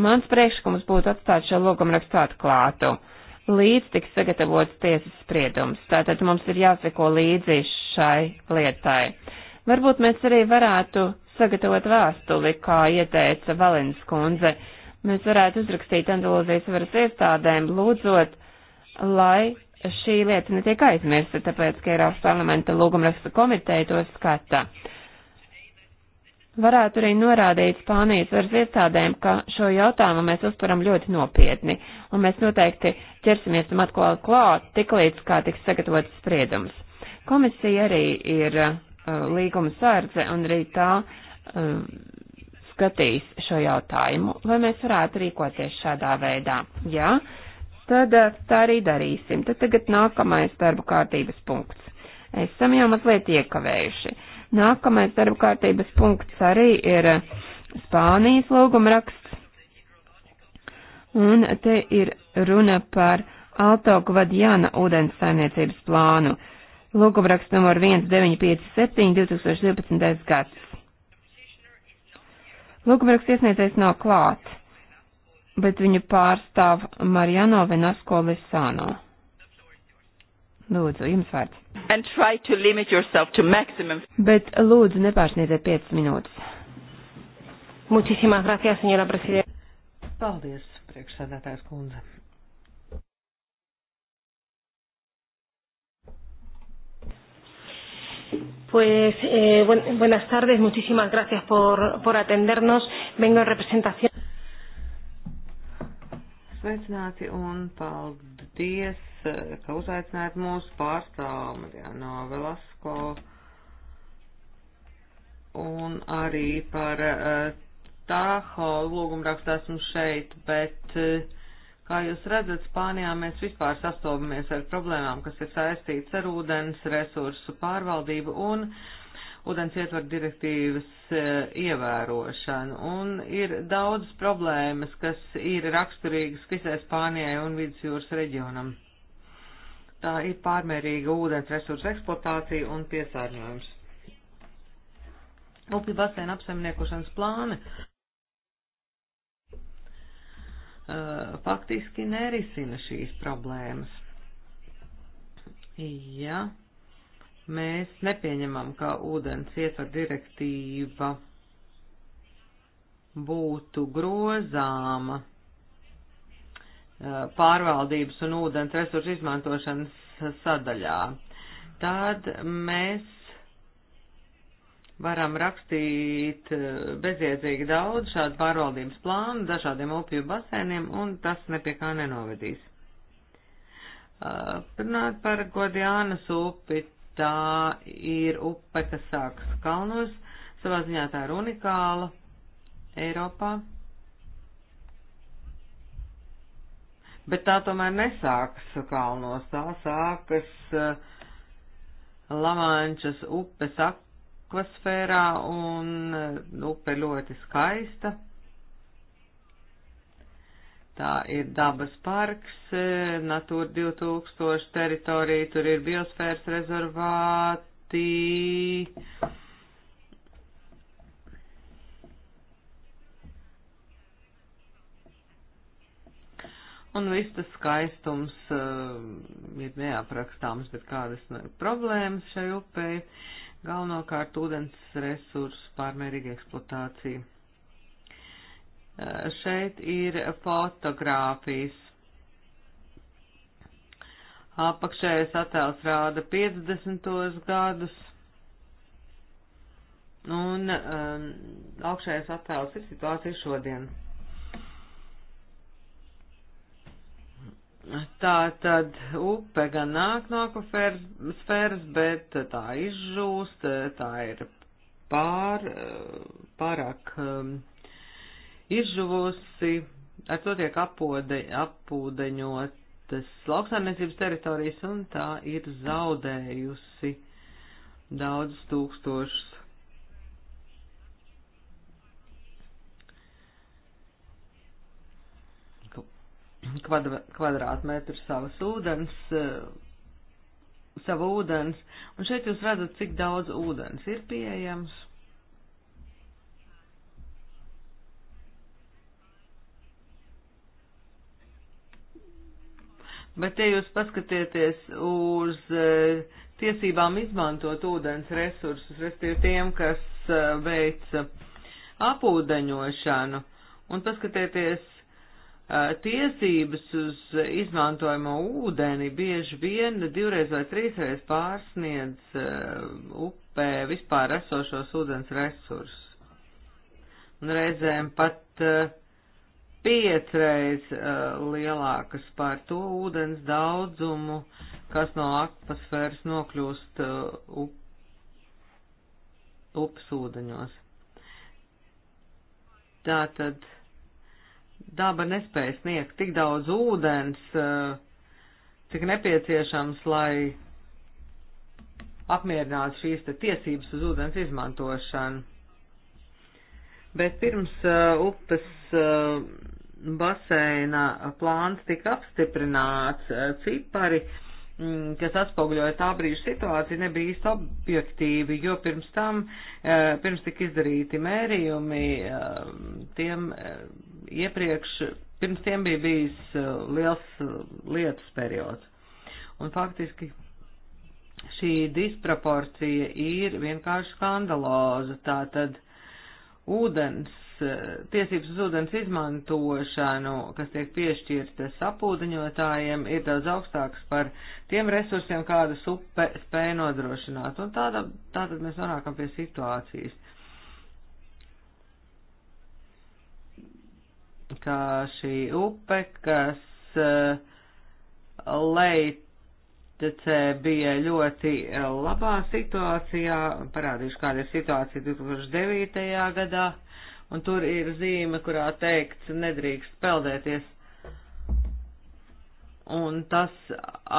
mans priekšlikums būtu atstāt šo lūgumrakstu atklātu, līdz tiks sagatavots tiesas spriedums. Tātad mums ir jāseko līdzi šai lietai. Varbūt mēs arī varētu sagatavot vēstuli, kā ieteica Valens kundze, mēs varētu uzrakstīt Andalūzijas varas iestādēm, lūdzot, lai šī lieta netiek aizmirsta, tāpēc, ka Eiropas parlamenta lūgumraksta komiteja to skata. Varētu arī norādīt Spānijas varas iestādēm, ka šo jautājumu mēs uztveram ļoti nopietni, un mēs noteikti ķersimies tam atkal klāt, tik līdz kā tiks sagatavots spriedums. Komisija arī ir uh, līguma sārdze, un arī tā uh, skatīs šo jautājumu, vai mēs varētu rīkoties šādā veidā. Jā, tad eh, tā arī darīsim. Tad tagad nākamais darba kārtības punkts. Esam jau mazliet iekavējuši. Nākamais darba kārtības punkts arī ir eh, Spānijas lūguma raksts. Un te ir runa par Alto Gvadjana ūdens saimniecības plānu. Lūgumraksts numur 1957 2012. gads. Lūgumraksts iesniedzējs nav klāt, bet viņu pārstāv Mariano Venasko Lisano. Lūdzu, jums vārds. Bet lūdzu, nepārsniedziet 5 minūtes. Muchísimas gracias, señora presidenta. Paldies, priekšsēdētājs kundze. Pues eh, buen, buenas tardes, muchísimas gracias por, por atendernos. Vengo en representación. Sveicināti un paldies, eh, ka uzaicinājāt mūsu pārstāvu Mariano Velasko un arī par uh, eh, Taho lūgumrakstu esmu šeit, bet uh, Kā jūs redzat, Spānijā mēs vispār sastopamies ar problēmām, kas ir saistīts ar ūdens resursu pārvaldību un ūdens ietvaru direktīvas e, ievērošanu. Un ir daudz problēmas, kas ir raksturīgas visai Spānijai un vidusjūras reģionam. Tā ir pārmērīga ūdens resursu eksploatācija un piesārņojums. Upju basēna apsaimniekošanas plāni Eh, faktiski nerisina šīs problēmas. Ja mēs nepieņemam, ka ūdens ietver direktīva būtu grozāma eh, pārvaldības un ūdens resursu izmantošanas sadaļā, tad mēs varam rakstīt eh, bezjēdzīgi daudz šādu pārvaldības plānu dažādiem upju basēniem, un tas nepiekā nenovedīs. Eh, Runāt par Godiānas upi, tā ir upe, kas sākas kalnos, savā ziņā tā ir unikāla Eiropā, bet tā tomēr nesākas kalnos, tā sākas eh, Lamančas upes ak akvasfērā un upe nu, ļoti skaista. Tā ir dabas parks, Natūra 2000 teritorija, tur ir biosfēras rezervāti. un viss tas skaistums uh, ir neaprakstāms, bet kādas problēmas šai upei galvenokārt ūdens resursu pārmērīga eksploatācija. Eh, šeit ir fotogrāfijas. Apakšējais attēls rāda 50. gadus, un um, augšējais attēls ir situācija šodien. Tā tad upe gan nāk no akvafēras, bet tā izžūst, tā ir pār, pārāk um, izžuvusi, ar to tiek apode, apūdeņotas lauksaimniecības teritorijas un tā ir zaudējusi daudz tūkstošus kvadra, kvadrātmetru savas ūdens, eh, savu ūdens, un šeit jūs redzat, cik daudz ūdens ir pieejams. Bet, ja jūs paskatieties uz eh, tiesībām izmantot ūdens resursus, respektīvi tiem, kas eh, veic apūdeņošanu, un paskatieties Eh, tiesības uz izmantojamo ūdeni bieži vien divreiz vai trīsreiz pārsniedz eh, upē vispār esošos ūdens resursus. Un reizēm pat eh, piecreiz lielākas pār to ūdens daudzumu, kas no atmosfēras nokļūst upes ūdeņos. Tātad daba nespēja sniegt tik daudz ūdens, eh, cik nepieciešams, lai apmierinātu šīs te tiesības uz ūdens izmantošanu. Bet pirms uh, upes uh, eh, baseina plāns tika apstiprināts, uh, cipari, mm, kas atspoguļoja tā brīža situāciju, nebija īsti objektīvi, jo pirms tam, uh, pirms tika izdarīti mērījumi, uh, tiem uh, iepriekš, pirms tiem bija bijis uh, liels uh, lietus periods. Un faktiski šī disproporcija ir vienkārši skandaloza. Tātad ūdens, uh, tiesības uz ūdens izmantošanu, kas tiek piešķirtas apūdeņotājiem, ir daudz augstāks par tiem resursiem, kāda supe spēja nodrošināt. Un tāda, tātad mēs nonākam pie situācijas ka šī upe, kas eh, leitecē bija ļoti eh, labā situācijā, parādīšu, kāda ir situācija 2009. gadā, un tur ir zīme, kurā teikts, nedrīkst peldēties. Un tas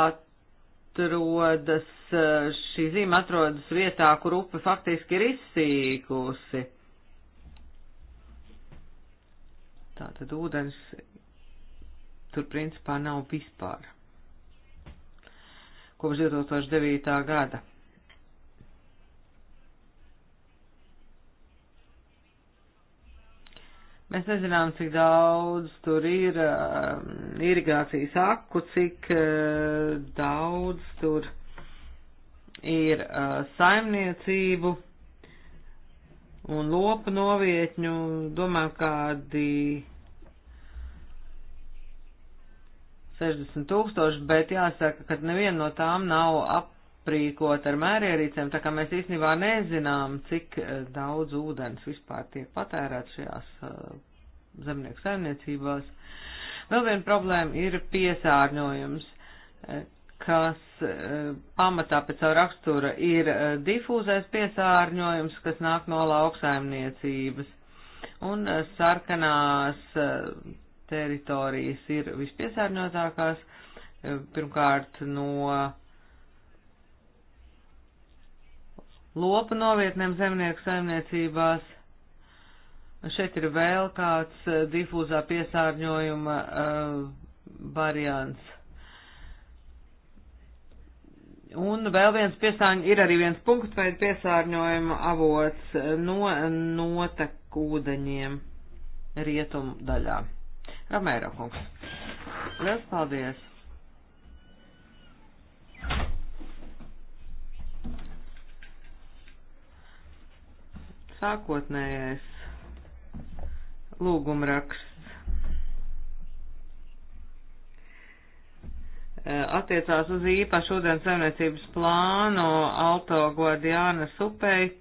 atrodas, eh, šī zīme atrodas vietā, kur upe faktiski ir izsīkusi Tātad ūdens tur principā nav vispār. Kopš 2009. gada. Mēs nezinām, cik daudz tur ir uh, irigācijas aku, cik uh, daudz tur ir uh, saimniecību un lopu novietņu, domāju, kādi 60 tūkstoši, bet jāsaka, ka neviena no tām nav aprīkot ar mērierīcēm, tā kā mēs īstenībā nezinām, cik eh, daudz ūdens vispār tiek patērēts šajās eh, zemnieku saimniecībās. Vēl viena problēma ir piesārņojums eh, kas eh, pamatā pēc savu rakstura ir eh, difūzais piesārņojums, kas nāk no lauksaimniecības. Un eh, sarkanās teritorijas ir vispiesārņotākās, pirmkārt no lopu novietnēm zemnieku saimniecībās. Šeit ir vēl kāds difūzā piesārņojuma uh, variants. Un vēl viens piesārņojums, ir arī viens punkts, vai ir piesārņojuma avots no notekūdeņiem rietumu daļā. Ramēra kungs. Liels paldies! Sākotnējais lūgumraksts Eh, attiecās uz īpašu ūdens saimniecības plānu Alto Guadianas upei,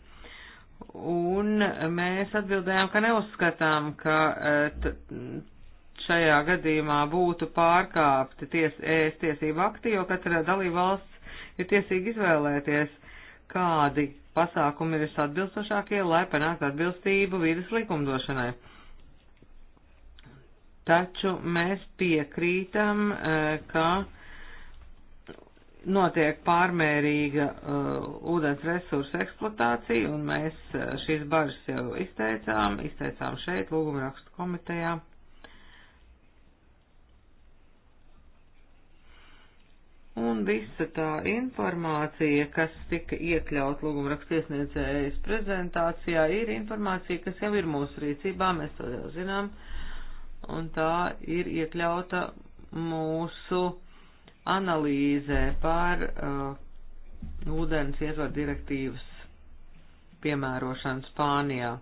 un mēs atbildējām, ka neuzskatām, ka eh, šajā gadījumā būtu pārkāpti ties, ES tiesību akti, jo katra dalībvalsts ir tiesīgi izvēlēties, kādi pasākumi ir atbilstošākie, lai panāktu atbilstību vīdes likumdošanai taču mēs piekrītam, eh, ka notiek pārmērīga uh, ūdens resursu eksploatācija, un mēs uh, šīs bažas jau izteicām, izteicām šeit lūgumrakstu komitejā. Un visa tā informācija, kas tika iekļaut lūgumrakstu iesniedzējas prezentācijā, ir informācija, kas jau ir mūsu rīcībā, mēs to jau zinām, un tā ir iekļauta mūsu analīzē par uh, ūdens ietvaru direktīvas piemērošanu Spānijā.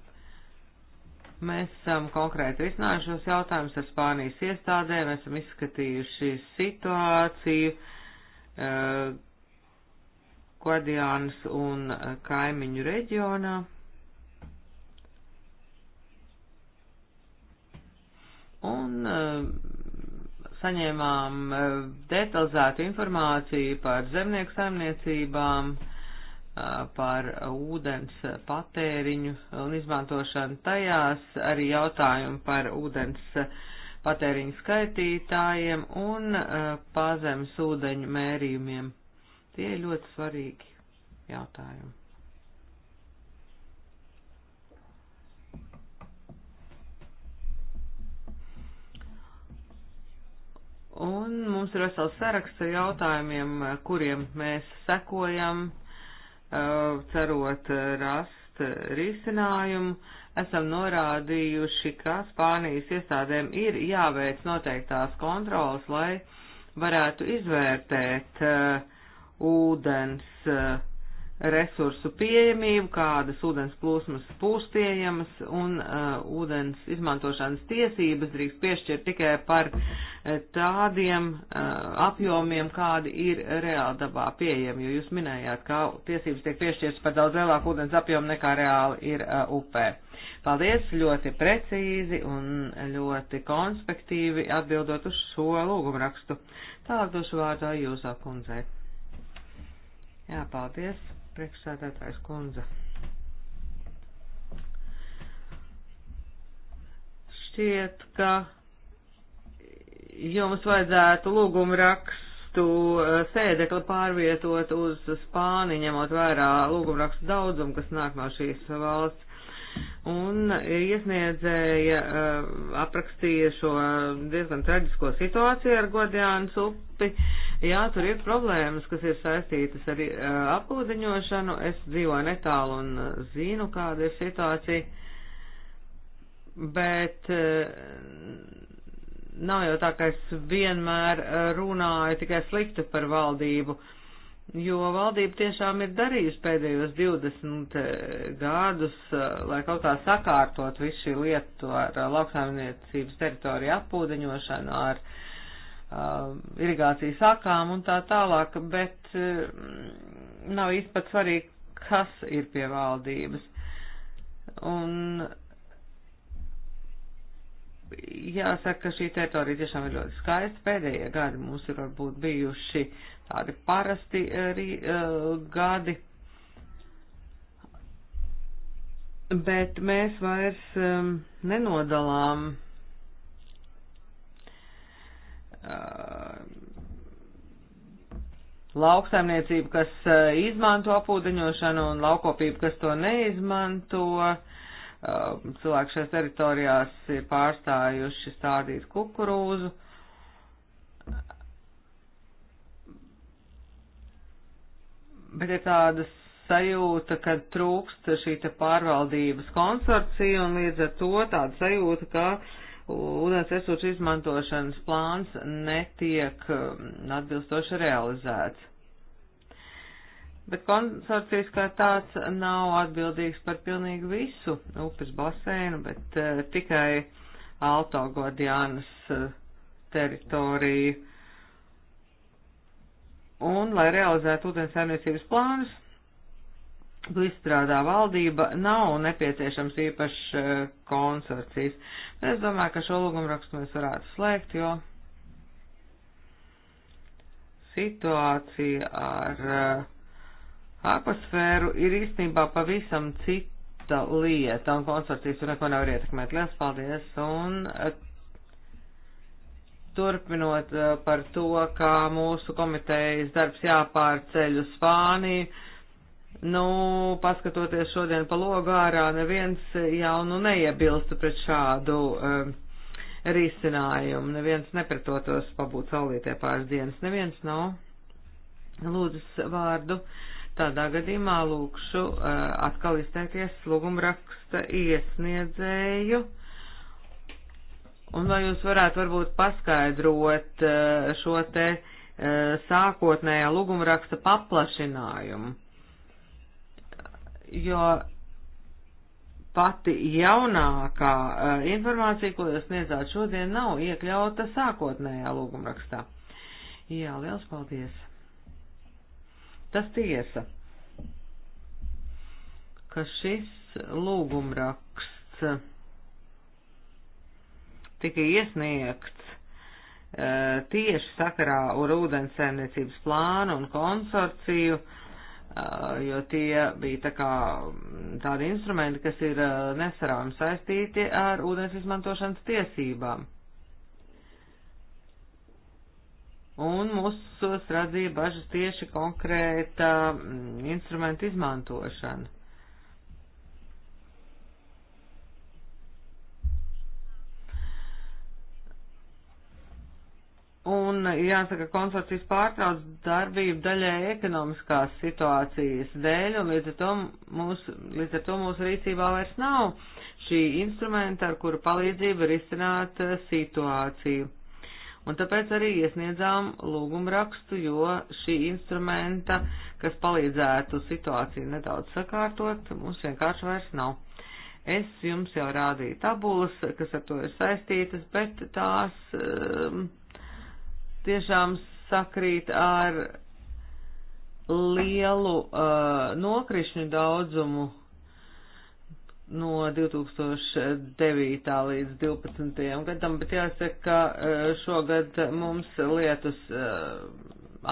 Mēs esam konkrēti risinājuši šos jautājumus ar Spānijas iestādēm, esam izskatījuši situāciju, uh, Guadiānas un kaimiņu reģionā. Un uh, saņēmām e, detalizētu informāciju par zemnieku saimniecībām, e, par ūdens patēriņu un izmantošanu tajās, arī jautājumu par ūdens patēriņu skaitītājiem un e, pazemes ūdeņu mērījumiem. Tie ir ļoti svarīgi jautājumi. Un mums ir vesels saraksts ar jautājumiem, kuriem mēs sekojam, cerot rast risinājumu. Esam norādījuši, ka Spānijas iestādēm ir jāveic noteiktās kontrolas, lai varētu izvērtēt ūdens resursu pieejamību, kādas ūdens plūsmas būs pieejamas un uh, ūdens izmantošanas tiesības drīkst piešķirt tikai par uh, tādiem uh, apjomiem, kādi ir reāli dabā pieejami, jo jūs minējāt, ka tiesības tiek piešķirtas par daudz lielāku ūdens apjomu nekā reāli ir uh, upē. Paldies, ļoti precīzi un ļoti konspektīvi atbildot uz šo lūgumrakstu. Tālāk došu vārdā jūsā kundzei. Jā, paldies priekšsēdētājs kundze. Šķiet, ka jums vajadzētu lūgumu rakstu eh, sēdekli pārvietot uz Spāni, ņemot vērā lūgumu rakstu daudzumu, kas nāk no šīs valsts. Un iesniedzēja eh, aprakstīja šo diezgan traģisko situāciju ar Godjānu Supi. Uh, Jā, tur ir problēmas, kas ir saistītas ar uh, apūdeņošanu. Es dzīvoju netālu un zinu, kāda ir situācija. Bet uh, nav jau tā, ka es vienmēr runāju tikai slikti par valdību, jo valdība tiešām ir darījusi pēdējos 20 gadus, lai kaut kā sakārtot visu šī lietu ar lauksaimniecības teritoriju apūdeņošanu, ar Uh, irigācijas akām un tā tālāk, bet uh, nav īsti pat svarīgi, kas ir pie valdības. Un jāsaka, ka šī teritorija tiešām ir ļoti skaista. Pēdējie gadi mums ir varbūt bijuši tādi parasti arī, uh, uh, gadi, bet mēs vairs um, nenodalām lauksaimniecību, kas izmanto apūdeņošanu un laukopību, kas to neizmanto. Cilvēki šajās teritorijās ir pārstājuši stādīt kukurūzu. Bet ir tāda sajūta, ka trūkst šī pārvaldības konsorcija un līdz ar to tāda sajūta, ka uh, ūdens resursu izmantošanas plāns netiek um, atbilstoši realizēts. Bet konsorcijas kā tāds nav atbildīgs par pilnīgi visu upes basēnu, bet uh, tikai Altogodianas uh, teritoriju. Un, lai realizētu ūdens saimniecības plānus, ko izstrādā valdība, nav nepieciešams īpašs eh, konsorcijas. Es domāju, ka šo lūgumrakstu mēs varētu slēgt, jo situācija ar eh, akvasfēru ir īstenībā pavisam cita lieta, un konsorcijas tur neko nevar ietekmēt. Lielas paldies! Un eh, turpinot par to, kā mūsu komitejas darbs jāpārceļ uz Spāniju Nu, paskatoties šodien pa logu ārā, neviens jau nu neiebilstu pret šādu um, risinājumu. Neviens nepretotos pabūt saulītē pāris dienas. Neviens nav lūdzis vārdu. Tādā gadījumā lūkšu uh, atkal izteikties lūgumraksta iesniedzēju. Un vai jūs varētu varbūt paskaidrot uh, šo te uh, sākotnējā lūgumraksta paplašinājumu? jo pati jaunākā uh, informācija, ko jūs sniedzāt šodien, nav iekļauta sākotnējā lūgumrakstā. Jā, liels paldies. Tas tiesa, ka šis lūgumraksts tika iesniegts uh, tieši sakarā ar ūdensēmniecības plānu un konsorciju uh, Uh, jo tie bija tā kā mm, tādi instrumenti, kas ir uh, nesarāmi saistīti ar ūdens izmantošanas tiesībām. Un mūs radīja bažas tieši konkrēta mm, instrumenta izmantošana. Un jāsaka, konsorcijas pārtrauc darbību daļai ekonomiskās situācijas dēļ, un līdz ar to, mūs, līdz ar to mūsu rīcībā vairs nav šī instrumenta, ar kuru palīdzību ir izcināt eh, situāciju. Un tāpēc arī iesniedzām lūgumu rakstu, jo šī instrumenta, kas palīdzētu situāciju nedaudz sakārtot, mums vienkārši vairs nav. Es jums jau rādīju tabulas, kas ar to ir saistītas, bet tās. Um, tiešām sakrīt ar lielu uh, nokrišņu daudzumu no 2009. līdz 2012. gadam, bet jāsaka, ka uh, šogad mums lietus uh,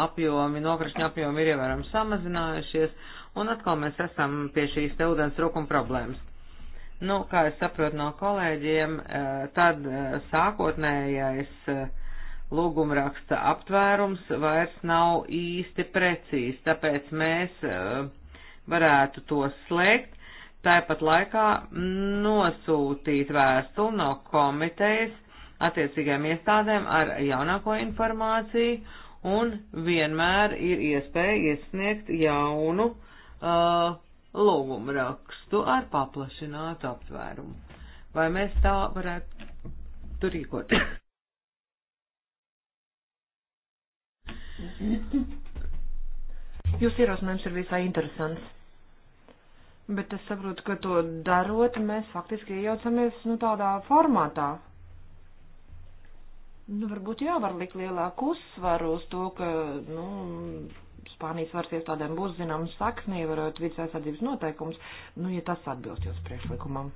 apjomi, nokrišņu apjomi ir ievērojami samazinājušies, un atkal mēs esam pie šīs te ūdens trūkuma problēmas. Nu, kā es saprotu no kolēģiem, uh, tad uh, sākotnējais uh, lūgumraksta aptvērums vairs nav īsti precīzi, tāpēc mēs e, varētu to slēgt, tāpat laikā nosūtīt vēstuli no komitejas attiecīgajām iestādēm ar jaunāko informāciju un vienmēr ir iespēja iesniegt jaunu uh, lūgumrakstu ar paplašinātu aptvērumu. Vai mēs tā varētu turīkot? *laughs* Jūsu ierosinājums ir visai interesants. Bet es saprotu, ka to darot, mēs faktiski iejaucamies nu, tādā formātā. Nu, varbūt jā, var likt lielāku uzsvaru uz to, ka nu, Spānijas varas iestādēm būs zināmas saknes, ievarot vidas aizsardzības noteikumus, nu, ja tas atbilst jūsu priekšlikumam.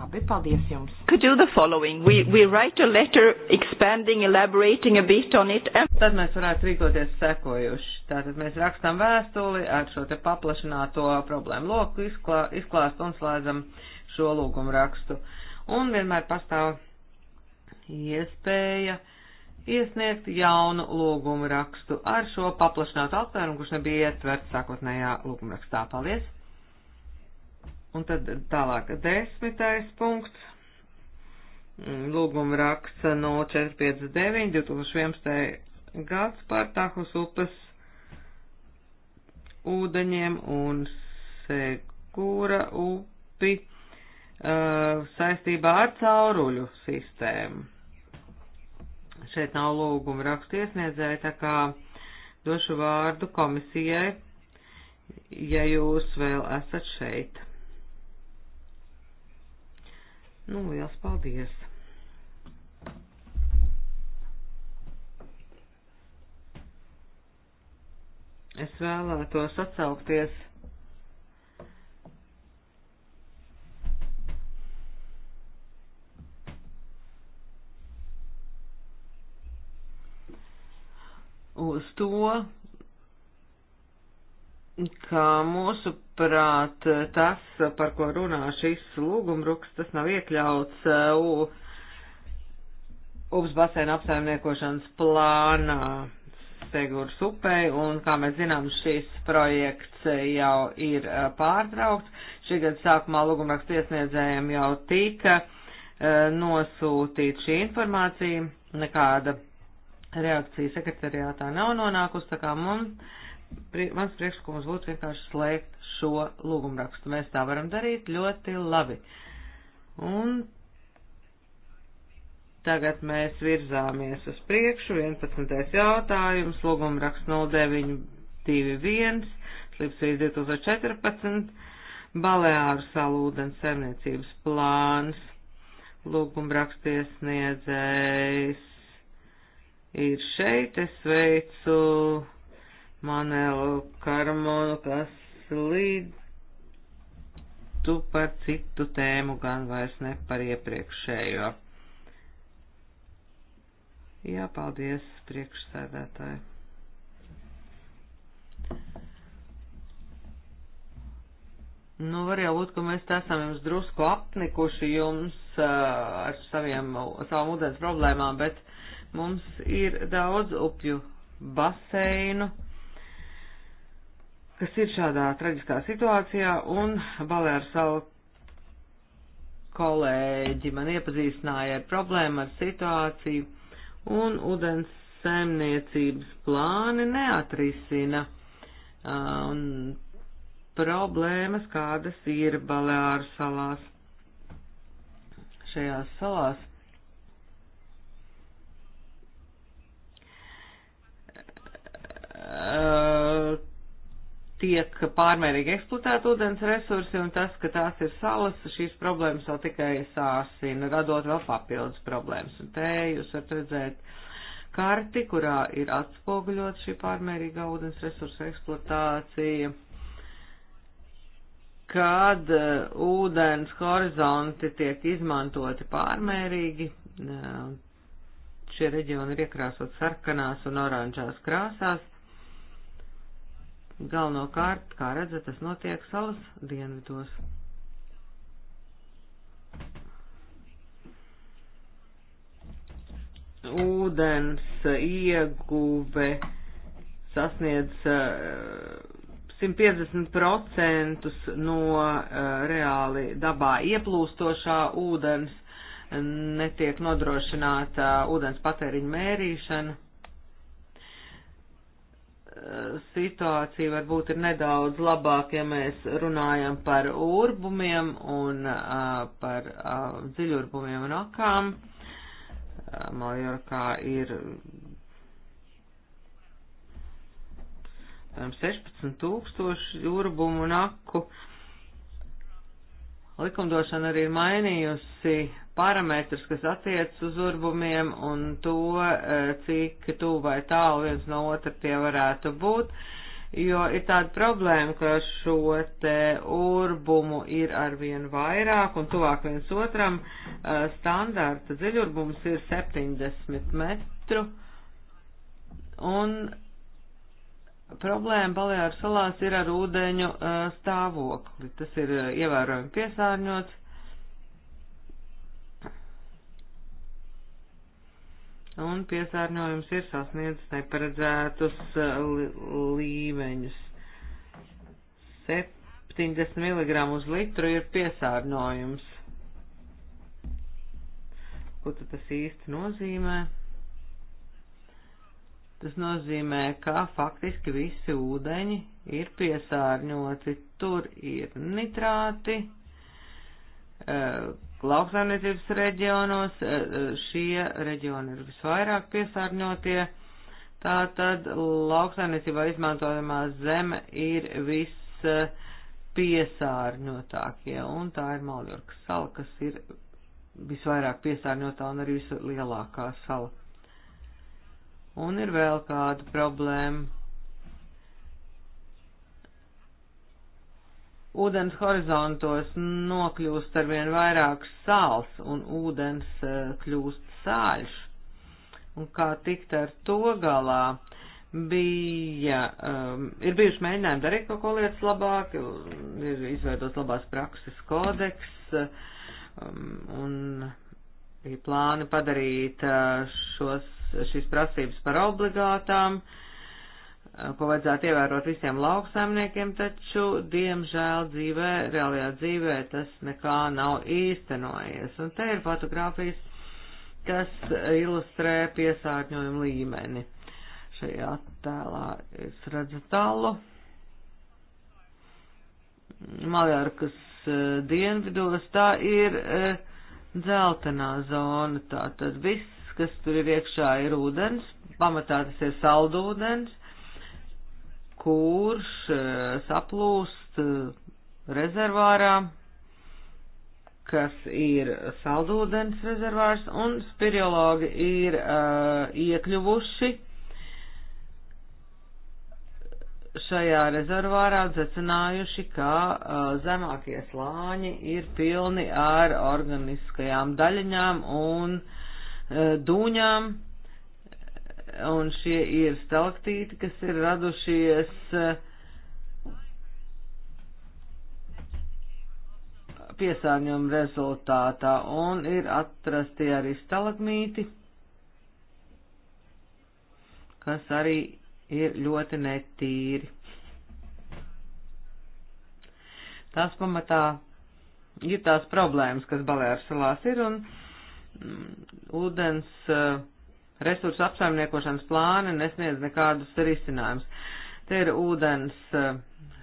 Labi, paldies jums. Could do the following. We, we write a letter expanding, elaborating a bit on it. And... Tad mēs varētu rīkoties sekojuši. Tātad mēs rakstam vēstuli ar šo te paplašināto problēmu loku, izklā, izklāst un slēdzam šo lūgumu rakstu. Un vienmēr pastāv iespēja iesniegt jaunu lūgumu rakstu ar šo paplašinātu aptvērumu, kurš nebija ietverts sākotnējā lūgumu rakstā. Paldies! Un tad tālāk desmitais punkts. Lūguma raksts no 459 2011. gads par Tahus upes ūdeņiem un Segura upi uh, saistībā ar cauruļu sistēmu. Šeit nav lūguma rakstu iesniedzēja, tā kā došu vārdu komisijai, ja jūs vēl esat šeit. Nu, liels paldies! Es vēlētos atsaukties uz to, ka mūsu prāt tas, par ko runā šis lūgumruks, tas nav iekļauts uh, upes basēna apsaimniekošanas plānā Segurs upei, un kā mēs zinām, šis projekts jau ir uh, pārtraukts. Šī gada sākumā lūgumrakstu iesniedzējiem jau tika uh, nosūtīta šī informācija, nekāda reakcija sekretariātā nav nonākusi, tā kā mums mans priekšlikums būtu vienkārši slēgt šo lūgumrakstu. Mēs tā varam darīt ļoti labi. Un tagad mēs virzāmies uz priekšu. 11. jautājums, lūgumraksts 0921, slipsīs 2014, Baleāru salūdens saimniecības plāns, lūgumrakstiesniedzējs ir šeit, es veicu Manelu Karmonu, kas līdzu par citu tēmu, gan vairs ne par iepriekšējo. Jā, paldies, priekšsēdētāji. Nu, var jau būt, ka mēs esam jums drusku apnikuši jums uh, ar saviem, savām ūdens problēmām, bet mums ir daudz upju baseinu. Uh, kas ir šādā traģiskā situācijā, un Balēra savu kolēģi man iepazīstināja ar problēmu, ar situāciju, un ūdens saimniecības plāni neatrisina um, problēmas, kādas ir Balēra salās. Šajās salās uh, tiek pārmērīgi eksploatēt ūdens resursi un tas, ka tās ir salas, šīs problēmas vēl tikai sāsina, radot vēl papildus problēmas. Un te jūs varat redzēt karti, kurā ir atspoguļot šī pārmērīga ūdens resursu eksploatācija, kad uh, ūdens horizonti tiek izmantoti pārmērīgi. Uh, šie reģioni ir iekrāsot sarkanās un oranžās krāsās Galvenokārt, kā redzat, tas notiek salas dienvidos. Ūdens ieguve sasniedz uh, eh, 150% no uh, reāli dabā ieplūstošā ūdens, netiek nodrošināta uh, ūdens patēriņa mērīšana situācija varbūt ir nedaudz labāk, ja mēs runājam par urbumiem un uh, par uh, dziļurbumiem un akām. Uh, Maljorkā ir 16 tūkstoši urbumu un aku. Uh, Likumdošana arī ir mainījusi parametrus, kas attiec uz urbumiem un to, e, cik tuvu vai tālu viens no otra tie varētu būt, jo ir tāda problēma, ka šo te urbumu ir arvien vairāk un tuvāk viens otram e, standārta dziļurbums ir 70 metru un Problēma Balēāru salās ir ar ūdeņu stāvokli. Tas ir ievērojami piesārņots. Un piesārņojums ir sasniedzis neparedzētus līmeņus. 70 mg uz litru ir piesārņojums. Ko tad tas īsti nozīmē? Tas nozīmē, ka faktiski visi ūdeņi ir piesārņoti. Tur ir nitrāti, eh, lauksaimniecības reģionos, eh, eh, šie reģioni ir visvairāk piesārņotie. Tātad lauksaimniecībā izmantojamā zeme ir viss piesārņotākie, un tā ir Maljorkas sala, kas ir visvairāk piesārņotā un arī vislielākā sala. Un ir vēl kāda problēma. Ūdens horizontos nokļūst arvien vairāk sāls, un ūdens uh, kļūst sāļš. Un kā tikt ar to galā? Bija, um, ir bijuši mēģinājumi darīt kaut ko lietas labāk, ir izveidots labās prakses kodeks, um, un bija plāni padarīt uh, šos šīs prasības par obligātām, eh, ko vajadzētu ievērot visiem lauksaimniekiem, taču, diemžēl, dzīvē, reālajā dzīvē tas nekā nav īstenojies. Un te ir fotografijas, kas ilustrē piesārņojumu līmeni. Šajā tēlā es redzu tālu. Maljārkas eh, dienvidos tā ir eh, dzeltenā zona, tā tad viss kas tur ir iekšā, ir ūdens, pamatā tas ir saldūdens, kurš eh, saplūst eh, rezervārā, kas ir saldūdens rezervārs, un spirologi ir uh, iekļuvuši šajā rezervārā dzecinājuši, ka uh, zemākie slāņi ir pilni ar organiskajām daļiņām un uh, Eh, dūņām, un šie ir stalaktīti, kas ir radušies eh, piesārņojuma rezultātā, un ir atrasti arī stalagmīti, kas arī ir ļoti netīri. Tās pamatā ir tās problēmas, kas Balēras salās ir, un uh, Mm, ūdens eh, resursu apsaimniekošanas plāni nesniedz nekādus risinājumus. Te ir ūdens eh,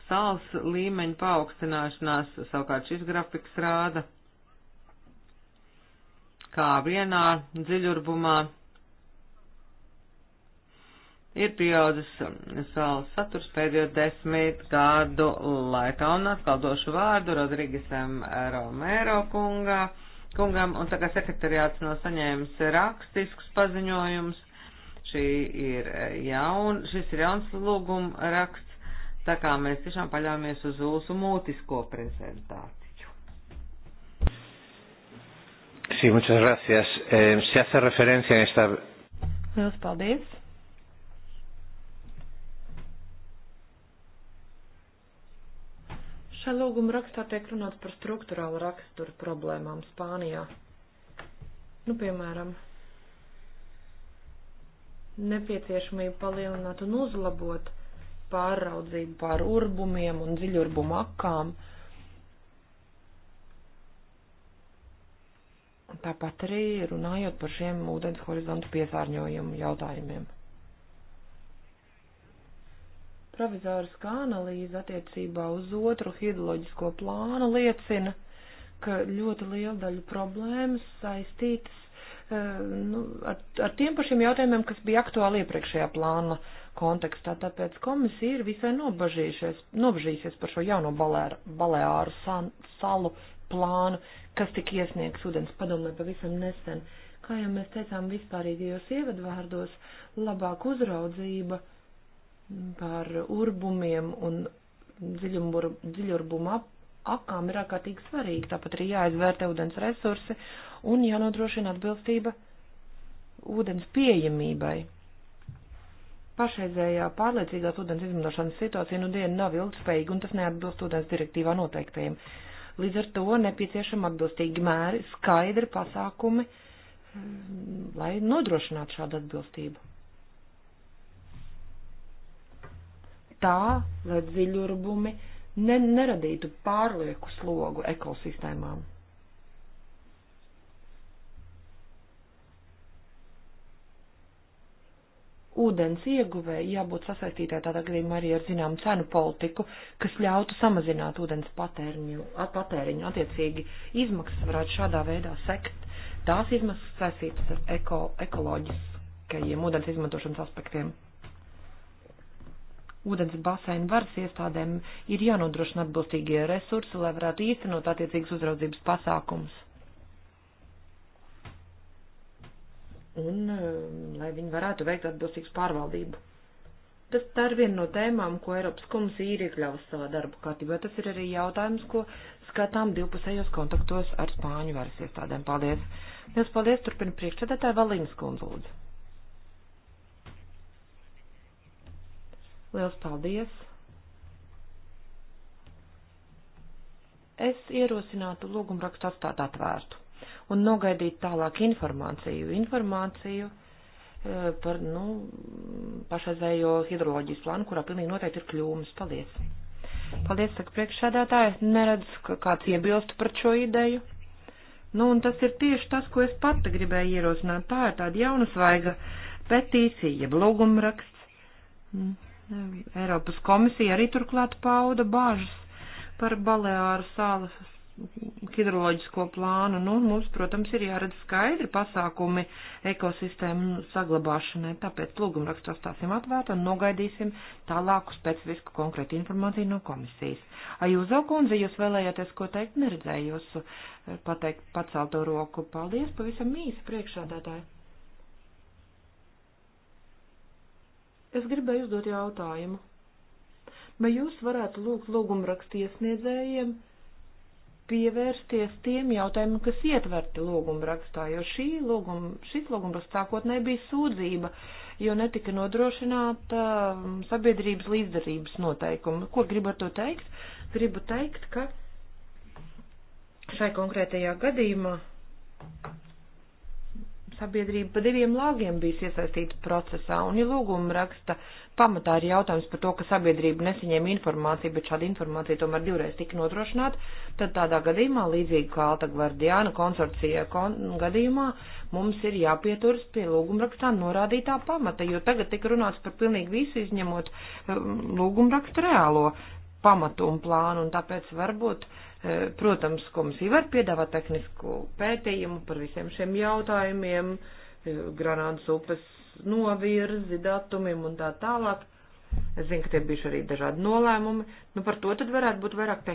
sāls līmeņa paaugstināšanās, savukārt šis grafiks rāda, kā vienā dziļurbumā ir pieaudzis mm, sāls saturs pēdējo desmit gadu laikā, un atkal došu vārdu Rodrigesam Romero kungā kungam, un tagad sekretariāts nav saņēmis rakstiskus paziņojumus. Šī ir jaun, šis ir jauns lūguma raksts, tā kā mēs tiešām paļāmies uz Ulsu mūtisko prezentāciju. Sí, muchas gracias. Eh, se hace referencia en esta. Lielas paldies. Šā lūguma rakstā tiek runāts par struktūrālu raksturu problēmām Spānijā. Nu, piemēram, nepieciešamība palielināt un uzlabot pāraudzību pār urbumiem un dziļurbumu akām. Tāpat arī runājot par šiem ūdens horizontu piesārņojumu jautājumiem. Provizoriskā analīze attiecībā uz otru hidroloģisko plānu liecina, ka ļoti liela daļa problēmas saistītas eh, nu, ar, ar tiem pašiem jautājumiem, kas bija aktuāli iepriekšējā plāna kontekstā. Tāpēc komisija ir visai nobežījusies par šo jauno balēru, balēru san, salu plānu, kas tika iesniegts ūdens padomē pavisam nesen. Kā jau mēs teicām vispārīgajos ievadvārdos, labāk uzraudzība par urbumiem un dziļurbumu ap, apkām ir ārkārtīgi svarīgi. Tāpat arī jāizvērtē ūdens resursi un jānodrošina atbilstība ūdens pieejamībai. Pašreizējā pārliecīgās ūdens izmantošanas situācija nu dienu nav ilgspējīga un tas neatbilst ūdens direktīvā noteiktajiem. Līdz ar to nepieciešama atbilstīgi mēri, skaidri pasākumi, lai nodrošinātu šādu atbilstību. tā, lai dziļurbumi ne, neradītu pārlieku slogu ekosistēmām. Ūdens ieguvē jābūt sasaistītā tādā gadījumā arī ar zināmu cenu politiku, kas ļautu samazināt ūdens patēriņu, patēriņu attiecīgi izmaksas varētu šādā veidā sekt tās izmaksas saistītas ar eko, ekoloģiskajiem ūdens izmantošanas aspektiem ūdens basēnu varas iestādēm ir jānodrošina atbilstīgie resursi, lai varētu īstenot attiecīgas uzraudzības pasākumus. Un um, lai viņi varētu veikt atbilstīgas pārvaldību. Tas tā ir viena no tēmām, ko Eiropas komisija ir iekļāvusi savā darbu kārtībā. Tas ir arī jautājums, ko skatām divpusējos kontaktos ar Spāņu varas iestādēm. Paldies! Mēs paldies turpina priekšsēdētāja Valīnas kundze lūdzu. Liels paldies! Es ierosinātu lūgumrakstu atstāt atvērtu un nogaidīt tālāk informāciju, informāciju e, par, nu, pašreizējo hidroloģijas plānu, kurā pilnīgi noteikti ir kļūmes. Paldies! Paldies, saka priekšsēdētāji, neredz, ka kāds iebilstu pret šo ideju. Nu, un tas ir tieši tas, ko es pati gribēju ierosināt. Tā ir tāda jaunasvaiga petīcija, jeb lūgumraksts. Mm Eiropas komisija arī turklāt pauda bāžas par Baleāru salas hidroloģisko plānu. Nu, mums, protams, ir jāredz skaidri pasākumi ekosistēmu saglabāšanai, tāpēc lūgumrakstu atstāsim atvērtu un nogaidīsim tālāku specifisku konkrētu informāciju no komisijas. Ajūza kundze, jūs vēlējāties ko teikt, neredzēju jūsu eh, pateikt pacelto roku. Paldies, pavisam īsi priekšādātāji. Es gribēju uzdot jautājumu. Vai jūs varētu lūgt lūgumrakstu iesniedzējiem pievērsties tiem jautājumiem, kas ietverti lūgumrakstā, jo šī lūgum, šis lūgumraksts sākotnēji bija sūdzība, jo netika nodrošināta um, sabiedrības līdzdarības noteikumi. Ko gribu ar to teikt? Gribu teikt, ka šai konkrētajā gadījumā sabiedrība pa diviem lāgiem bijis iesaistīta procesā, un, ja lūguma raksta pamatā ir jautājums par to, ka sabiedrība nesaņēma informāciju, bet šāda informācija tomēr divreiz tika nodrošināta, tad tādā gadījumā, līdzīgi kā Alta Gvardiāna konsorcija kon gadījumā, mums ir jāpieturas pie lūguma rakstā norādītā pamata, jo tagad tika runāts par pilnīgi visu izņemot um, lūguma rakstu reālo pamatu un plānu, un tāpēc varbūt uh, E, protams, komisija var piedāvāt tehnisku pētījumu par visiem šiem jautājumiem, e, Granādas upes novirzi, datumiem un tā tālāk. Es zinu, ka tie bijuši arī dažādi nolēmumi. Nu, par to tad varētu būt vairāk tehniski.